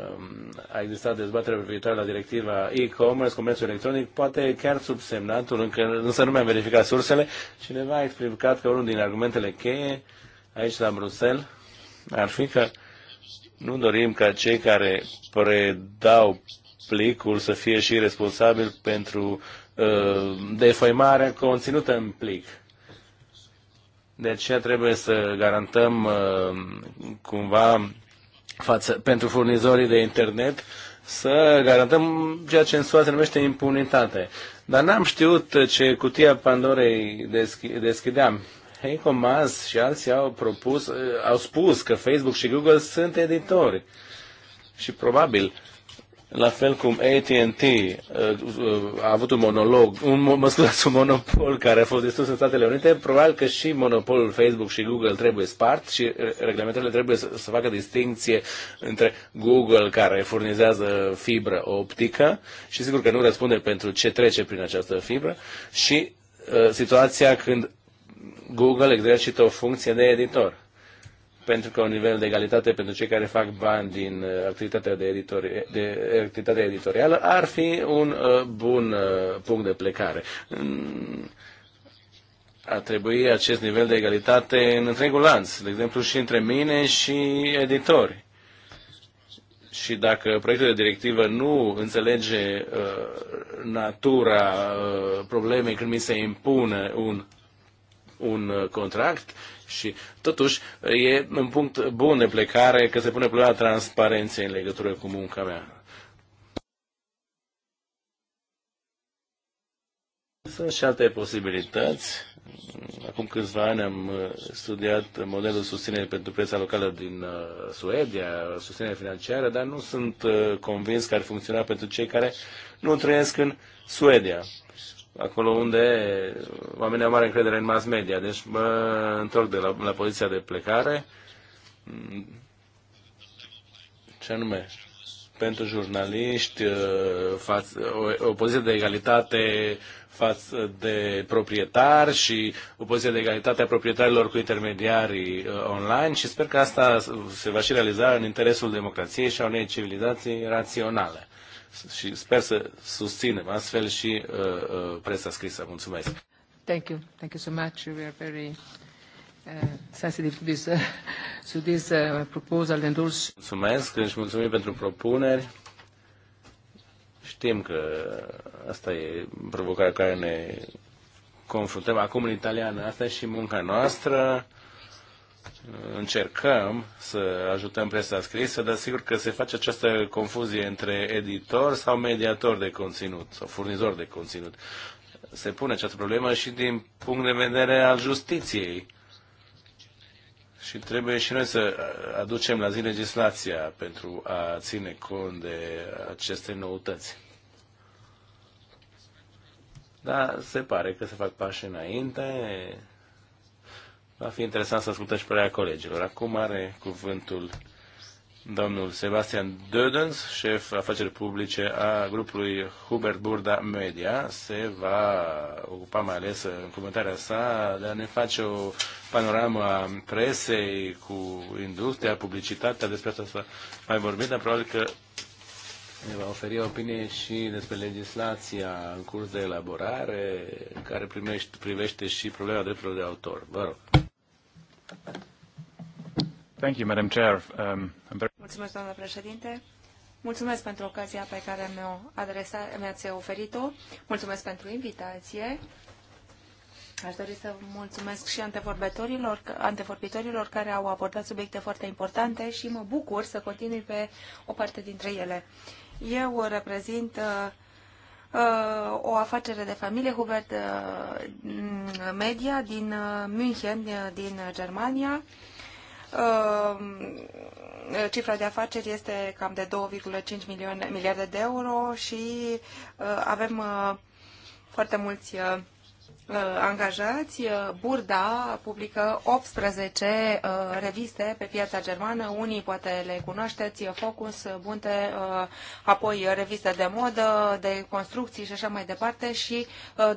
um, a existat dezbatere privitoare la directiva e-commerce, comerțul electronic, poate chiar sub semnatul, încă, însă nu mi-am verificat sursele, cineva a explicat că unul din argumentele cheie aici la Bruxelles ar fi că nu dorim ca cei care predau plicul să fie și responsabil pentru uh, defăimarea conținută în plic. De aceea trebuie să garantăm uh, cumva față, pentru furnizorii de internet să garantăm ceea ce în SUA se numește impunitate. Dar n-am știut ce cutia Pandorei deschi- deschideam. Hei, Maas și alții au propus, uh, au spus că Facebook și Google sunt editori. Și probabil la fel cum AT&T uh, uh, a avut un monolog, un, mă scuzați, un monopol care a fost distrus în Statele Unite, probabil că și monopolul Facebook și Google trebuie spart și uh, reglementările trebuie să, să facă distinție între Google care furnizează fibră optică și sigur că nu răspunde pentru ce trece prin această fibră și uh, situația când Google exercită o funcție de editor pentru că un nivel de egalitate pentru cei care fac bani din uh, activitatea, de editori, de, activitatea editorială ar fi un uh, bun uh, punct de plecare. A trebui acest nivel de egalitate în întregul lanț, de exemplu și între mine și editori. Și dacă proiectul de directivă nu înțelege uh, natura uh, problemei când mi se impune un un uh, contract, și totuși e un punct bun de plecare că se pune problema transparenței în legătură cu munca mea. Sunt și alte posibilități. Acum câțiva ani am uh, studiat modelul susținere pentru presa locală din uh, Suedia, susținere financiară, dar nu sunt uh, convins că ar funcționa pentru cei care nu trăiesc în Suedia acolo unde oamenii au mare încredere în mass media. Deci mă întorc de la, la poziția de plecare. Mm. Ce anume? Pentru jurnaliști, uh, față, o, o poziție de egalitate față de proprietari și o poziție de egalitate a proprietarilor cu intermediarii uh, online și sper că asta se va și realiza în interesul democrației și a unei civilizații raționale și sper să susținem astfel și uh, uh, presa scrisă. Mulțumesc! Thank you. Thank you so much. We are very uh, sensitive to this, uh, to this uh, proposal and also... Mulțumesc și mulțumim pentru propuneri. Știm că asta e provocarea care ne confruntăm acum în italiană. Asta e și munca noastră încercăm să ajutăm presa scrisă, dar sigur că se face această confuzie între editor sau mediator de conținut, sau furnizor de conținut. Se pune această problemă și din punct de vedere al justiției. Și trebuie și noi să aducem la zi legislația pentru a ține cont de aceste noutăți. Dar se pare că se fac pași înainte Va fi interesant să ascultăm și părerea colegilor. Acum are cuvântul domnul Sebastian Dödens, șef afaceri publice a grupului Hubert Burda Media, se va ocupa mai ales în comentarea sa de a ne face o panoramă a presei cu industria, publicitatea, despre asta să mai vorbim, dar probabil că ne va oferi opinie și despre legislația în curs de elaborare, care primește, privește și problema drepturilor de autor. Vă rog. Thank you, Madam Chair. Um, I'm very... Mulțumesc, doamnă președinte. Mulțumesc pentru ocazia pe care mi-o mi-ați oferit-o. Mulțumesc pentru invitație. Aș dori să mulțumesc și antevorbitorilor, antevorbitorilor care au abordat subiecte foarte importante și mă bucur să continui pe o parte dintre ele. Eu reprezint uh, Uh, o afacere de familie, Hubert uh, Media, din uh, München, din Germania. Cifra de afaceri este cam de 2,5 miliarde de euro și avem foarte mulți Uh, angajați, uh, Burda publică 18 uh, reviste pe piața germană, unii poate le cunoașteți, Focus, Bunte, apoi reviste de modă, de construcții și așa mai departe și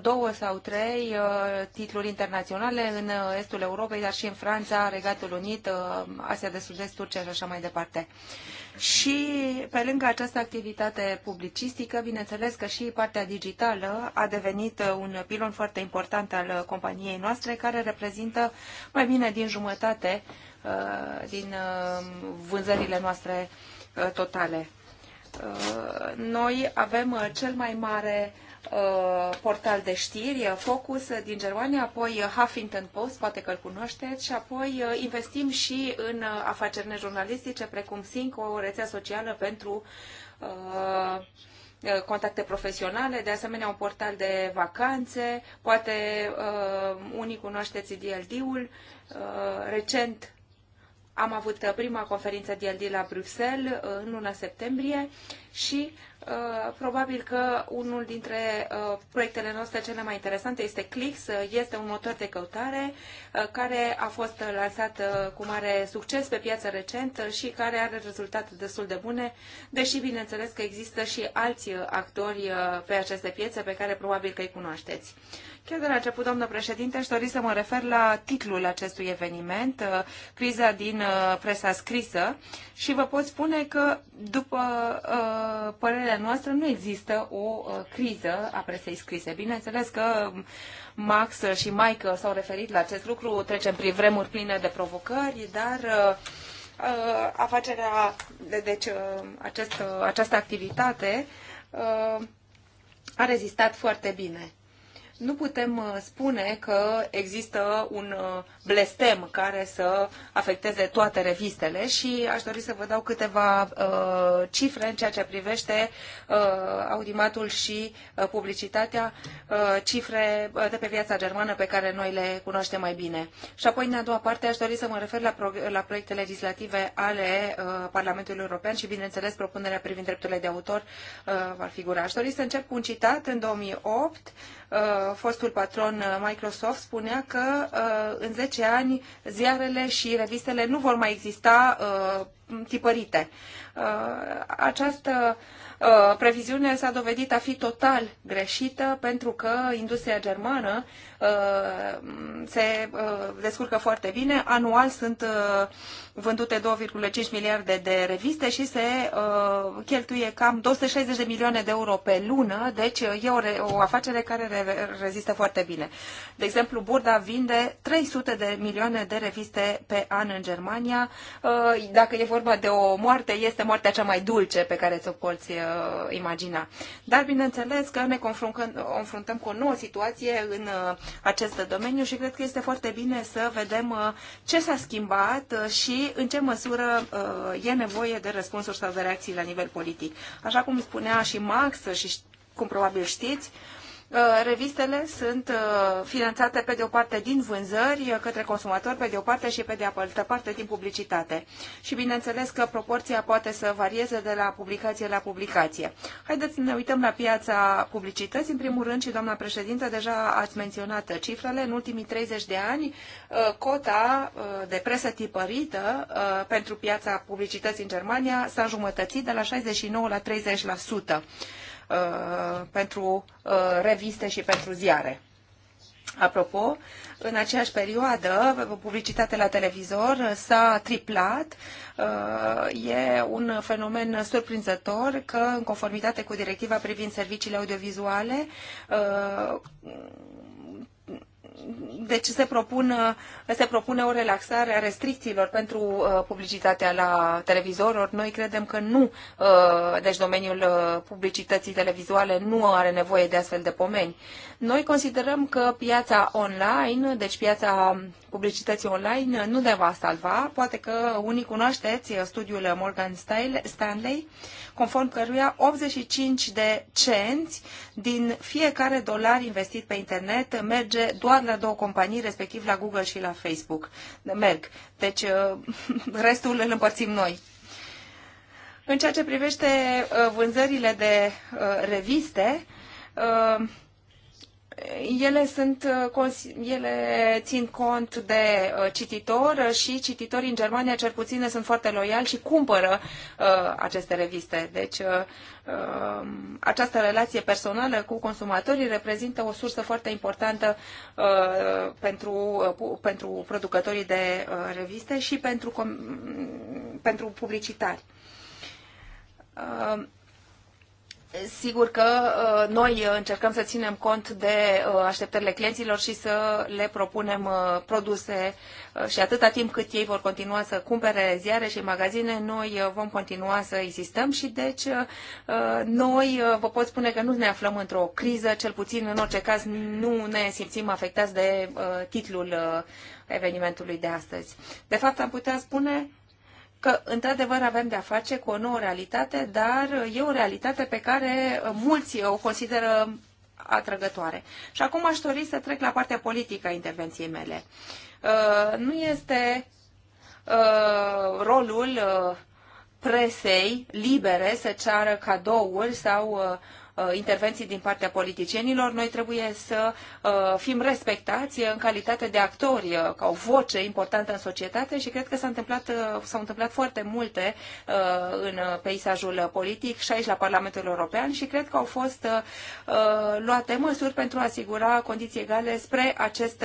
două sau trei titluri internaționale în estul Europei, dar și în Franța, Regatul Unit, Asia de Sud-Est, Turcia și așa mai departe. Și pe lângă această activitate publicistică, bineînțeles că și partea digitală a devenit un pilon foarte important al companiei noastre, care reprezintă mai bine din jumătate uh, din uh, vânzările noastre uh, totale. Noi avem cel mai mare Uh, portal de știri, uh, Focus uh, din Germania, apoi Huffington Post, poate că îl cunoașteți, și apoi investim și în afaceri nejurnalistice, precum SINC, o rețea socială pentru contacte profesionale, de asemenea un portal de vacanțe, poate unii cunoașteți DLD-ul. recent am avut prima conferință DLD la Bruxelles în luna septembrie și Uh, probabil că unul dintre uh, proiectele noastre cele mai interesante este Clix, uh, este un motor de căutare care a fost lansat cu mare succes pe piață recent și care are rezultate destul de bune, deși bineînțeles că există și alți actori pe aceste piețe pe care probabil că îi cunoașteți. Chiar de la început, domnul președinte, aș dori să mă refer la titlul acestui eveniment, uh, criza din uh, presa scrisă, și vă pot spune că, după uh, părerea noastră, nu există o criză a presei scrise. Bineînțeles că Max și Mike s-au referit la acest lucru, trecem prin vremuri pline de provocări, dar afacerea, deci acest, această activitate a rezistat foarte bine nu putem uh, spune că există un uh, blestem care să afecteze toate revistele și aș dori să vă dau câteva uh, cifre în ceea ce privește audimatul și publicitatea, cifre de pe viața germană pe care noi le cunoaștem mai bine. Și apoi, în a doua parte, aș dori să mă refer la, pro- la proiecte legislative ale Parlamentului European și, bineînțeles, propunerea privind drepturile de autor va figura. Aș dori să încep cu un citat în 2008 fostul patron uh, Microsoft spunea că uh, în 10 ani ziarele și revistele nu vor mai exista uh, tipărite. Uh, această uh, previziune s-a dovedit a fi total greșită pentru că industria germană uh, se descurcă foarte bine. Anual sunt vândute 2,5 miliarde de reviste și se cheltuie cam 260 de milioane de euro pe lună, deci e o, o afacere care rezistă foarte bine. De exemplu, Burda vinde 300 de milioane de reviste pe an în Germania. Dacă e vorba vorba de o moarte, este moartea cea mai dulce pe care ți-o poți uh, imagina. Dar, bineînțeles, că ne confruntăm cu o nouă situație în uh, acest domeniu și cred că este foarte bine să vedem uh, ce s-a schimbat uh, și în ce măsură uh, e nevoie de răspunsuri sau de reacții la nivel politic. Așa cum spunea și Max și cum probabil știți, uh, Uh, revistele sunt uh, finanțate pe de o parte din vânzări uh, către consumatori, pe de o parte și pe de altă parte din publicitate. Și bineînțeles că proporția poate să varieze de la publicație la publicație. Haideți să ne uităm la piața publicității. În primul rând și doamna președintă, deja ați menționat cifrele. În ultimii 30 de ani, cota de presă tipărită pentru piața publicității în Germania s-a înjumătățit de la 69 la 30%. Uh, pentru uh, reviste și pentru ziare. Apropo, în aceeași perioadă, publicitatea la televizor s-a triplat. Uh, e un fenomen surprinzător că, în conformitate cu directiva privind serviciile audiovizuale, deci se, propun, se propune o relaxare a restricțiilor pentru uh, publicitatea la televizor, ori noi credem că nu, uh, deci domeniul uh, publicității televizuale nu are nevoie de astfel de pomeni. Noi considerăm că piața online, deci piața publicității online, nu ne va salva. Poate că unii cunoașteți studiul Morgan Stanley, conform căruia 85 de cenți din fiecare dolar investit pe internet merge doar la două companii, respectiv la Google și la Facebook. Merg. Deci uh, <laughs> restul îl împărțim noi. În ceea ce privește uh, vânzările de uh, reviste, ele, sunt, uh, ele țin cont de uh, cititor și cititorii în Germania cel puțin sunt foarte loiali și cumpără uh, aceste reviste. Deci um, această relație personală cu consumatorii reprezintă o sursă foarte importantă pentru, pentru producătorii de reviste și pentru, pentru publicitari Sigur că uh, noi uh, încercăm să ținem cont de uh, așteptările clienților și să le propunem produse și atâta timp cât ei vor continua să cumpere ziare și magazine, noi vom continua să insistăm și deci noi vă pot spune că nu ne aflăm într-o criză, cel puțin în orice caz nu ne simțim afectați de titlul evenimentului de astăzi. De fapt, am putea spune că, într-adevăr, avem de-a face cu o nouă realitate, dar e o realitate pe care mulți o consideră atrăgătoare. Și acum aș dori să trec la partea politică a intervenției mele. Uh, nu este uh, rolul uh, presei libere să ceară cadouri sau Uh, intervenții din partea politicienilor, noi trebuie să uh, fim respectați în calitate de actori, uh, ca o voce importantă în societate și cred că s-a întâmplat, s întâmplat foarte multe în peisajul politic și aici la Parlamentul European și cred că au fost luate măsuri pentru a asigura condiții egale spre acest,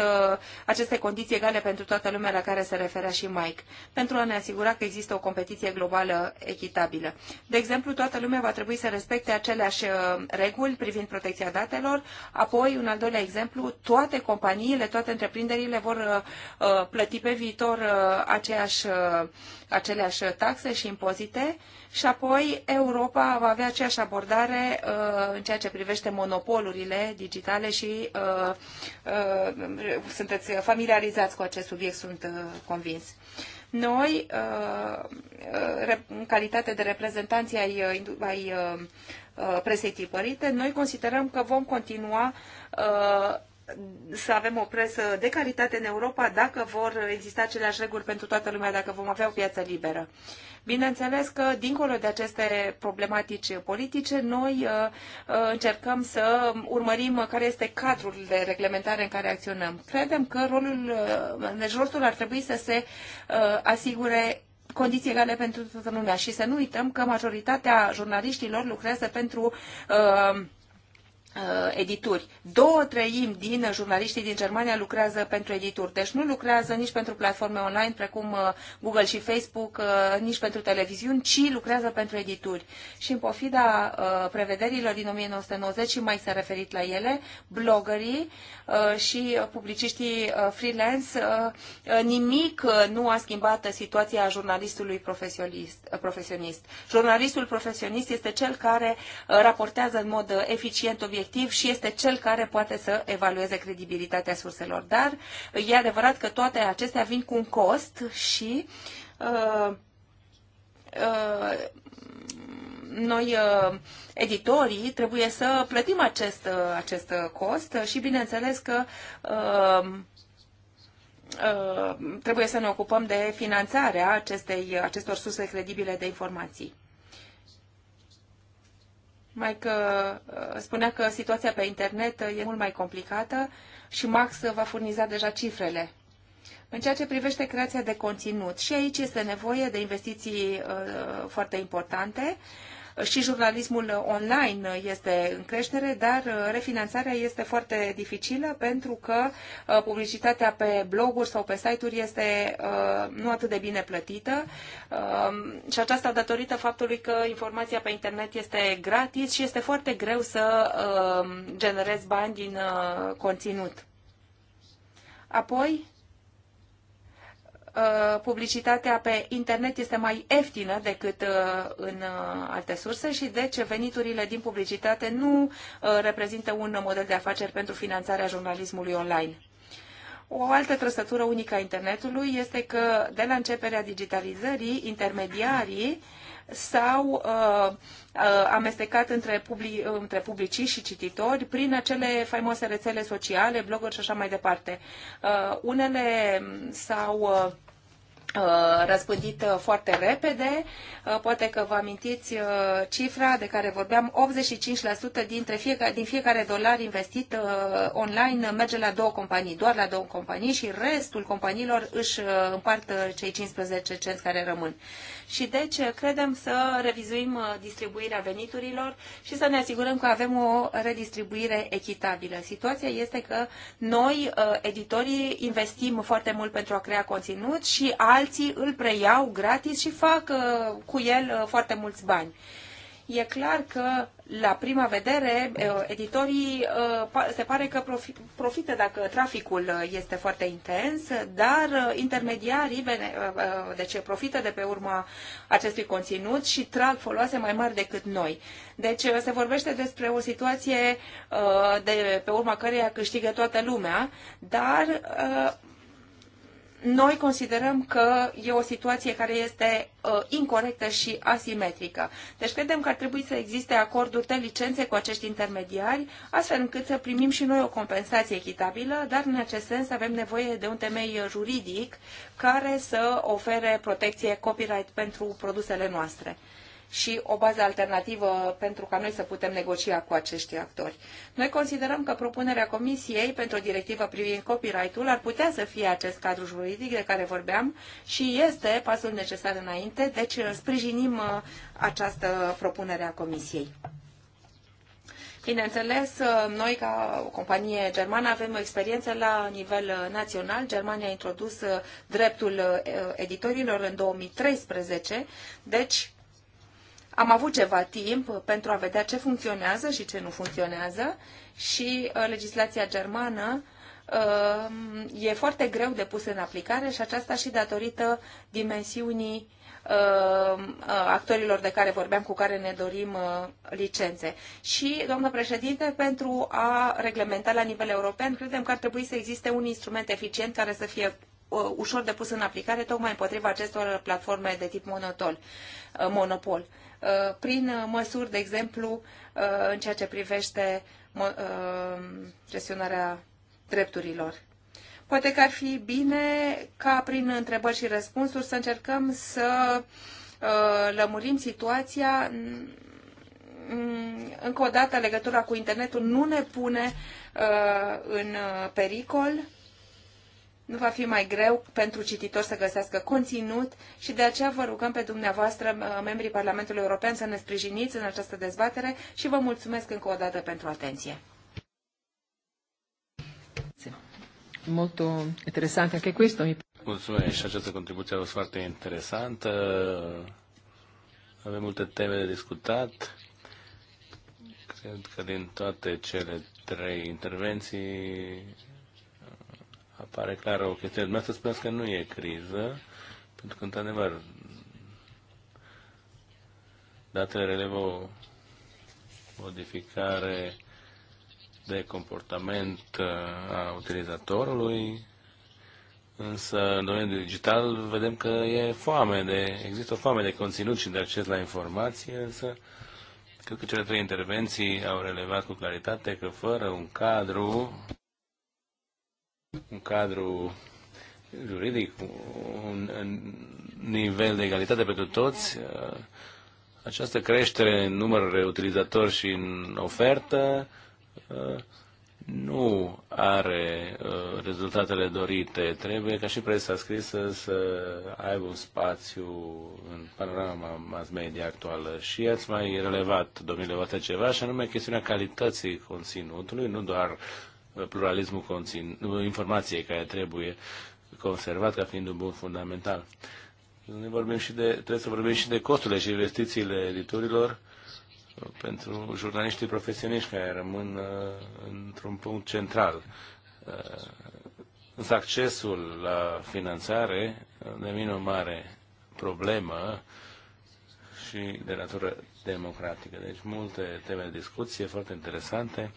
aceste condiții egale pentru toată lumea la care se referea și Mike, pentru a ne asigura că există o competiție globală echitabilă. De exemplu, toată lumea va trebui să respecte aceleași reguli privind protecția datelor. Apoi, un al doilea exemplu, toate companiile, toate întreprinderile vor uh, uh, plăti pe viitor uh, aceeași, aceleași taxe și impozite și apoi Europa va avea aceeași abordare în ceea ce privește monopolurile digitale și sunteți familiarizați cu acest subiect, sunt convins. Noi, în calitate de reprezentanți ai, ai Uh, presei tipărite, noi considerăm că vom continua uh, să avem o presă de calitate în Europa dacă vor exista aceleași reguli pentru toată lumea, dacă vom avea o piață liberă. Bineînțeles că, dincolo de aceste problematici politice, noi uh, încercăm să urmărim care este cadrul de reglementare în care acționăm. Credem că rolul, deci rolul ar trebui să se asigure condiții egale pentru toată lumea și să nu uităm că majoritatea jurnaliștilor lucrează pentru uh, Uh, edituri. Două treimi din jurnaliștii din Germania lucrează pentru edituri, deci nu lucrează nici pentru platforme online precum uh, Google și Facebook, uh, nici pentru televiziuni, ci lucrează pentru edituri. Și în pofida prevederilor din 1990 și mai s-a referit la ele, blogării și publiciștii freelance, nimic nu a schimbat situația jurnalistului profesionist. Jurnalistul profesionist este cel care raportează în mod eficient obiectiv obiectiv și este cel care poate să evalueze credibilitatea surselor. Dar e adevărat că toate acestea vin cu un cost și uh, uh, noi, uh, editorii, trebuie să plătim acest, uh, acest cost și, bineînțeles, că uh, uh, trebuie să ne ocupăm de finanțarea acestei, acestor surse credibile de informații mai că uh, spunea că situația pe internet uh, e mult mai complicată și Max va furniza deja cifrele. În ceea ce privește creația de conținut, și aici este nevoie de investiții uh, foarte importante. Uh, și jurnalismul online este în creștere, dar uh, refinanțarea este foarte dificilă pentru că uh, publicitatea pe bloguri sau pe site-uri este uh, nu atât de bine plătită um, și aceasta datorită faptului că informația pe internet este gratis și este foarte greu să generezi bani din conținut. Apoi, Uh, publicitatea pe internet este mai ieftină decât uh, în uh, alte surse și deci veniturile din publicitate nu reprezintă un model de afaceri pentru finanțarea jurnalismului online. O altă trăsătură unică a internetului este că de la începerea digitalizării, intermediarii s-au uh, uh, amestecat între, public, între publicii și cititori prin acele faimoase rețele sociale, bloguri și așa mai departe. Uh, unele s-au răspândit foarte repede. Poate că vă amintiți cifra de care vorbeam, 85% dintre fiecare, din fiecare dolar investit online merge la două companii, doar la două companii și restul companiilor își împart cei 15 cenți care rămân și deci credem să revizuim uh, distribuirea veniturilor și să ne asigurăm că avem o redistribuire echitabilă. Situația este că noi, uh, editorii, investim foarte mult pentru a crea conținut și alții îl preiau gratis și fac uh, cu el foarte mulți bani. E clar că la prima vedere, eh, editorii eh, se pare că profită dacă traficul eh, este foarte intens, dar intermediarii deci profită de pe urma acestui conținut și trag foloase mai mari decât noi. Deci se vorbește despre o situație de pe urma căreia câștigă toată lumea, dar noi considerăm că e o situație care este uh, incorrectă și asimetrică. Deci credem că ar trebui să existe acorduri de licențe cu acești intermediari, astfel încât să primim și noi o compensație echitabilă, dar în acest sens avem nevoie de un temei juridic care să ofere protecție copyright pentru produsele noastre și o bază alternativă pentru ca noi să putem negocia cu acești actori. Noi considerăm că propunerea Comisiei pentru o directivă privind copyright-ul ar putea să fie acest cadru juridic de care vorbeam și este pasul necesar înainte, deci uh, sprijinim uh, această propunere a Comisiei. Bineînțeles, uh, noi ca o companie germană avem o experiență la nivel național. Germania a introdus dreptul editorilor în 2013, deci am avut ceva timp pentru a vedea ce funcționează și ce nu funcționează și uh, legislația germană uh, e foarte greu de pus în aplicare și aceasta și datorită dimensiunii uh, actorilor de care vorbeam, cu care ne dorim licențe. Și, doamnă președinte, pentru a reglementa la nivel european, credem că ar trebui să existe un instrument eficient care să fie ușor de pus în aplicare, tocmai împotriva acestor platforme de tip monotol, monopol. Uh, prin măsuri, de exemplu, uh, în ceea ce privește uh, gestionarea drepturilor. Poate că ar fi bine ca prin întrebări și răspunsuri să încercăm să lămurim situația mm, încă o dată legătura cu internetul nu ne pune în pericol nu va fi mai greu pentru cititor să găsească conținut și de aceea vă rugăm pe dumneavoastră, membrii Parlamentului European, să ne sprijiniți în această dezbatere și vă mulțumesc încă o dată pentru atenție. Molto interesante anche questo. Mulțumesc și această contribuție a fost foarte interesantă. Avem multe teme de discutat. Cred că din toate cele trei intervenții apare clară o chestiune. să spuneți că nu e criză, pentru că, într-adevăr, datele relevă o modificare de comportament uh, a utilizatorului, însă în domeniul digital vedem că e foame de, există o foame de conținut și de acces la informație, însă cred că cele trei intervenții au relevat cu claritate că fără un cadru un cadru juridic, un, nivel de egalitate pentru toți, această creștere în număr de utilizatori și în ofertă nu are uh, rezultatele dorite. Trebuie ca și presa scrisă să aibă un spațiu în panorama mass media actuală. Și ați mai relevat, domnule ceva, și anume chestiunea calității conținutului, nu doar pluralismul conțin, informației care trebuie conservat ca fiind un bun fundamental. Ne vorbim și de, trebuie să vorbim și de costurile și investițiile editorilor pentru jurnaliștii profesioniști care rămân uh, într-un punct central. Uh, însă accesul la finanțare uh, devine o mare problemă și de natură democratică. Deci multe teme de discuție foarte interesante.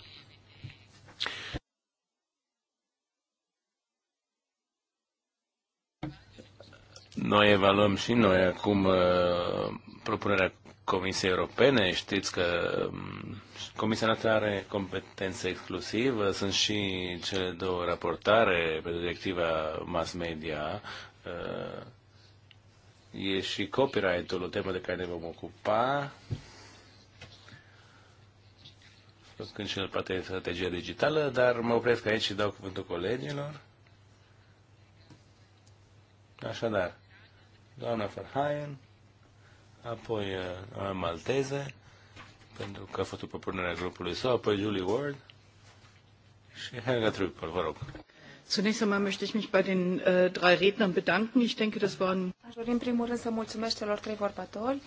Noi evaluăm și noi acum uh, propunerea Comisiei Europene. Știți că um, Comisia noastră are competență exclusivă. Sunt și cele două raportare pe directiva mass media. Uh, e și copyright-ul, o temă de care ne vom ocupa. Când și poate strategia digitală, dar mă opresc aici și dau cuvântul colegilor. Așadar, doamna Verhaien, apoi uh, doamna Malteze, pentru că a fost o propunere a grupului său, apoi Julie Ward și Helga Trüppel, vă rog. Zunächst einmal möchte ich mich bei den äh, drei Rednern bedanken. Ich denke, das waren. Aș dori în primul rând să mulțumesc celor trei vorbatori.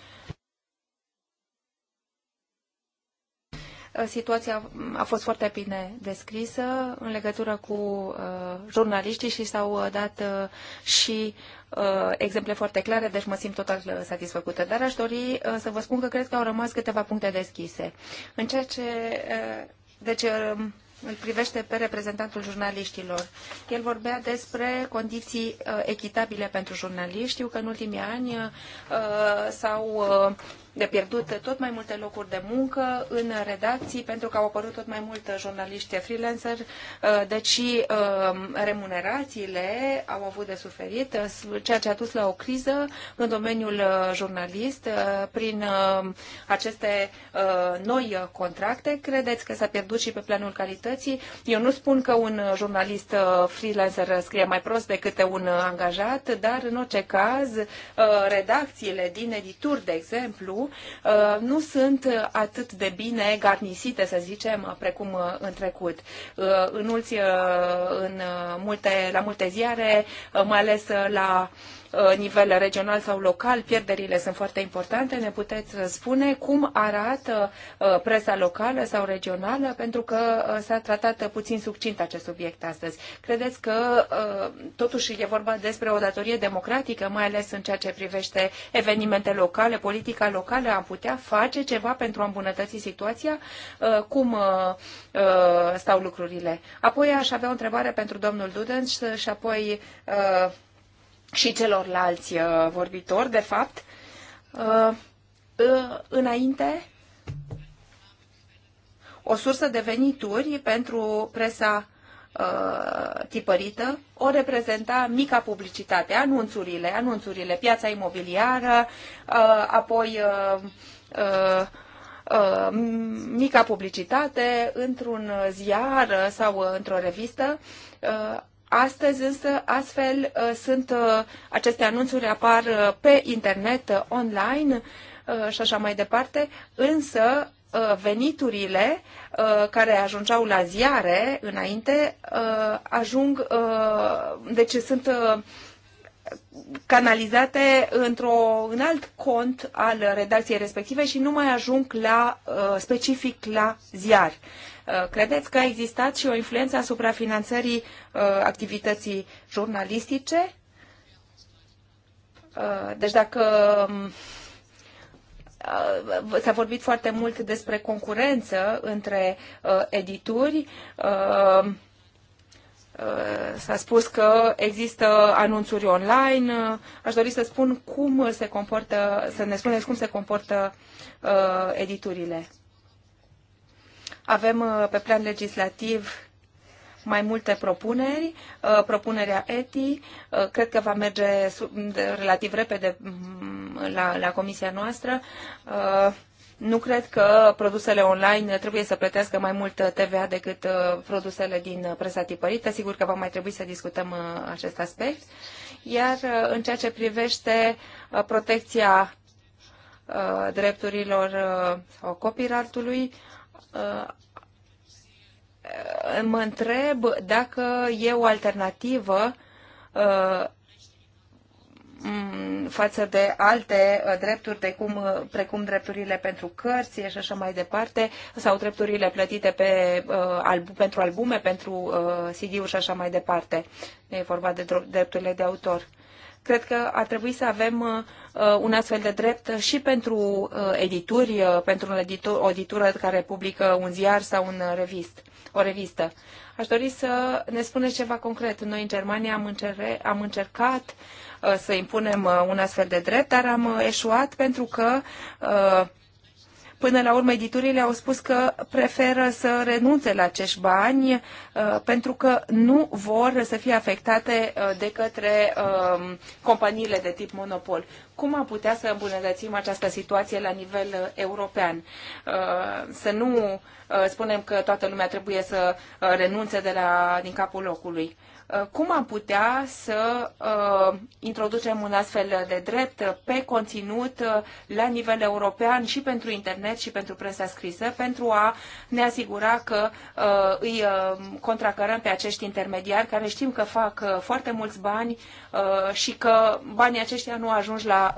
Uh, situația a fost foarte bine descrisă în legătură cu uh, jurnaliștii și s-au uh, dat uh, și uh, exemple foarte clare, deci mă simt total uh, satisfăcută. Dar aș dori uh, să vă spun că cred că au rămas câteva puncte deschise. În ceea ce... Uh, deci, uh, îl privește pe reprezentantul jurnaliștilor. El vorbea despre condiții uh, echitabile pentru jurnaliști. Știu că în ultimii ani uh, s-au uh, de pierdut tot mai multe locuri de muncă în redacții, pentru că au apărut tot mai mult jurnaliști freelancer, uh, deci uh, remunerațiile au avut de suferit, uh, ceea ce a dus la o criză în domeniul jurnalist prin aceste noi contracte. Credeți că s-a pierdut și pe planul calității? Eu nu spun că un jurnalist freelancer scrie mai prost decât un angajat, dar în orice caz redacțiile din edituri, de exemplu, Uh, nu sunt atât de bine garnisite, să zicem, uh, precum uh, în trecut. În, mulți, în multe, la multe ziare, mai ales la Uh, nivel regional sau local, pierderile sunt foarte importante. Ne puteți uh, spune cum arată uh, presa locală sau regională, pentru că s-a tratat puțin succint acest subiect astăzi. Credeți că totuși e vorba despre o datorie democratică, mai ales în ceea ce privește evenimente locale, politica locală, am putea face ceva pentru a îmbunătăți situația? Cum stau lucrurile? Apoi aș avea o întrebare pentru domnul Dudens și apoi și celorlalți uh, vorbitori, de fapt, uh, uh, înainte o sursă de venituri pentru presa tipărită, o reprezenta mica publicitate, anunțurile, anunțurile, piața imobiliară, apoi mica publicitate într-un ziar sau într-o revistă, Astăzi însă astfel uh, sunt uh, aceste anunțuri apar uh, pe internet, online și așa mai departe, însă veniturile care ajungeau la ziare înainte ajung, deci sunt canalizate într-o, în alt cont al redacției respective și nu mai ajung la, uh, specific la ziar. Uh, credeți că a existat și o influență asupra finanțării uh, activității jurnalistice? Deci dacă um, s-a vorbit foarte mult despre concurență între edituri, Uh, s-a spus că există anunțuri online. Uh, aș dori să spun cum se comportă, să ne spuneți cum se comportă uh, editurile. Avem uh, pe plan legislativ mai multe propuneri. Propunerea ETI cred că va merge relativ repede mm, la, la comisia noastră. Nu cred că produsele online trebuie să plătească mai mult TVA decât uh, produsele din uh, presa tipărită. Sigur că va mai trebui să discutăm uh, acest aspect. Iar în ceea ce privește protecția drepturilor sau copyright-ului, mă întreb dacă e o alternativă Mm, față de alte uh, drepturi, de cum, uh, precum drepturile pentru cărți și așa mai departe, sau drepturile plătite pe, uh, albu, pentru albume, pentru CD-uri și așa mai departe. E vorba de drepturile de autor. Cred că ar trebui să avem un astfel de drept și pentru edituri, pentru o editură care publică un ziar sau un revist o revistă. Aș dori să ne spuneți ceva concret. Noi în Germania am, încerre, am încercat uh, să impunem uh, un astfel de drept, dar am uh, eșuat pentru că uh, Până la urmă, editurile au spus că preferă să renunțe la acești bani uh, pentru că nu vor să fie afectate uh, de către um, companiile de tip monopol. Cum am putea să îmbunătățim această situație la nivel uh, european? Să nu spunem că toată lumea trebuie să renunțe de la, din capul locului. Uh, cum am putea să uh, introducem un astfel de drept pe conținut uh, la nivel european și pentru internet și pentru presa scrisă, pentru a ne asigura că îi contracărăm pe acești intermediari care știm că fac foarte mulți bani și că banii aceștia nu ajung la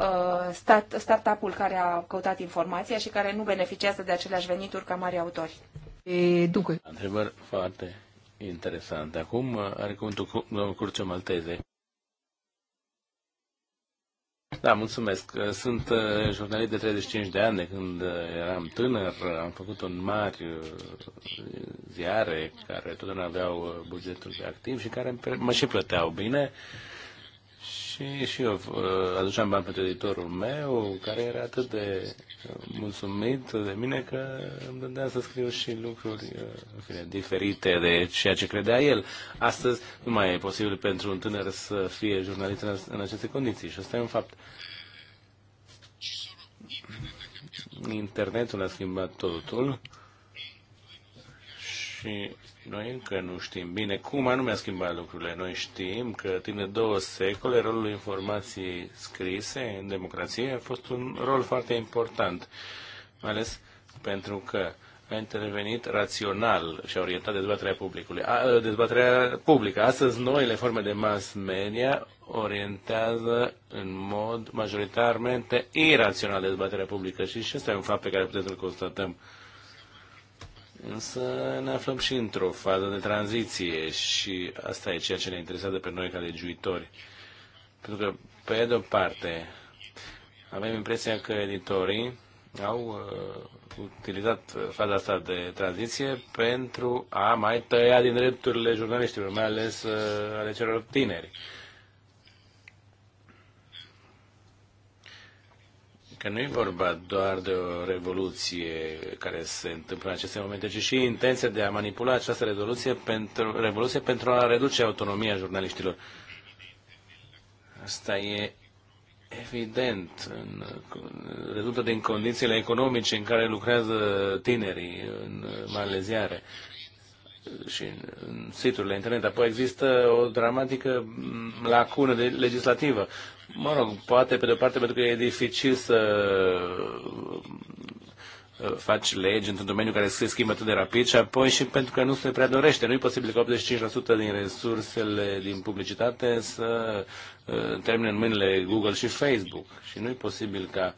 startup-ul care a căutat informația și care nu beneficiază de aceleași venituri ca mari autori. E, Întrebări foarte interesante. Acum uh, are cuvântul domnul Curcio Malteze. Da, mulțumesc. Uh, sunt uh, jurnalist de 35 de ani. De când eram tânăr, am făcut un mari ziare care totdeauna aveau bugetul de activ și care mă și plăteau bine. Și, și eu uh, aduceam bani pentru editorul meu, care era atât de uh, mulțumit de mine că îmi dădea să scriu și lucruri uh, în fine, diferite de ceea ce credea el. Astăzi nu mai e posibil pentru un tânăr să fie jurnalist în aceste condiții și asta e un fapt. Internetul a schimbat totul și noi încă nu știm bine cum anume a schimbat lucrurile. Noi știm că timp de două secole rolul informației scrise în democrație a fost un rol foarte important, mai ales pentru că a intervenit rațional și a orientat dezbaterea publicului. A, dezbaterea publică. Astăzi, noile forme de mass media orientează în mod majoritarmente irațional dezbaterea publică și, și asta e un fapt pe care putem să-l constatăm Însă ne aflăm și într-o fază de tranziție și asta e ceea ce ne interesează pe noi ca legiuitori. Pentru că, pe de-o parte, avem impresia că editorii au uh, utilizat faza asta de tranziție pentru a mai tăia din drepturile jurnaliștilor, mai ales uh, ale celor tineri. Uh, că nu e vorba doar de o revoluție care se întâmplă în aceste momente, ci și intenția de a manipula această revoluție pentru, revoluție pentru a reduce autonomia jurnaliștilor. Asta e evident, în, rezultă din condițiile economice în care lucrează tinerii în maleziare și în siturile internet. Apoi există o dramatică mm, lacună de legislativă. Mă rog, poate pe de-o parte pentru că e dificil să mm, uh, faci legi într-un domeniu care se schimbă atât de rapid și apoi și pentru că nu se prea dorește. Nu e posibil că 85% din resursele din publicitate să uh, termine în mâinile Google și Facebook. Și nu e posibil ca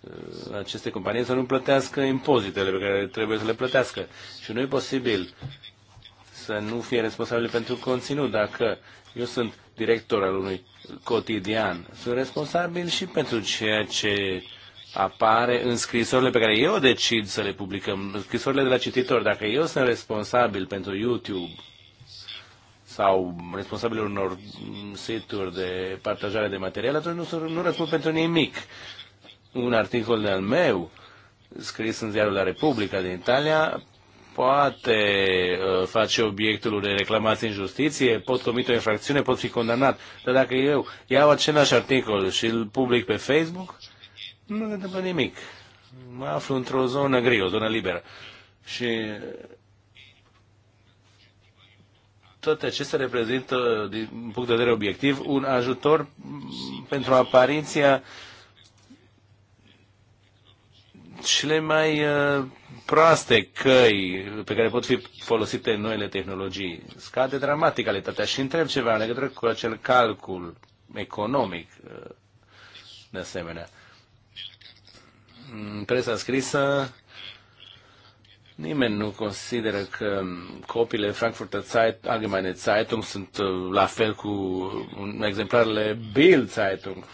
uh, aceste companii să nu plătească impozitele pe care trebuie să le plătească. Și nu e posibil să nu fie responsabile pentru conținut. Dacă eu sunt director al unui cotidian, sunt responsabil și pentru ceea ce apare în scrisorile pe care eu decid să le publicăm, scrisorile de la cititori. Dacă eu sunt responsabil pentru YouTube sau responsabil unor situri de partajare de material, atunci nu, nu răspund pentru nimic. Un articol de-al meu scris în ziarul La Republica din Italia, poate uh, face obiectul unei reclamații în justiție, pot comite o infracțiune, pot fi condamnat. Dar dacă eu iau același articol și îl public pe Facebook, nu ne întâmplă nimic. Mă aflu într-o zonă gri, o zonă liberă. Și toate acestea reprezintă, din punct de vedere obiectiv, un ajutor pentru apariția cele mai uh, proaste căi pe care pot fi folosite noile tehnologii. Scade dramatic calitatea și întreb ceva în legătură cu acel calcul economic uh, de asemenea. presa scrisă nimeni nu consideră că copiile Frankfurter Zeit, Allgemeine Zeitung sunt uh, la fel cu um, exemplarele Bild Zeitung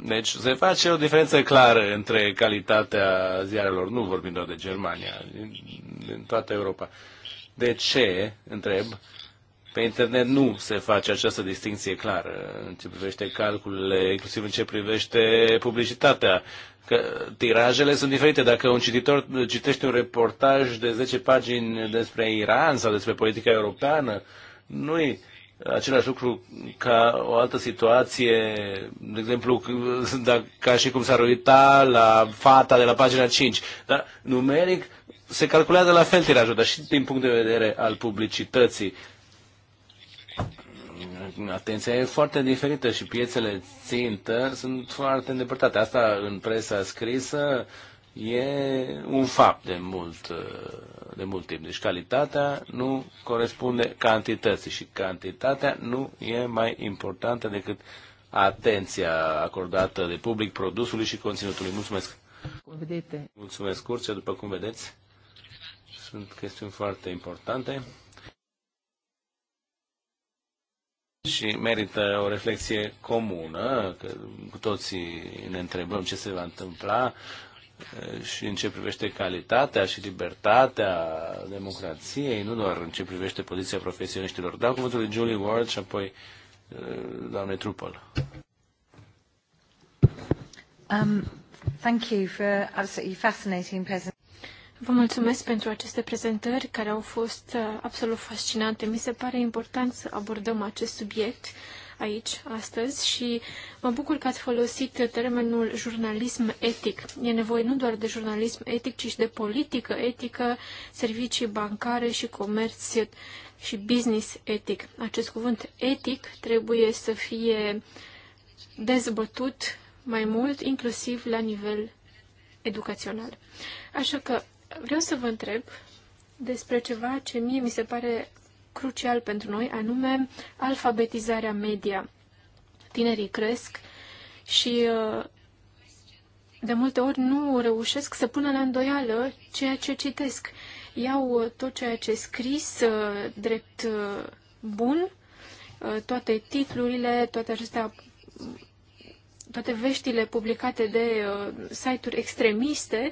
deci se face o diferență clară între calitatea ziarelor, nu vorbim doar de Germania, din toată Europa. De ce, întreb, pe internet nu se face această distinție clară în ce privește calculele, inclusiv în ce privește publicitatea. Că tirajele sunt diferite. Dacă un cititor citește un reportaj de 10 pagini despre Iran sau despre politica europeană, nu-i același lucru ca o altă situație, de exemplu, da, ca și cum s-ar uita la fata de la pagina 5. Dar numeric se calculează la fel tirajul, dar și din punct de vedere al publicității. Atenția e foarte diferită și piețele țintă sunt foarte îndepărtate. Asta în presa scrisă, uh, e un fapt de mult, uh, de mult timp. Deci calitatea nu corespunde cantității și cantitatea nu e mai importantă decât atenția acordată de public produsului și conținutului. Mulțumesc! Cum vedete. Mulțumesc, Curcea, după cum vedeți. Sunt chestiuni foarte importante și merită o reflexie comună, că cu toții ne întrebăm ce se va întâmpla și în ce privește calitatea și libertatea democrației, nu doar în ce privește poziția profesioniștilor. Dau cuvântul lui Julie Ward și apoi uh, doamne Trupol. Um, thank you for absolutely fascinating Vă mulțumesc pentru aceste prezentări care au fost uh, absolut fascinante. Mi se pare important să abordăm acest subiect aici astăzi și mă bucur că ați folosit termenul jurnalism etic. E nevoie nu doar de jurnalism etic, ci și de politică etică, servicii bancare și comerț și business etic. Acest cuvânt etic trebuie să fie dezbătut mai mult, inclusiv la nivel educațional. Așa că vreau să vă întreb despre ceva ce mie mi se pare crucial pentru noi, anume alfabetizarea media. Tinerii cresc și uh, de multe ori nu reușesc să pună la îndoială ceea ce citesc. Iau uh, tot ceea ce scris uh, drept bun, toate titlurile, toate acestea toate veștile publicate de uh, site-uri extremiste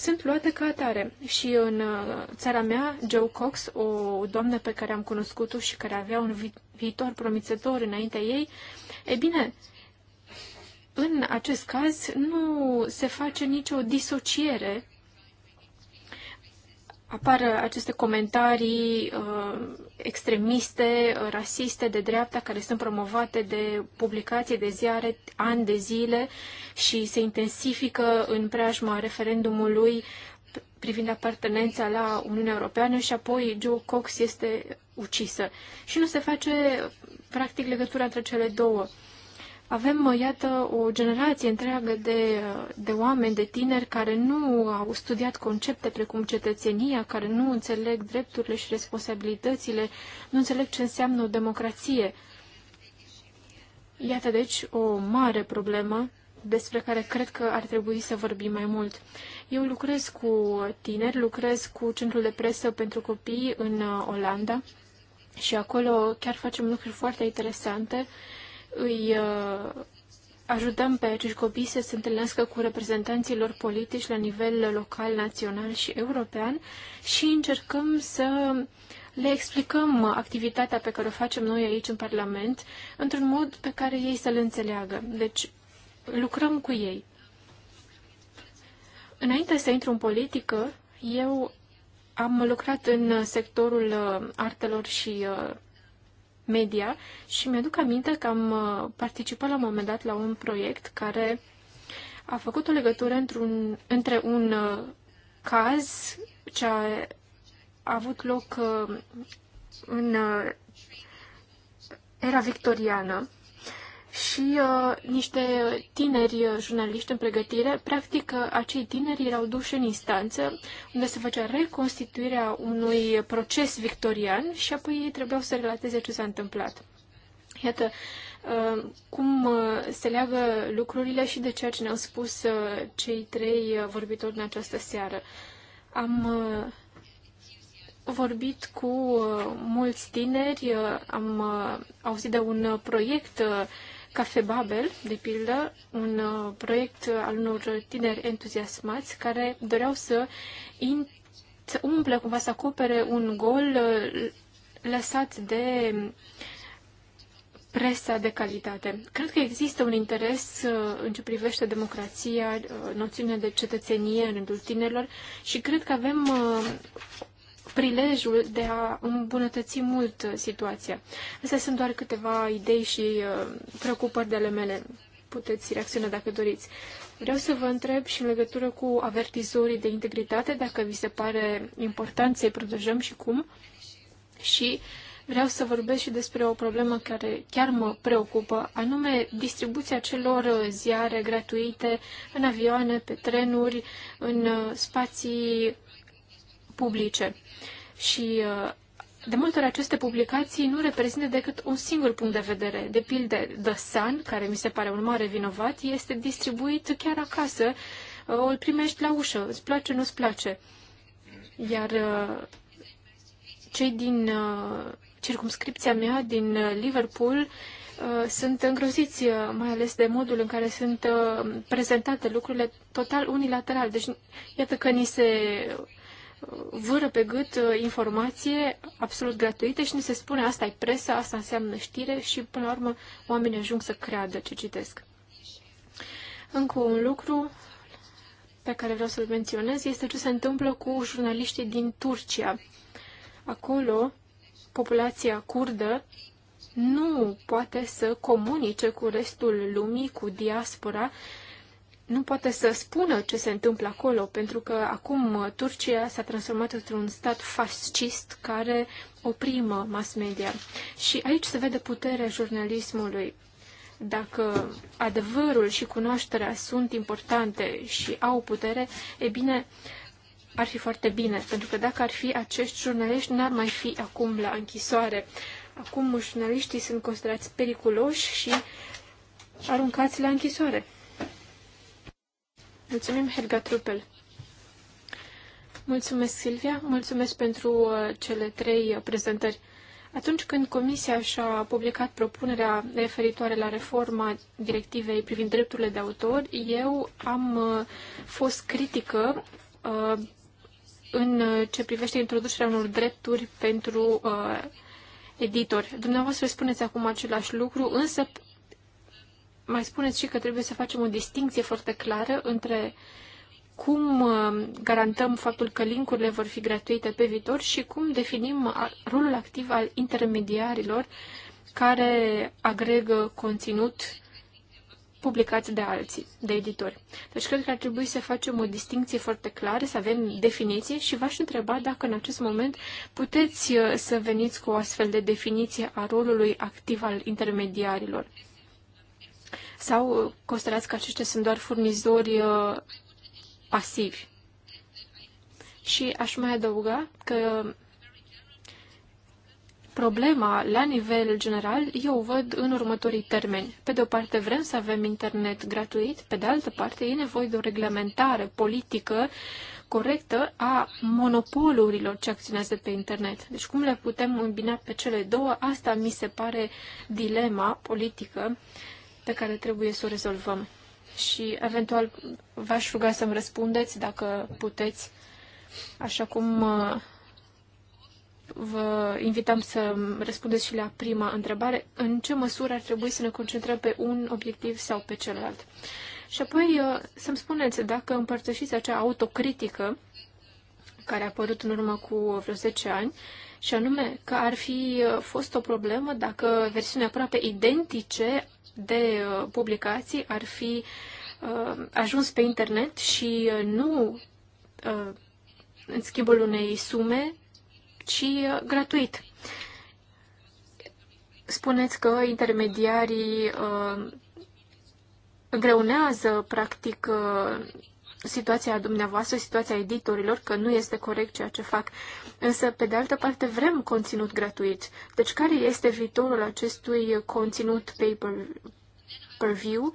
sunt luate ca atare. Și în uh, țara mea, Joe Cox, o doamnă pe care am cunoscut-o și care avea un vi viitor promițător înaintea ei, e bine, în acest caz nu se face nicio disociere apar aceste comentarii uh, extremiste, rasiste, de dreapta, care sunt promovate de publicații, de ziare, ani de zile și se intensifică în preajma referendumului privind apartenența la Uniunea Europeană și apoi Joe Cox este ucisă. Și nu se face practic legătura între cele două. Avem, uh, iată, o generație întreagă de, uh, de oameni, de tineri care nu au studiat concepte precum cetățenia, care nu înțeleg drepturile și responsabilitățile, nu înțeleg ce înseamnă o democrație. Iată, deci, o mare problemă despre care cred că ar trebui să vorbim mai mult. Eu lucrez cu tineri, lucrez cu Centrul de Presă pentru Copii în uh, Olanda și acolo chiar facem lucruri foarte interesante îi uh, ajutăm pe acești copii să se întâlnească cu reprezentanții lor politici la nivel local, național și european și încercăm să le explicăm activitatea pe care o facem noi aici în Parlament într-un mod pe care ei să-l înțeleagă. Deci lucrăm cu ei. Înainte să intru în politică, eu am lucrat în sectorul uh, artelor și uh, media și mi-aduc aminte că am uh, participat la un moment dat la un proiect care a făcut o legătură între un, între uh, un caz ce a avut loc uh, în era victoriană și uh, niște tineri jurnaliști în pregătire. Practic, uh, acei tineri erau duși în instanță, unde se făcea reconstituirea unui proces victorian și apoi ei trebuiau să relateze ce s-a întâmplat. Iată uh, cum uh, se leagă lucrurile și de ceea ce ne-au spus cei trei vorbitori în această seară. Am vorbit cu mulți tineri, am auzit de un proiect Cafe Babel, de pildă, un uh, proiect al unor tineri entuziasmați care doreau să, in, să umple, cumva să acopere un gol uh, lăsat de presa de calitate. Cred că există un interes uh, în ce privește democrația, noțiunea de cetățenie în rândul tinerilor și cred că avem prilejul de a îmbunătăți mult situația. Astea sunt doar câteva idei și uh, preocupări de ale mele. Puteți reacționa dacă doriți. Vreau să vă întreb și în legătură cu avertizorii de integritate, dacă vi se pare important să-i protejăm și cum. Și vreau să vorbesc și despre o problemă care chiar mă preocupă, anume distribuția celor ziare gratuite în avioane, pe trenuri, în uh, spații publice. Și uh, de multe ori aceste publicații nu reprezintă decât un singur punct de vedere. De pildă, The Sun, care mi se pare un mare vinovat, este distribuit chiar acasă, îl uh, primești la ușă, îți place, nu-ți place. Iar uh, cei din circumscripția mea, din Liverpool, sunt îngroziți, mai ales de modul în care sunt prezentate lucrurile total unilateral. Deci, iată că ni se vâră pe gât uh, informație absolut gratuită și ne se spune asta e presă, asta înseamnă știre și până la urmă oamenii ajung să creadă ce citesc. Încă un lucru pe care vreau să-l menționez este ce se întâmplă cu jurnaliștii din Turcia. Acolo, populația curdă nu poate să comunice cu restul lumii, cu diaspora, nu poate să spună ce se întâmplă acolo, pentru că acum uh, Turcia s-a transformat într-un stat fascist care oprimă mass media. Și aici se vede puterea jurnalismului. Dacă adevărul și cunoașterea sunt importante și au putere, e bine, ar fi foarte bine, pentru că dacă ar fi acești jurnaliști, n-ar mai fi acum la închisoare. Acum jurnaliștii sunt considerați periculoși și aruncați la închisoare. Mulțumim, Helga Trupel. Mulțumesc, Silvia. Mulțumesc pentru uh, cele trei uh, prezentări. Atunci când Comisia și-a publicat propunerea referitoare la reforma directivei privind drepturile de autor, eu am uh, fost critică în ce privește introducerea unor drepturi pentru editori. Dumneavoastră spuneți acum același lucru, însă mai spuneți și că trebuie să facem o distinție foarte clară între cum uh, garantăm faptul că linkurile vor fi gratuite pe viitor și cum definim rolul activ al intermediarilor care agregă conținut publicați de alții, de editori. Deci cred că ar trebui să facem o distinție foarte clară, să avem definiție și v-aș întreba dacă în acest moment puteți uh, să veniți cu o astfel de definiție a rolului activ al intermediarilor. Sau considerați că aceștia sunt doar furnizori uh, pasivi? Și aș mai adăuga că problema la nivel general eu o văd în următorii termeni. Pe de o parte vrem să avem internet gratuit, pe de altă parte e nevoie de o reglementare politică corectă a monopolurilor ce acționează pe internet. Deci cum le putem îmbina pe cele două, asta mi se pare dilema politică pe care trebuie să o rezolvăm. Și eventual v-aș ruga să-mi răspundeți dacă puteți, așa cum uh, vă invitam să răspundeți și la prima întrebare, în ce măsură ar trebui să ne concentrăm pe un obiectiv sau pe celălalt. Și apoi uh, să-mi spuneți dacă împărtășiți acea autocritică care a apărut în urmă cu vreo 10 ani, și anume că ar fi uh, fost o problemă dacă versiuni aproape identice de uh, publicații ar fi uh, ajuns pe internet și uh, nu în schimbul unei sume, ci gratuit. Spuneți că intermediarii greunează, practic, situația dumneavoastră, situația editorilor, că nu este corect ceea ce fac. Însă, pe de altă parte, vrem conținut gratuit. Deci, care este viitorul acestui conținut pay-per-view,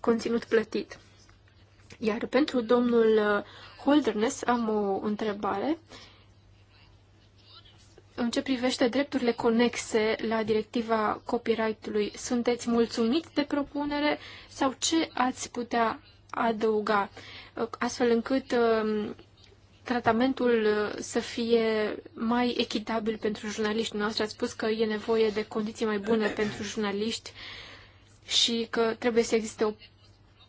conținut plătit? Iar pentru domnul uh, Holderness am o întrebare. În ce privește drepturile conexe la directiva copyright-ului, sunteți mulțumit de propunere sau ce ați putea adăuga? astfel încât um, tratamentul uh, să fie mai echitabil pentru jurnaliști. Noastră ați spus că e nevoie de condiții mai bune pentru jurnaliști și că trebuie să existe o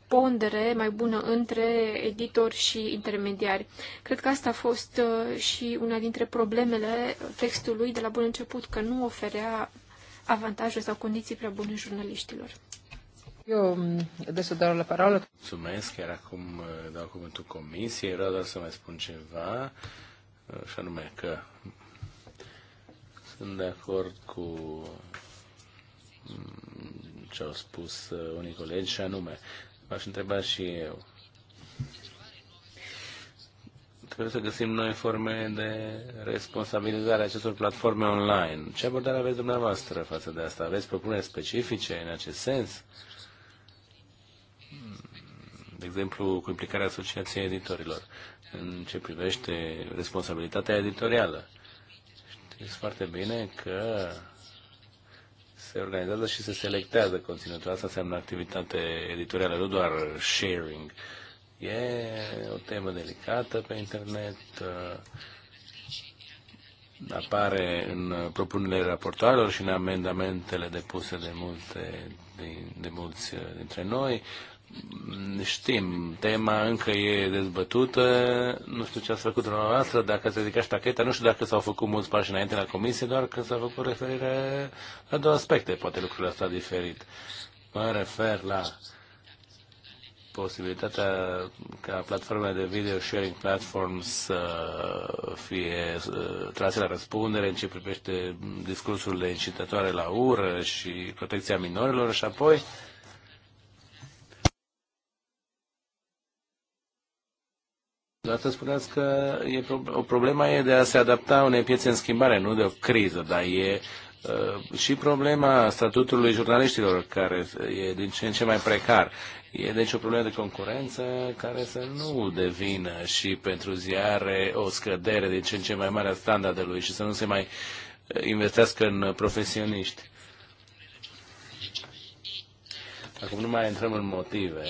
pondere mai bună între editori și intermediari. Cred că asta a fost uh, și una dintre problemele textului de la bun început, că nu oferea avantaje sau condiții prea bune jurnaliștilor. Eu adesea mm, dau la parola. Mulțumesc, chiar acum eh, dau cuvântul comisiei. Vreau doar să mai spun ceva, eh, și anume că sunt de acord cu mm, ce au spus eh, unii colegi, și anume, v-aș întreba și eu. Trebuie să găsim noi forme de responsabilizare a acestor platforme online. Ce abordare aveți dumneavoastră față de asta? Aveți propuneri specifice în acest sens? Uh, de exemplu, cu implicarea Asociației Editorilor în ce privește responsabilitatea editorială. Știți foarte bine că se organizează și se selectează conținutul. Asta înseamnă activitate editorială, nu doar sharing. E o temă delicată pe internet, uh, apare în propunerile raportoarelor și în amendamentele depuse de multe de, de mulți uh, dintre noi știm, tema încă e dezbătută, nu știu ce ați făcut dumneavoastră, dacă ați ridicat tacheta, nu știu dacă s-au făcut mulți pași înainte la comisie, doar că s-a făcut referire la două aspecte, poate lucrurile astea diferit. Mă refer la posibilitatea ca platformele de video sharing platform să fie trase la răspundere în ce privește discursurile incitatoare la ură și protecția minorilor și apoi Dumneavoastră spuneați că e pro- o problema e de a se adapta unei piețe în schimbare, nu de o criză, dar e uh, și problema statutului jurnaliștilor, care e din ce în ce mai precar. E deci o problemă de concurență care să nu devină și pentru ziare o scădere din ce în ce mai mare a standardelui și să nu se mai uh, investească în profesioniști. Acum nu mai intrăm în motive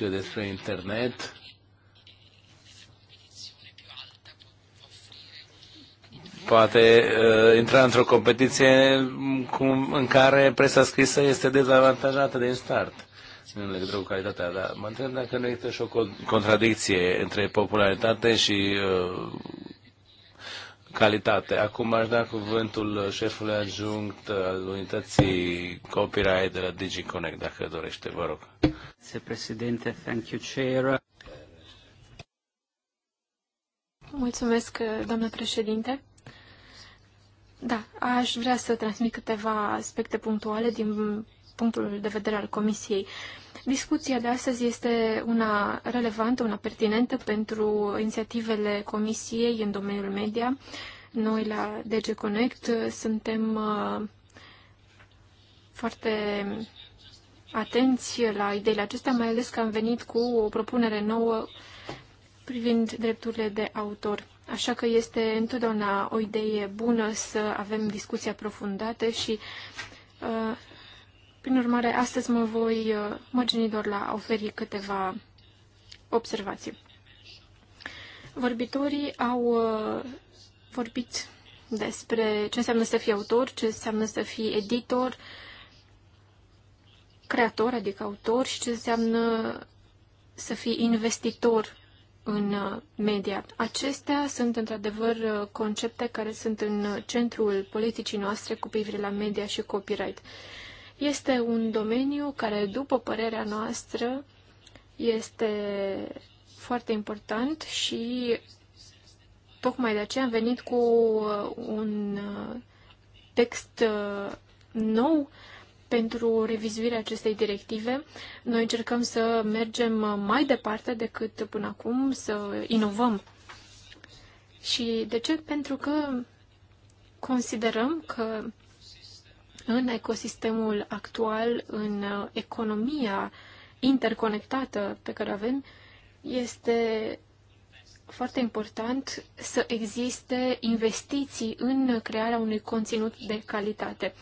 mică despre internet. Poate uh, intra într-o competiție cu, în care presa scrisă este dezavantajată din start în legătură cu calitatea, dar mă întreb dacă nu există și o contradicție între popularitate și uh, calitate. Acum aș da cuvântul șefului adjunct al unității copyright de la DigiConnect, dacă dorește, vă rog. președinte, thank you, chair. Mulțumesc, doamnă președinte. Da, aș vrea să transmit câteva aspecte punctuale din punctul de vedere al Comisiei. Discuția de astăzi este una relevantă, una pertinentă pentru inițiativele Comisiei în domeniul media. Noi la DG Connect suntem uh, foarte atenți la ideile acestea, mai ales că am venit cu o propunere nouă privind drepturile de autor. Așa că este întotdeauna o idee bună să avem discuții aprofundate și uh, prin urmare, astăzi mă voi uh, mărgini doar la oferi câteva observații. Vorbitorii au uh, vorbit despre ce înseamnă să fii autor, ce înseamnă să fii editor, creator, adică autor, și ce înseamnă să fii investitor în uh, media. Acestea sunt într-adevăr concepte care sunt în centrul politicii noastre cu privire la media și copyright. Este un domeniu care, după părerea noastră, este foarte important și tocmai de aceea am venit cu uh, un uh, text uh, nou pentru revizuirea acestei directive. Noi încercăm să mergem mai departe decât până acum, să inovăm. Și de ce? Pentru că considerăm că în ecosistemul actual, în uh, economia interconectată pe care avem, este foarte important să existe investiții în crearea unui conținut de calitate.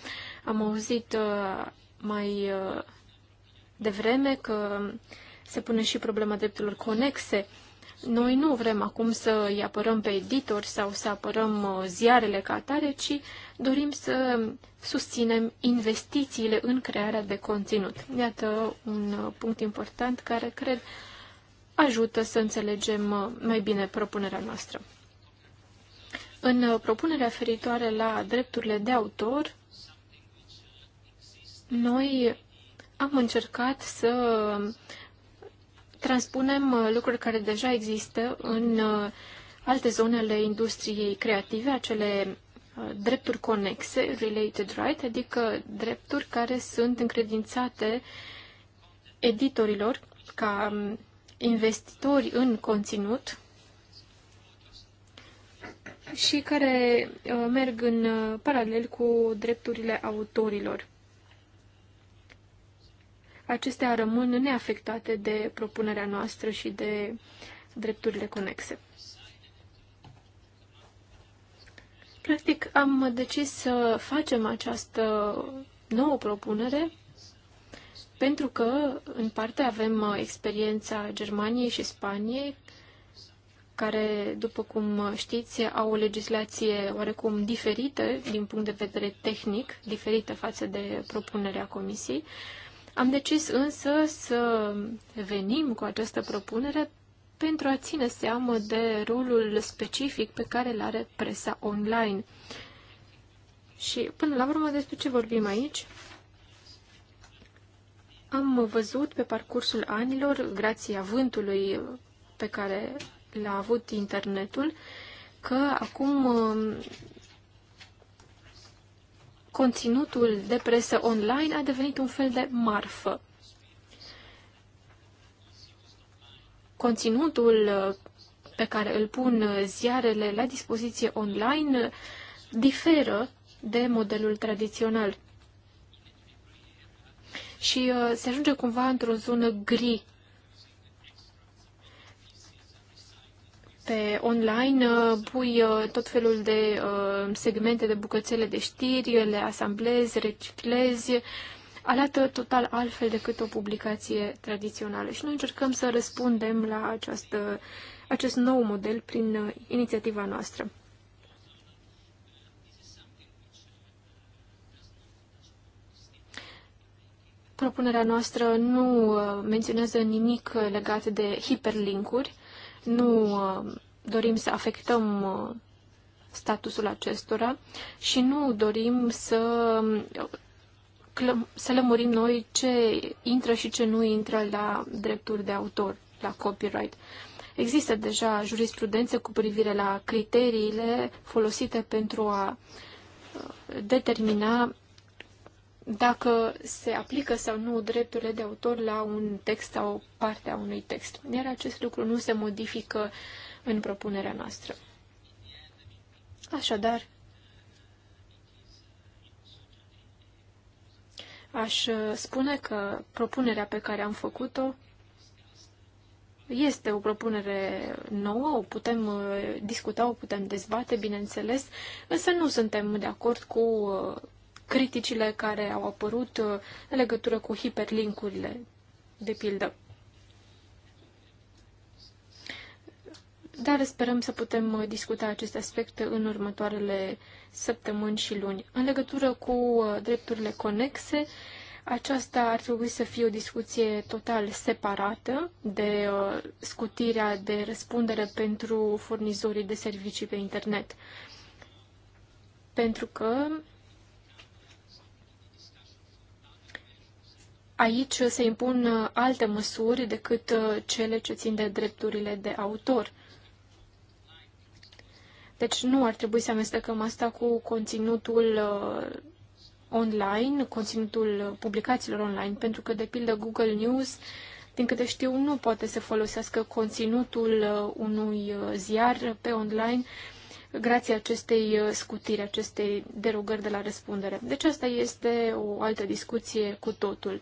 Am auzit uh, mai uh, devreme că se pune și problema drepturilor conexe. Noi nu vrem acum să îi apărăm pe editori sau să apărăm ziarele ca atare, ci dorim să susținem investițiile în crearea de conținut. Iată un punct important care, cred, ajută să înțelegem mai bine propunerea noastră. În propunerea referitoare la drepturile de autor, noi am încercat să transpunem lucruri care deja există în uh, alte zone ale industriei creative, acele Uh, drepturi conexe, related right, adică drepturi care sunt încredințate editorilor ca um, investitori în conținut și care uh, merg în uh, paralel cu drepturile autorilor. Acestea rămân neafectate de propunerea noastră și de drepturile conexe. Practic, am decis să facem această nouă propunere pentru că, în parte, avem uh, experiența Germaniei și Spaniei, care, după cum știți, au o legislație oarecum diferită din punct de vedere tehnic, diferită față de propunerea Comisiei. Am decis însă să venim cu această propunere pentru a ține seamă de rolul specific pe care îl are presa online. Și până la urmă despre ce vorbim aici? Am văzut pe parcursul anilor, grație avântului pe care l-a avut internetul, că acum um, conținutul de presă online a devenit un fel de marfă. conținutul uh, pe care îl pun uh, ziarele la dispoziție online uh, diferă de modelul tradițional. Și se ajunge cumva într-o zonă gri. Pe online pui tot felul de segmente de bucățele de știri, le asamblezi, reciclezi, arată total altfel decât o publicație tradițională și noi încercăm să răspundem la această, acest nou model prin uh, inițiativa noastră. Propunerea noastră nu uh, menționează nimic legat de hiperlinkuri, nu uh, dorim să afectăm statusul acestora și nu dorim să să lămurim noi ce intră și ce nu intră la drepturi de autor, la copyright. Există deja jurisprudență cu privire la criteriile folosite pentru a uh, determina dacă se aplică sau nu drepturile de autor la un text sau o parte a unui text. Iar acest lucru nu se modifică în propunerea noastră. Așadar, Aș uh, spune că propunerea pe care am făcut-o este o propunere nouă, o putem uh, discuta, o putem dezbate, bineînțeles, însă nu suntem de acord cu uh, criticile care au apărut în legătură cu hiperlinkurile, de pildă. Dar sperăm să putem discuta acest aspect în următoarele săptămâni și luni. În legătură cu uh, drepturile conexe, aceasta ar trebui să fie o discuție total separată de uh, scutirea de răspundere pentru furnizorii de servicii pe internet. Pentru că aici se impun uh, alte măsuri decât cele ce țin de drepturile de autor. Deci nu ar trebui să amestecăm asta cu conținutul uh, online, conținutul publicațiilor online, pentru că, de pildă, Google News, din câte știu, nu poate să folosească conținutul uh, unui uh, ziar pe online grație acestei scutiri, acestei derogări de la răspundere. Deci asta este o altă discuție cu totul.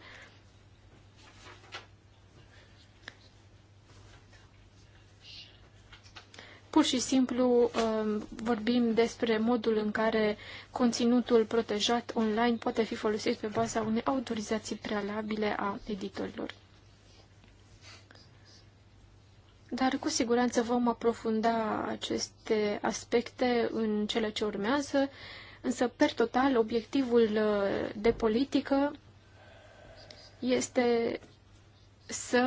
Pur și simplu um, vorbim despre modul în care conținutul protejat online poate fi folosit pe baza unei autorizații prealabile a editorilor. Dar cu siguranță vom aprofunda aceste aspecte în cele ce urmează, însă, per total, obiectivul uh, de politică este să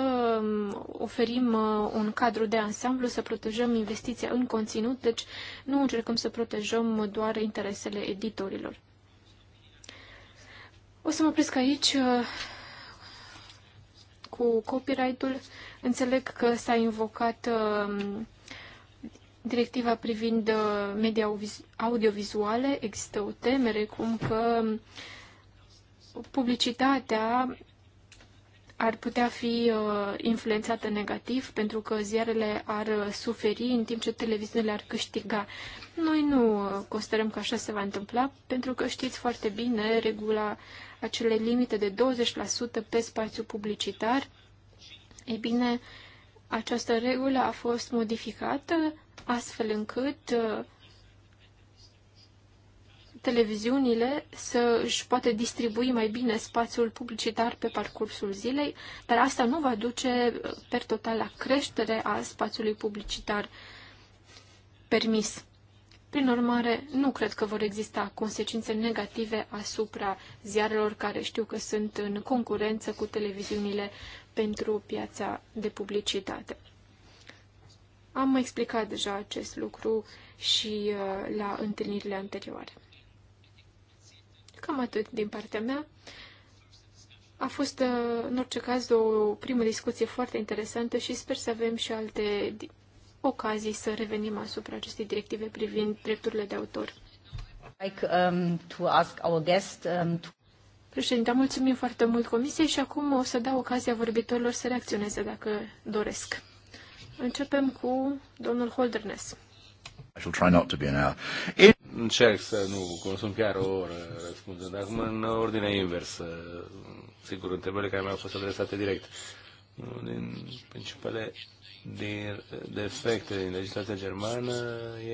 um, oferim uh, un cadru de ansamblu, să protejăm investiția în conținut, deci nu încercăm să protejăm doar interesele editorilor. O să mă opresc aici uh, cu copyright-ul. Înțeleg că s-a invocat um, directiva privind uh, media audiovizuale. Există o temere cum că publicitatea ar putea fi uh, influențată negativ pentru că ziarele ar uh, suferi în timp ce televiziunile ar câștiga. Noi nu uh, considerăm că așa se va întâmpla pentru că știți foarte bine regula acele limite de 20% pe spațiu publicitar. E bine, această regulă a fost modificată astfel încât uh, televiziunile să își poate distribui mai bine spațiul publicitar pe parcursul zilei, dar asta nu va duce uh, per total la creștere a spațiului publicitar permis. Prin urmare, nu cred că vor exista consecințe negative asupra ziarelor care știu că sunt în concurență cu televiziunile pentru piața de publicitate. Am explicat deja acest lucru și uh, la întâlnirile anterioare. Cam atât din partea mea. A fost, uh, în orice caz, o primă discuție foarte interesantă și sper să avem și alte ocazii să revenim asupra acestei directive privind drepturile de autor. Like, um, to ask our guest, um, to... Președinte, mulțumim foarte mult comisiei și acum o să dau ocazia vorbitorilor să reacționeze dacă doresc. Începem cu domnul Holderness. I shall try not to be an hour. In... Încerc să nu consum chiar o oră răspunzând, acum în ordine inversă. Sigur, întrebările care mi-au fost adresate direct. Unul din principale din defecte din legislația germană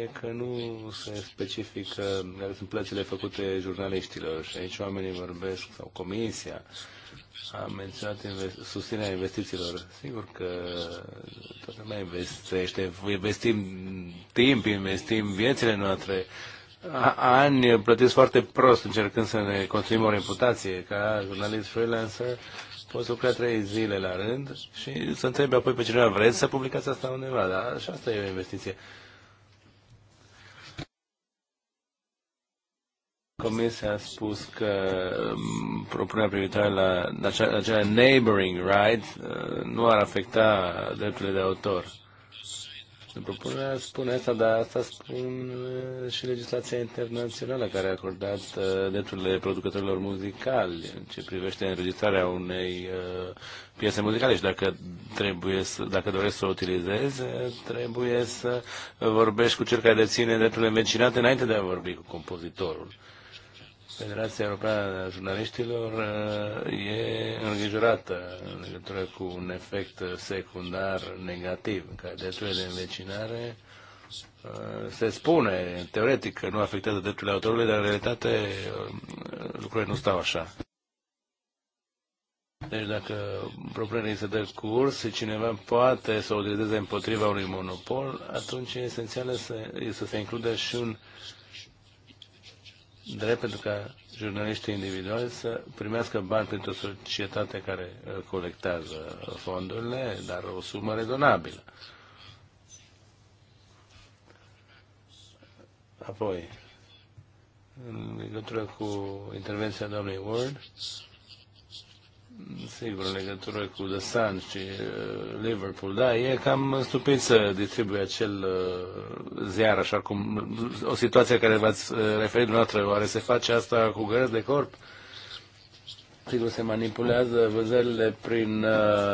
e că nu se specifică care sunt plățile făcute jurnaliștilor și aici oamenii vorbesc, sau comisia, a menționat invest- susținerea investițiilor. Sigur că toată lumea investește, investim timp, investim viețile noastre, ani plătiți foarte prost încercând să ne construim o reputație ca jurnalist freelancer. Poți lucra trei zile la rând și să întrebi apoi pe cineva, vreți să publicați asta undeva? Da, și asta e o investiție. Uh, Comisia a spus că um, propunerea privitoare la, la acele neighboring rights uh, nu ar afecta drepturile de autor. Propunerea spune asta, dar asta spun și legislația internațională care a acordat uh, drepturile producătorilor muzicali în ce privește înregistrarea unei uh, piese muzicale și dacă, trebuie să, dacă doresc să o utilizezi, trebuie să vorbești cu cel care deține drepturile învecinate înainte de a vorbi cu compozitorul. Federația Europeană a Jurnaliștilor uh, e îngrijorată în legătură cu un efect secundar negativ, ca drepturile de învecinare uh, se spune teoretic că nu afectează drepturile autorului, dar în realitate uh, lucrurile nu stau așa. Deci dacă propunerea este de curs și cineva poate să o utilizeze împotriva unui monopol, atunci e esențial să, să se includă și un uh, drept pentru ca jurnaliștii individuali să primească bani pentru o societate care uh, colectează fondurile, dar o sumă rezonabilă. Apoi, în legătură cu intervenția doamnei Ward, sigur, în legătură cu The Sun și uh, Liverpool, da, e cam stupid să distribuie acel uh, ziar, așa cum o situație care v-ați uh, referit dumneavoastră, oare se face asta cu gărăți de corp? Sigur, se manipulează vânzările prin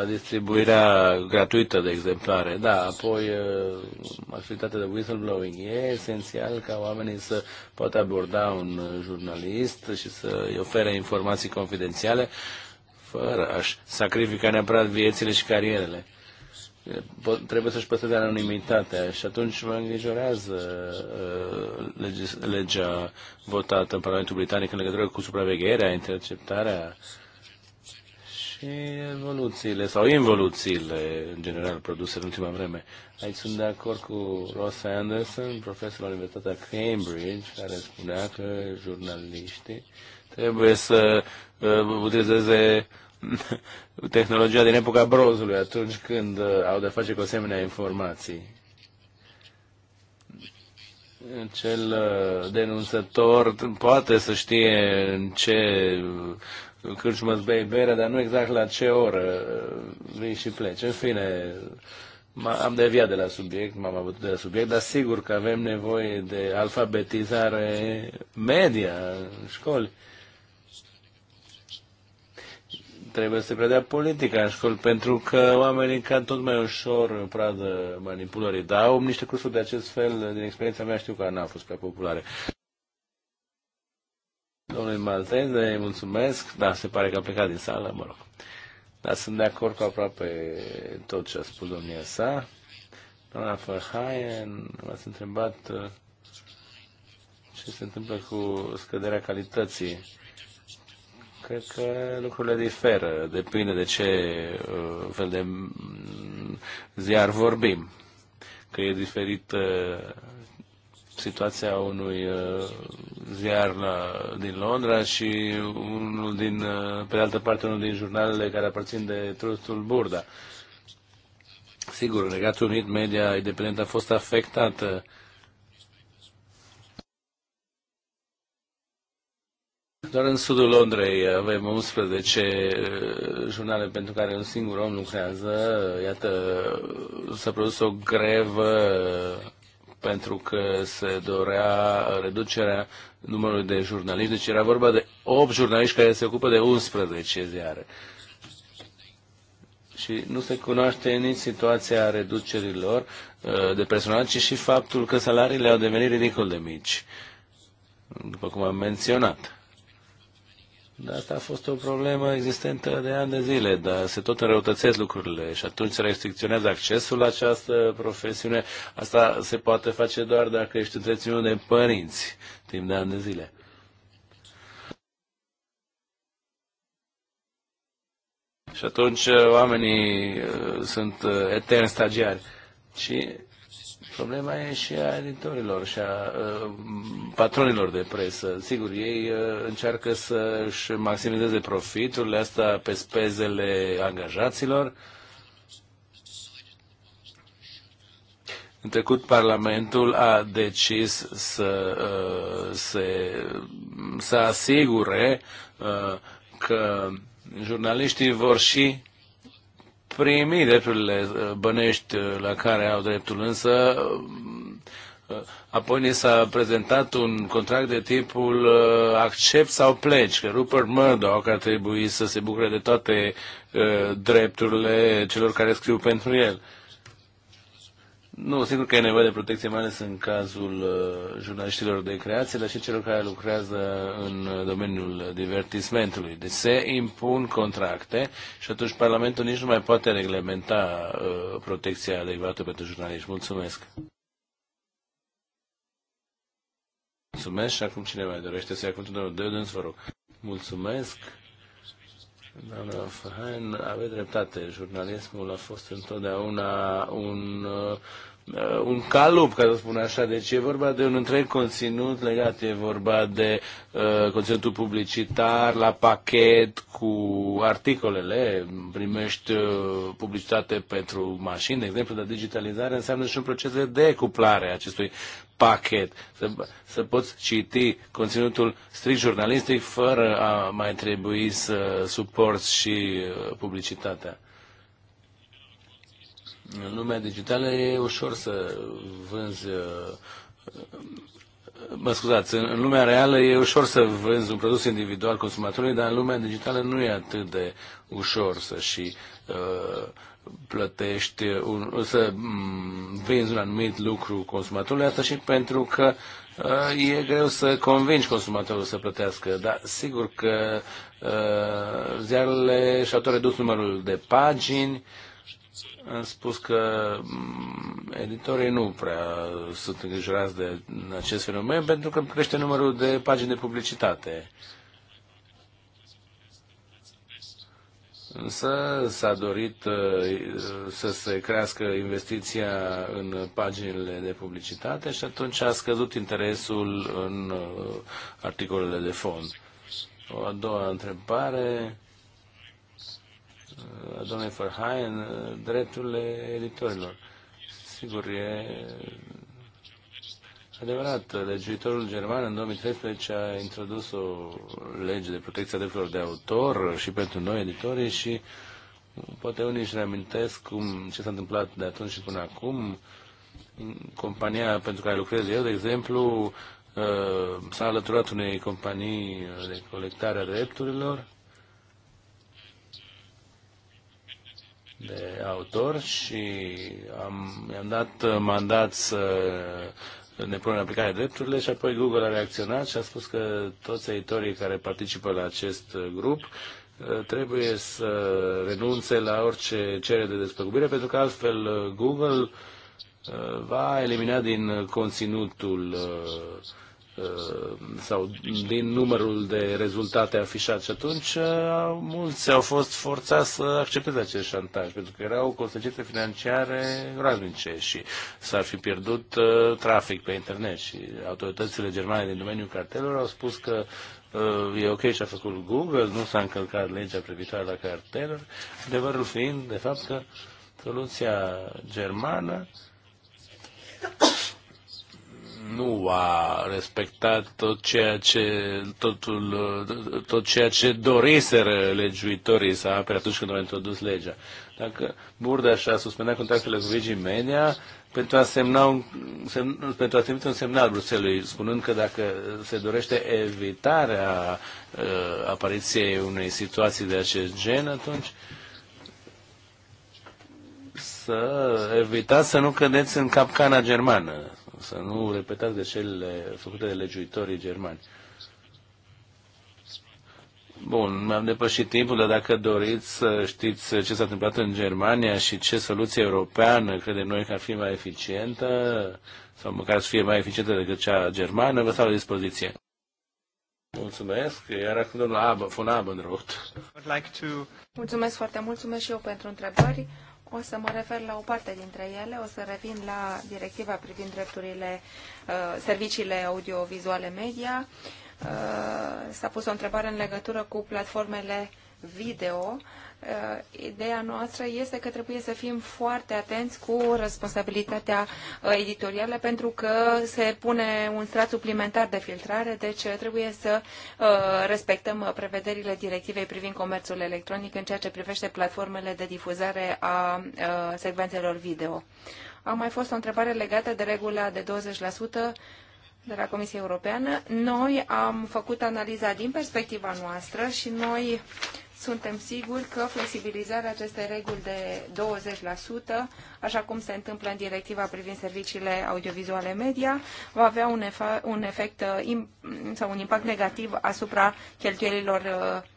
distribuirea gratuită de exemplare. Da, apoi activitatea de whistleblowing. E esențial ca oamenii să poată aborda un jurnalist și să-i ofere informații confidențiale fără a-și sacrifica neapărat viețile și carierele. trebuie să-și păstreze anonimitatea și atunci mă îngrijorează uh, legea votată în Parlamentul Britanic în legătură cu supravegherea, interceptarea și evoluțiile sau involuțiile în general produse în ultima vreme. Aici sunt de acord cu Ross Anderson, profesor la Universitatea Cambridge, care spunea că jurnaliștii trebuie să uh, utilizeze <laughs> tehnologia din epoca brozului, atunci când uh, au de face cu asemenea informații. Cel uh, denunțător poate să știe în ce uh, cârciumă îți bei bere, dar nu exact la ce oră vii și pleci. În fine, am deviat de la subiect, m-am avut de la subiect, dar sigur că avem nevoie de alfabetizare media în școli trebuie să predea politica în școli, pentru că oamenii ca tot mai ușor pradă manipulării. Dar au niște cursuri de acest fel, din experiența mea știu că n-au fost prea populare. Domnului Malteze, mulțumesc, da, se pare că a plecat din sală, mă rog. Dar sunt de acord cu aproape tot ce a spus domnia sa. Doamna Făhaien, m-ați întrebat uh, ce se întâmplă cu scăderea calității Cred că lucrurile diferă, depinde de ce uh, fel de mm, ziar vorbim. Că e diferită uh, situația unui uh, ziar la, din Londra și unul din, pe de altă parte, unul din jurnalele care aparțin de Trustul Burda. Sigur, Regatul Unit, media independentă a fost afectată uh, Doar în sudul Londrei avem 11 eh, jurnale pentru care un singur om lucrează. Iată, s-a produs o grevă eh, pentru că se dorea reducerea numărului de jurnaliști. Deci era vorba de 8 jurnaliști care se ocupă de 11 ziare. Și nu se cunoaște nici situația reducerilor eh, de personal, ci și faptul că salariile au devenit ridicol de mici, după cum am menționat. Dar asta a fost o problemă existentă de ani de zile, dar se tot înrăutățesc lucrurile și atunci se restricționează accesul la această profesiune. Asta se poate face doar dacă ești întreținut de părinți timp de ani de zile. Și atunci uh, oamenii uh, sunt uh, etern stagiari. Și Problema e și a editorilor și a uh, patronilor de presă. Sigur, ei uh, încearcă să-și maximizeze profiturile astea pe spezele angajaților. În trecut, Parlamentul a decis să uh, se, să asigure uh, că jurnaliștii vor și primi drepturile uh, bănești uh, la care au dreptul, însă uh, apoi ni s-a prezentat un contract de tipul accept sau pleci, că Rupert Murdoch ar trebui să se bucure de toate drepturile celor care scriu pentru el. Nu, sigur că e nevoie de protecție, mai ales în cazul uh, jurnaliștilor de creație, dar și celor care lucrează în uh, domeniul divertismentului. Deci se impun contracte și atunci Parlamentul nici nu mai poate reglementa uh, protecția adecvată pentru jurnaliști. Mulțumesc! Mulțumesc și acum cine mai dorește să ia cuvântul domnul dâns, vă rog. Mulțumesc! Doamna Fahain, aveți dreptate. Jurnalismul a fost întotdeauna un Uh, un calup, ca să spun așa. Deci e vorba de un întreg conținut legat, e vorba de uh, conținutul publicitar la pachet cu articolele, primești uh, publicitate pentru mașini, de exemplu, dar digitalizare înseamnă și un proces de decuplare a acestui pachet, să, să poți citi conținutul strict jurnalistic fără a mai trebui să suporți și uh, publicitatea. În lumea digitală e ușor să vânzi uh, uh, Mă scuzați, în lumea reală e ușor să vânzi un produs individual consumatorului, dar în lumea digitală nu e atât de ușor să și uh, plătești, un, să mm, vinzi un anumit lucru consumatorului, asta și pentru că uh, e greu să convingi consumatorul să plătească, dar sigur că uh, ziarele și-au tot redus numărul de pagini, uh, am spus că mm, editorii nu prea sunt îngrijorați de acest fenomen pentru că crește numărul de pagini de publicitate. Însă s-a dorit uh, să se crească investiția în paginile de publicitate și atunci a scăzut interesul în uh, articolele de fond. O a doua întrebare a domnului Verheyen, drepturile editorilor. Sigur, e adevărat, legiuitorul german în 2013 a introdus o lege de protecție a drepturilor de autor și pentru noi, editorii, și poate unii își reamintesc cum, ce s-a întâmplat de atunci și până acum. Compania pentru care lucrez eu, de exemplu, uh, s-a alăturat unei companii de colectare a drepturilor de autor și am, am dat mandat să ne punem în aplicare drepturile și apoi Google a reacționat și a spus că toți editorii care participă la acest grup uh, trebuie să renunțe la orice cerere de despăgubire pentru că altfel uh, Google uh, va elimina din conținutul uh, Uh, sau din numărul de rezultate afișate. atunci uh, mulți au fost forțați să accepteze acest șantaj, pentru că erau consecințe financiare groaznice și s-ar fi pierdut uh, trafic pe internet. Și autoritățile germane din domeniul cartelor au spus că e ok și a făcut Google, nu s-a încălcat legea privitoare la carteluri, adevărul fiind, de fapt, că soluția germană nu a respectat tot ceea ce, totul, tot ceea ce doriseră legiuitorii să apere atunci când au introdus legea. Dacă Burda și-a suspendat contactele cu Vigi Media pentru a, semna un, sem, pentru a trimite un semnal Bruxelului, spunând că dacă se dorește evitarea uh, apariției unei situații de acest gen, atunci să evitați să nu cădeți în capcana germană să nu repetați greșelile făcute de legiuitorii germani. Bun, mi-am depășit timpul, dar dacă doriți să știți ce s-a întâmplat în Germania și ce soluție europeană credem noi că ar fi mai eficientă, sau măcar să fie mai eficientă decât cea germană, vă stau la dispoziție. Mulțumesc. Iar acum domnul Abă, Fun Abă, Mulțumesc foarte mult, mulțumesc și eu pentru întrebări. O să mă refer la o parte dintre ele, o să revin la directiva privind drepturile, uh, serviciile audiovizuale media. Uh, s-a pus o întrebare în legătură cu platformele video Uh, ideea noastră este că trebuie să fim foarte atenți cu responsabilitatea uh, editorială pentru că se pune un strat suplimentar de filtrare, deci uh, trebuie să respectăm prevederile directivei privind comerțul electronic în ceea ce privește platformele de difuzare a secvențelor video. A mai fost o întrebare legată de regula de 20% de la Comisia Europeană. Noi am făcut analiza din perspectiva noastră și noi suntem siguri că flexibilizarea acestei reguli de 20%, așa cum se întâmplă în directiva privind serviciile audiovizuale media, va avea un, efa, un efect uh, sau un impact negativ asupra cheltuielilor uh,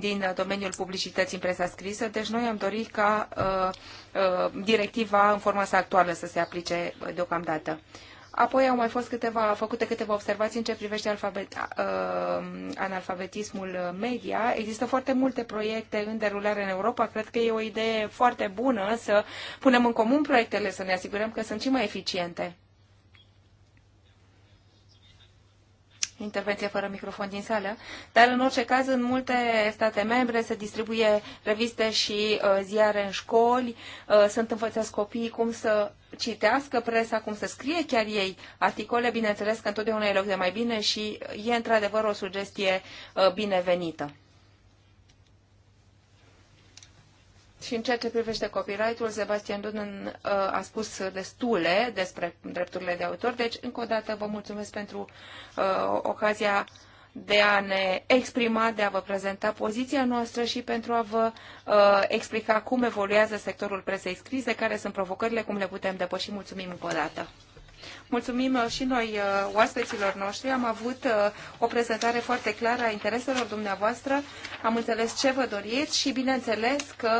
din domeniul publicității în presa scrisă, deci noi am dorit ca uh, uh, directiva în forma sa actuală să se aplice uh, deocamdată. Uh, Apoi au mai fost câteva, făcute câteva observații în ce privește alfabet, uh, analfabetismul media. Există foarte multe proiecte în derulare în Europa. Cred că e o idee foarte bună să punem în comun proiectele, să ne asigurăm că sunt și mai eficiente. intervenție fără microfon din sală, dar în orice caz în multe state membre se distribuie reviste și uh, ziare în școli, uh, sunt învățați copiii cum să citească presa, cum să scrie chiar ei articole, bineînțeles că întotdeauna e loc de mai bine și e într-adevăr o sugestie uh, binevenită. Și în ceea ce privește copyright-ul, Sebastian Dunan uh, a spus destule despre drepturile de autor, deci încă o dată vă mulțumesc pentru uh, ocazia de a ne exprima, de a vă prezenta poziția noastră și pentru a vă uh, explica cum evoluează sectorul presei scrise, care sunt provocările, cum le putem depăși. Mulțumim încă o dată! Mulțumim uh, și noi uh, oaspeților noștri. Am avut uh, o prezentare foarte clară a intereselor dumneavoastră. Am înțeles ce vă doriți și bineînțeles că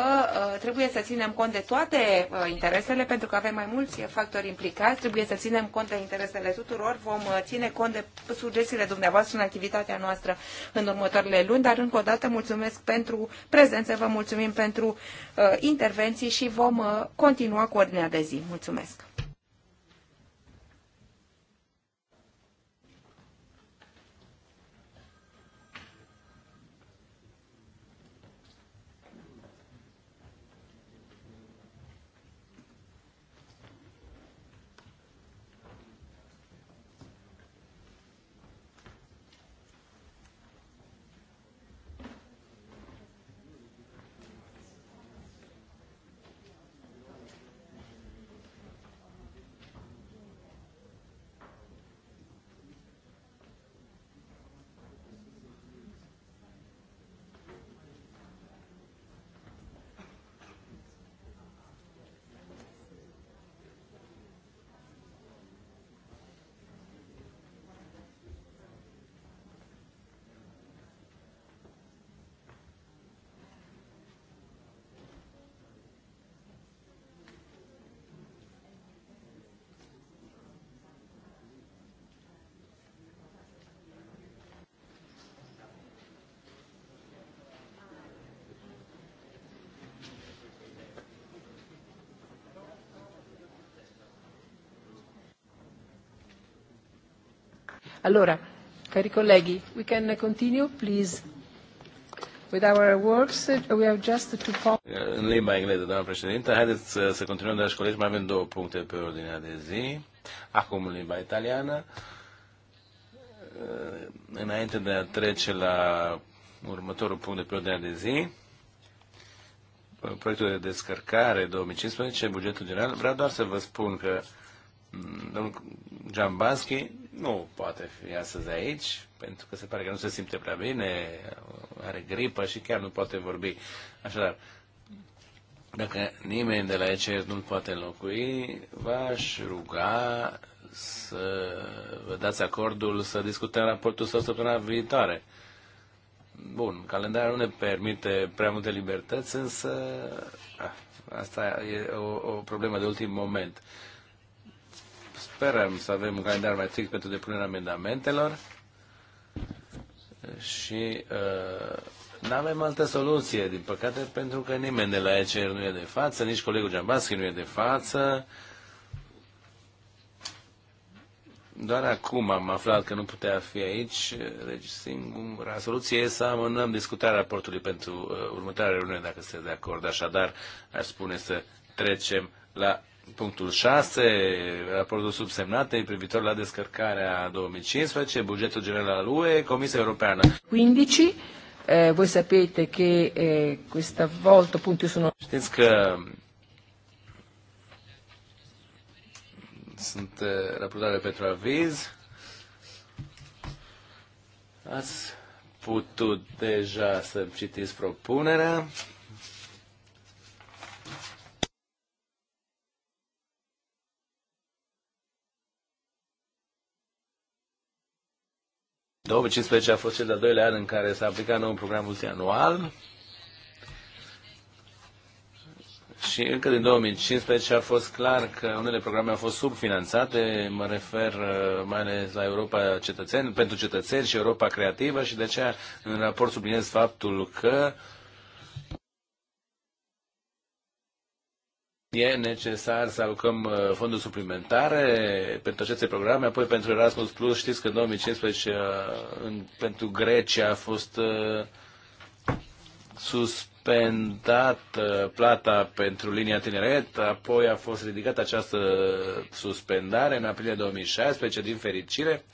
trebuie să ținem cont de toate interesele pentru că avem mai mulți factori implicați. Trebuie să ținem cont de interesele tuturor. Vom ține cont de sugestiile dumneavoastră în activitatea noastră în următoarele luni, dar încă o dată mulțumesc pentru prezență, vă mulțumim pentru intervenții și vom continua cu ordinea de zi. Mulțumesc! Allora, cari colleghi, we can continue, please. With our works, uh, we have just to... În limba engleză, doamna președintă, haideți să, să continuăm, dragi colegi, mai avem două puncte pe ordinea de zi. Acum în limba italiană. Uh, înainte de a trece la următorul punct de pe ordinea de zi, proiectul de descărcare 2015, bugetul general, vreau doar să vă spun că mm, domnul Giambaschi nu poate fi astăzi aici, pentru că se pare că nu se simte prea bine, are gripă și chiar nu poate vorbi. Așadar, dacă nimeni de la ECR nu poate înlocui, v-aș ruga să vă dați acordul să discutăm raportul său săptămâna viitoare. Bun, calendarul nu ne permite prea multe libertăți, însă a, ah, asta e o, o problemă de ultim moment sperăm să avem un calendar mai strict pentru depunerea amendamentelor și uh, nu avem altă soluție, din păcate, pentru că nimeni de la ECR nu e de față, nici colegul Giambaschi nu e de față. Doar acum am aflat că nu putea fi aici, deci singura soluție e să amânăm discutarea raportului pentru uh, următoarea reuniune, dacă sunteți de acord. Așadar, aș spune să trecem la Punctul 6, raportul subsemnate privitor la descărcarea 2015, bugetul general al UE, Comisia Europeană. 15, eh, voi sapete che eh, questa volta appunto sono... Știți că sunt eh, raportare pentru aviz. Ați putut deja să citiți propunerea. 2015 a fost cel de-al doilea an în care s-a aplicat nou program multianual și încă din 2015 a fost clar că unele programe au fost subfinanțate, mă refer uh, mai ales la Europa cetățeni, pentru cetățeni și Europa creativă și de aceea în raport subliniez faptul că uh, e necesar să alocăm uh, fonduri suplimentare pentru aceste programe, apoi pentru Erasmus Plus, știți că în 2015 uh, în, pentru Grecia a fost uh, suspendată suspendat plata pentru linia tineret, apoi a fost ridicată această suspendare în aprilie 2016, din fericire.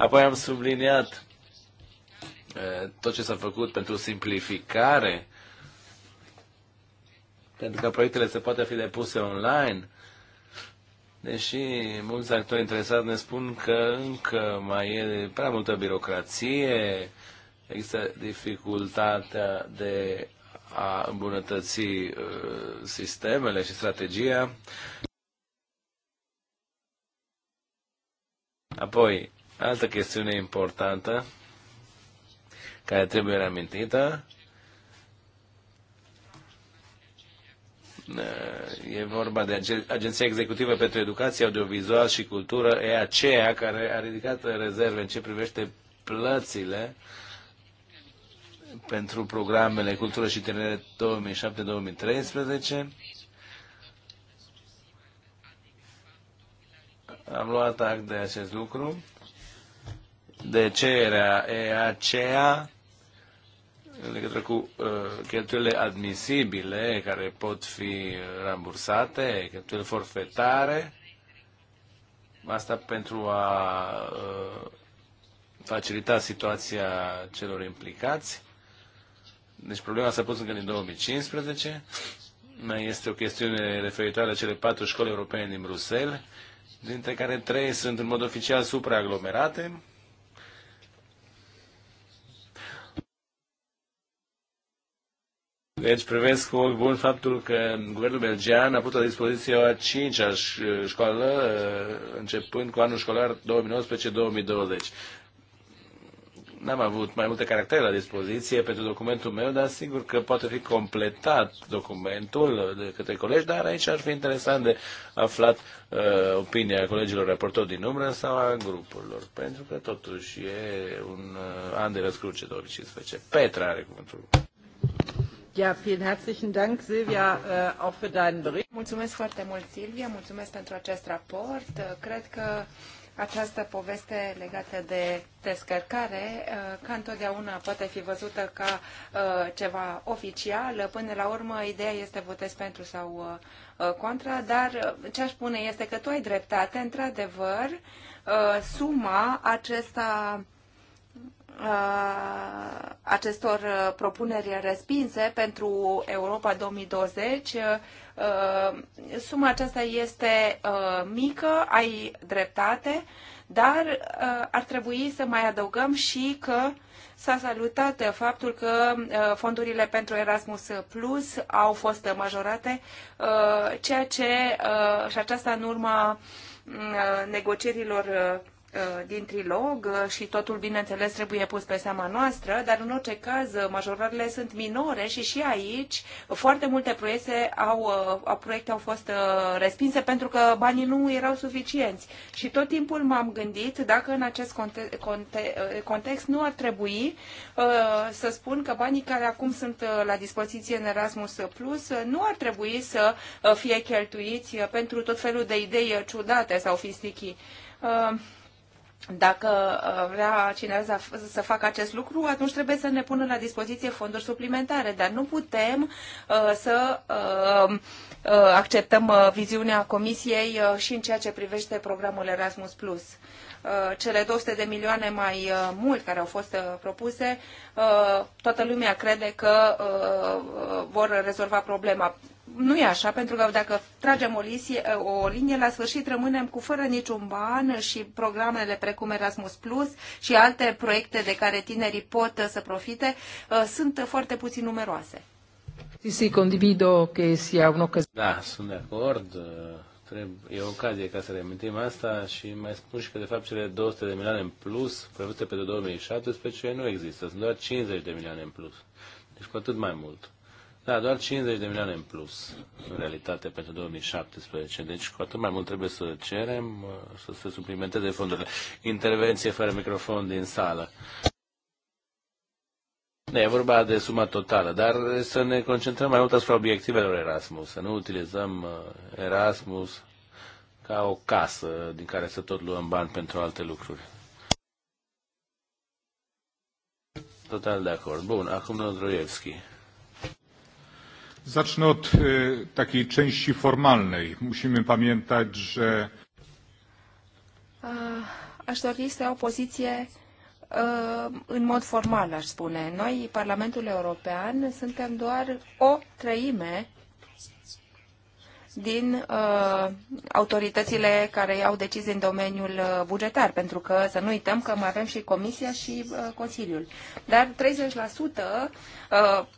Apoi am subliniat tot ce s-a făcut pentru simplificare pentru că proiectele se poate fi depuse online. Deși mulți actori interesați ne spun că încă mai e prea multă birocrație, există dificultatea de a îmbunătăți uh, sistemele și strategia. Apoi, altă chestiune importantă care trebuie reamintită Eh, e vorba de Agenția Executivă pentru Educație, Audiovizual și Cultură, e aceea care a ridicat rezerve în ce privește plățile pentru programele Cultură și Tinere 2007-2013. Am luat act de acest lucru, de cererea aceea în legătură cu uh, cheltuielile admisibile care pot fi uh, rambursate, cheltuielile forfetare, asta pentru a uh, facilita situația celor implicați. Deci problema s-a pus încă din 2015. Mai este o chestiune referitoare la cele patru școli europene din Bruxelles, dintre care trei sunt în mod oficial supraaglomerate, Deci privesc cu ochi bun faptul că guvernul belgean a pus la dispoziție a cincea școală, uh, începând cu anul școlar 2019-2020. N-am avut mai multe caractere la dispoziție pentru documentul meu, dar sigur că poate fi completat documentul de către colegi, dar aici ar fi interesant de aflat uh, opinia colegilor raportori din umbră sau a grupurilor, pentru că totuși e un uh, an de răscruce 2015. Petra are cuvântul. Ja, vielen herzlichen Dank, Silvia, äh, auch für deinen Bericht. Mulțumesc foarte mult, Silvia, mulțumesc pentru acest raport. Äh, cred că această poveste legată de descărcare, äh, ca întotdeauna poate fi văzută ca ceva oficial. Până la urmă, ideea este votez pentru sau contra, dar ce aș spune este că tu ai dreptate, într-adevăr, suma acesta Uh, acestor uh, propuneri respinse pentru Europa 2020. Uh, suma aceasta este mică, ai dreptate, dar ar trebui să mai adăugăm și că s-a salutat faptul că fondurile pentru Erasmus Plus au fost majorate, ceea ce și aceasta în urma negocierilor Uh, din trilog uh, și totul, bineînțeles, trebuie pus pe seama noastră, dar în orice caz uh, majorările sunt minore și și aici foarte multe proiecte au, proiecte au fost respinse pentru că banii nu erau suficienți. Și tot timpul m-am gândit dacă în acest conte- conte- context nu ar trebui să spun că banii care acum sunt la dispoziție în Erasmus Plus nu ar trebui să fie cheltuiți pentru tot felul de idei ciudate sau fisticii. Uh, dacă uh, vrea cineva să facă acest lucru, atunci trebuie să ne pună la dispoziție fonduri suplimentare, dar nu putem uh, să uh, acceptăm viziunea Comisiei și în ceea ce privește programul Erasmus+. Plus. cele 200 de milioane mai mult care au fost propuse, toată lumea crede că vor rezolva problema nu e așa, pentru că dacă tragem o, lisie, o linie, la sfârșit rămânem cu fără niciun ban și programele precum Erasmus Plus și alte proiecte de care tinerii pot uh, să profite uh, sunt foarte puțin numeroase. Sì, sì, condivido che sia un'occasione. Da, sunt de acord. Uh, e o ocazie ca să reamintim asta și mai spun și că, de fapt, cele 200 de milioane în plus prevăzute pentru 2017 nu există. Sunt doar 50 de milioane în plus. Deci cu atât mai mult. Da, doar 50 de milioane în plus, în realitate, pentru 2017. Deci, cu atât mai mult trebuie să cerem uh, să se suplimenteze fondurile. Intervenție fără microfon din sală. Ne, e vorba de suma totală, dar să ne concentrăm mai mult asupra obiectivelor Erasmus, să nu utilizăm uh, Erasmus ca o casă din care să tot luăm bani pentru alte lucruri. Total de acord. Bun, acum Nodroievski. Zacznę od takiej części formalnej. Musimy pamiętać, że... Aș dori să iau poziție în mod formal, aș spune. Noi, Parlamentul European, suntem doar o treime din uh, autoritățile care iau decizii în domeniul uh, bugetar, pentru că să nu uităm că mai avem și Comisia și uh, Consiliul. Dar 30% uh,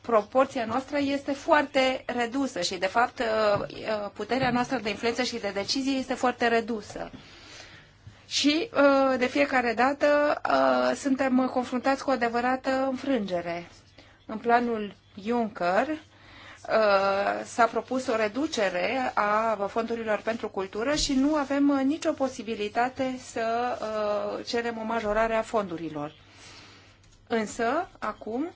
proporția noastră este foarte redusă și, de fapt, uh, uh, puterea noastră de influență și de decizie este foarte redusă. Și uh, de fiecare dată uh, suntem confruntați cu o adevărată înfrângere. În planul Juncker, Uh, s-a propus o reducere a fondurilor pentru cultură și nu avem uh, nicio posibilitate să uh, cerem o majorare a fondurilor. Însă, acum,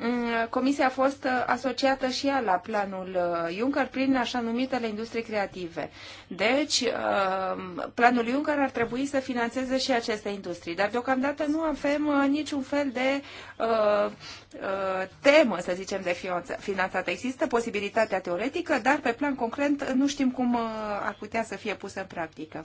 Mm, comisia a fost uh, asociată și ea la planul uh, Juncker prin așa numitele industrii creative. Deci, uh, planul Juncker ar trebui să financeze și aceste industrii, dar deocamdată nu avem niciun fel de uh, uh, temă, să zicem, de finanțată. Există posibilitatea teoretică, dar pe plan concret nu știm cum ar putea să fie pusă în practică.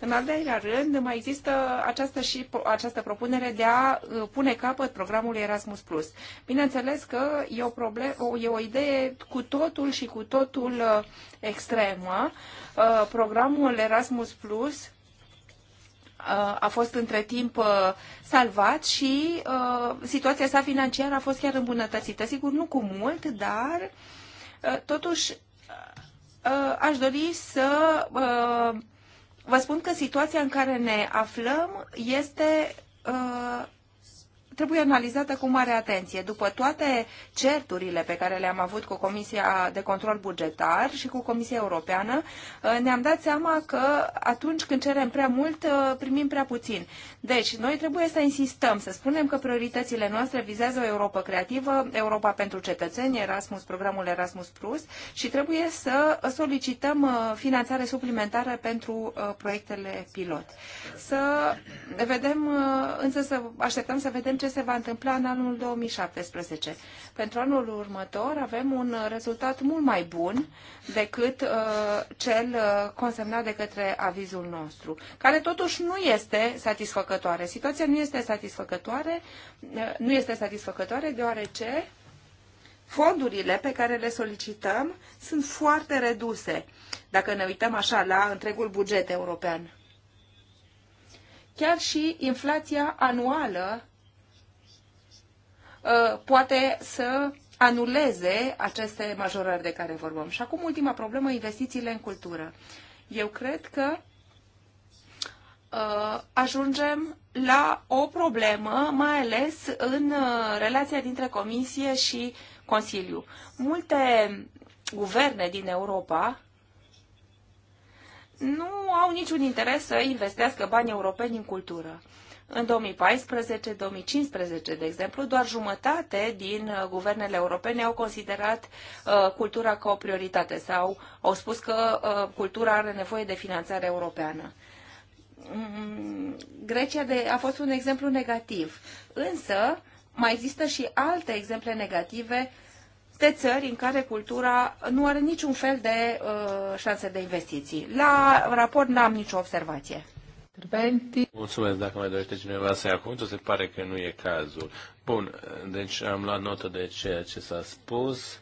În al doilea rând, mai există această, și, această propunere de a pune capăt programului Erasmus+. Bineînțeles, bineînțeles că e o, problem, o, e o idee cu totul și cu totul uh, extremă. Uh, programul Erasmus Plus uh, a fost între timp salvat și situația sa financiară a fost chiar îmbunătățită. Sigur, nu cu mult, dar totuși aș dori să vă spun că situația în care ne aflăm este trebuie analizată cu mare atenție. După toate certurile pe care le-am avut cu Comisia de Control Bugetar și cu Comisia Europeană, uh, ne-am dat seama că atunci când cerem prea mult, uh, primim prea puțin. Deci, noi trebuie să insistăm, să spunem că prioritățile noastre vizează o Europa creativă, Europa pentru cetățeni, Erasmus, programul Erasmus Plus și trebuie să solicităm uh, finanțare suplimentară pentru proiectele pilot. Să vedem, însă să așteptăm să vedem ce se va întâmpla în anul 2017. Pentru anul următor avem un rezultat mult mai bun decât uh, cel uh, consemnat de către avizul nostru, care totuși nu este satisfăcătoare. Situația nu este satisfăcătoare, uh, nu este satisfăcătoare deoarece fondurile pe care le solicităm sunt foarte reduse, dacă ne uităm așa la întregul buget european. Chiar și inflația anuală Uh, poate să anuleze aceste majorări de care vorbim. Și acum ultima problemă, investițiile în cultură. Eu cred că uh, ajungem la o problemă, mai ales în uh, relația dintre Comisie și Consiliu. Multe guverne din Europa nu au niciun interes să investească bani europeni în cultură. În 2014-2015, de exemplu, doar jumătate din uh, guvernele europene au considerat uh, cultura ca o prioritate sau au spus că uh, cultura are nevoie de finanțare europeană. Mm, Grecia de, a fost un exemplu negativ, însă mai există și alte exemple negative de țări în care cultura nu are niciun fel de uh, șanse de investiții. La raport n-am nicio observație interventi. Mulțumesc dacă mai dorește cineva să ia cuvântul, se pare că nu e cazul. Bun, deci am luat notă de ceea ce s-a spus.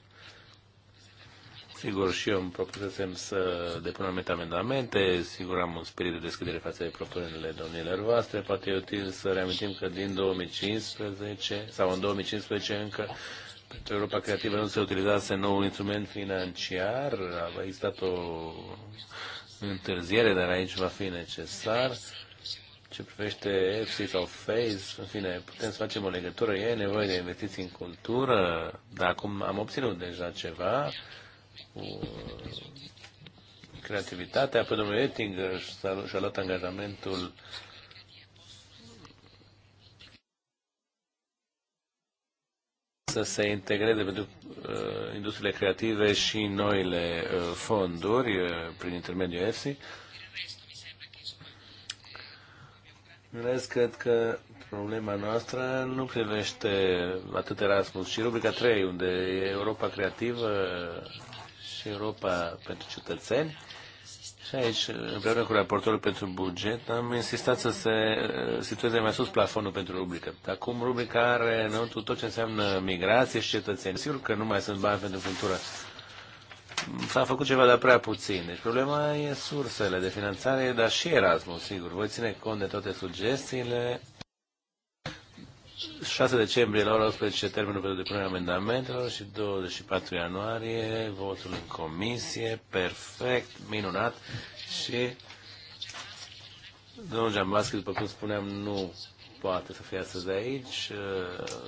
Sigur, și eu îmi propusesem să depun anumite amendamente, sigur am un spirit de deschidere față de propunerile domnilor voastre, poate e util să reamintim că din 2015 sau în 2015 încă pentru Europa Creativă nu se utilizase noul instrument financiar, a existat o întârziere, dar aici va fi necesar. Ce privește EPSI sau FACE, în fine, putem să facem o legătură. E nevoie de investiții în cultură, dar acum am obținut deja ceva cu creativitatea. Apoi domnul Ettinger și-a luat angajamentul uh, să se integreze pentru uh, industriile creative și noile uh, fonduri uh, prin intermediul EFSI. În rest, cred că problema noastră nu privește atât Erasmus, ci rubrica 3, unde e Europa creativă și Europa pentru cetățeni. Și aici, împreună cu raportorul pentru buget, am insistat să se uh, situeze mai sus plafonul pentru rubrică. Acum rubrica are înăuntru tot ce înseamnă migrație și cetățeni. Sigur că nu mai sunt bani pentru cultură. S-a făcut ceva, dar prea puțin. Deci problema e sursele de finanțare, dar și Erasmus, sigur. Voi ține cont de toate sugestiile 6 decembrie la ora 11 termenul pentru depunerea amendamentelor și 24 ianuarie votul în comisie. Perfect, minunat. Și domnul Giambaschi, după cum spuneam, nu poate să fie astăzi de aici.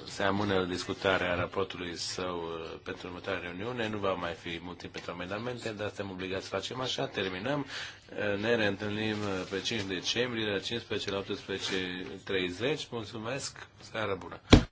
Se amână discutarea raportului său uh, pentru următoarea reuniune. Nu va mai fi mult timp pentru amendamente, dar suntem obligați să facem așa. Terminăm. Uh, ne reîntâlnim uh, pe 5 decembrie la 15 la 18.30. Mulțumesc. Seara bună.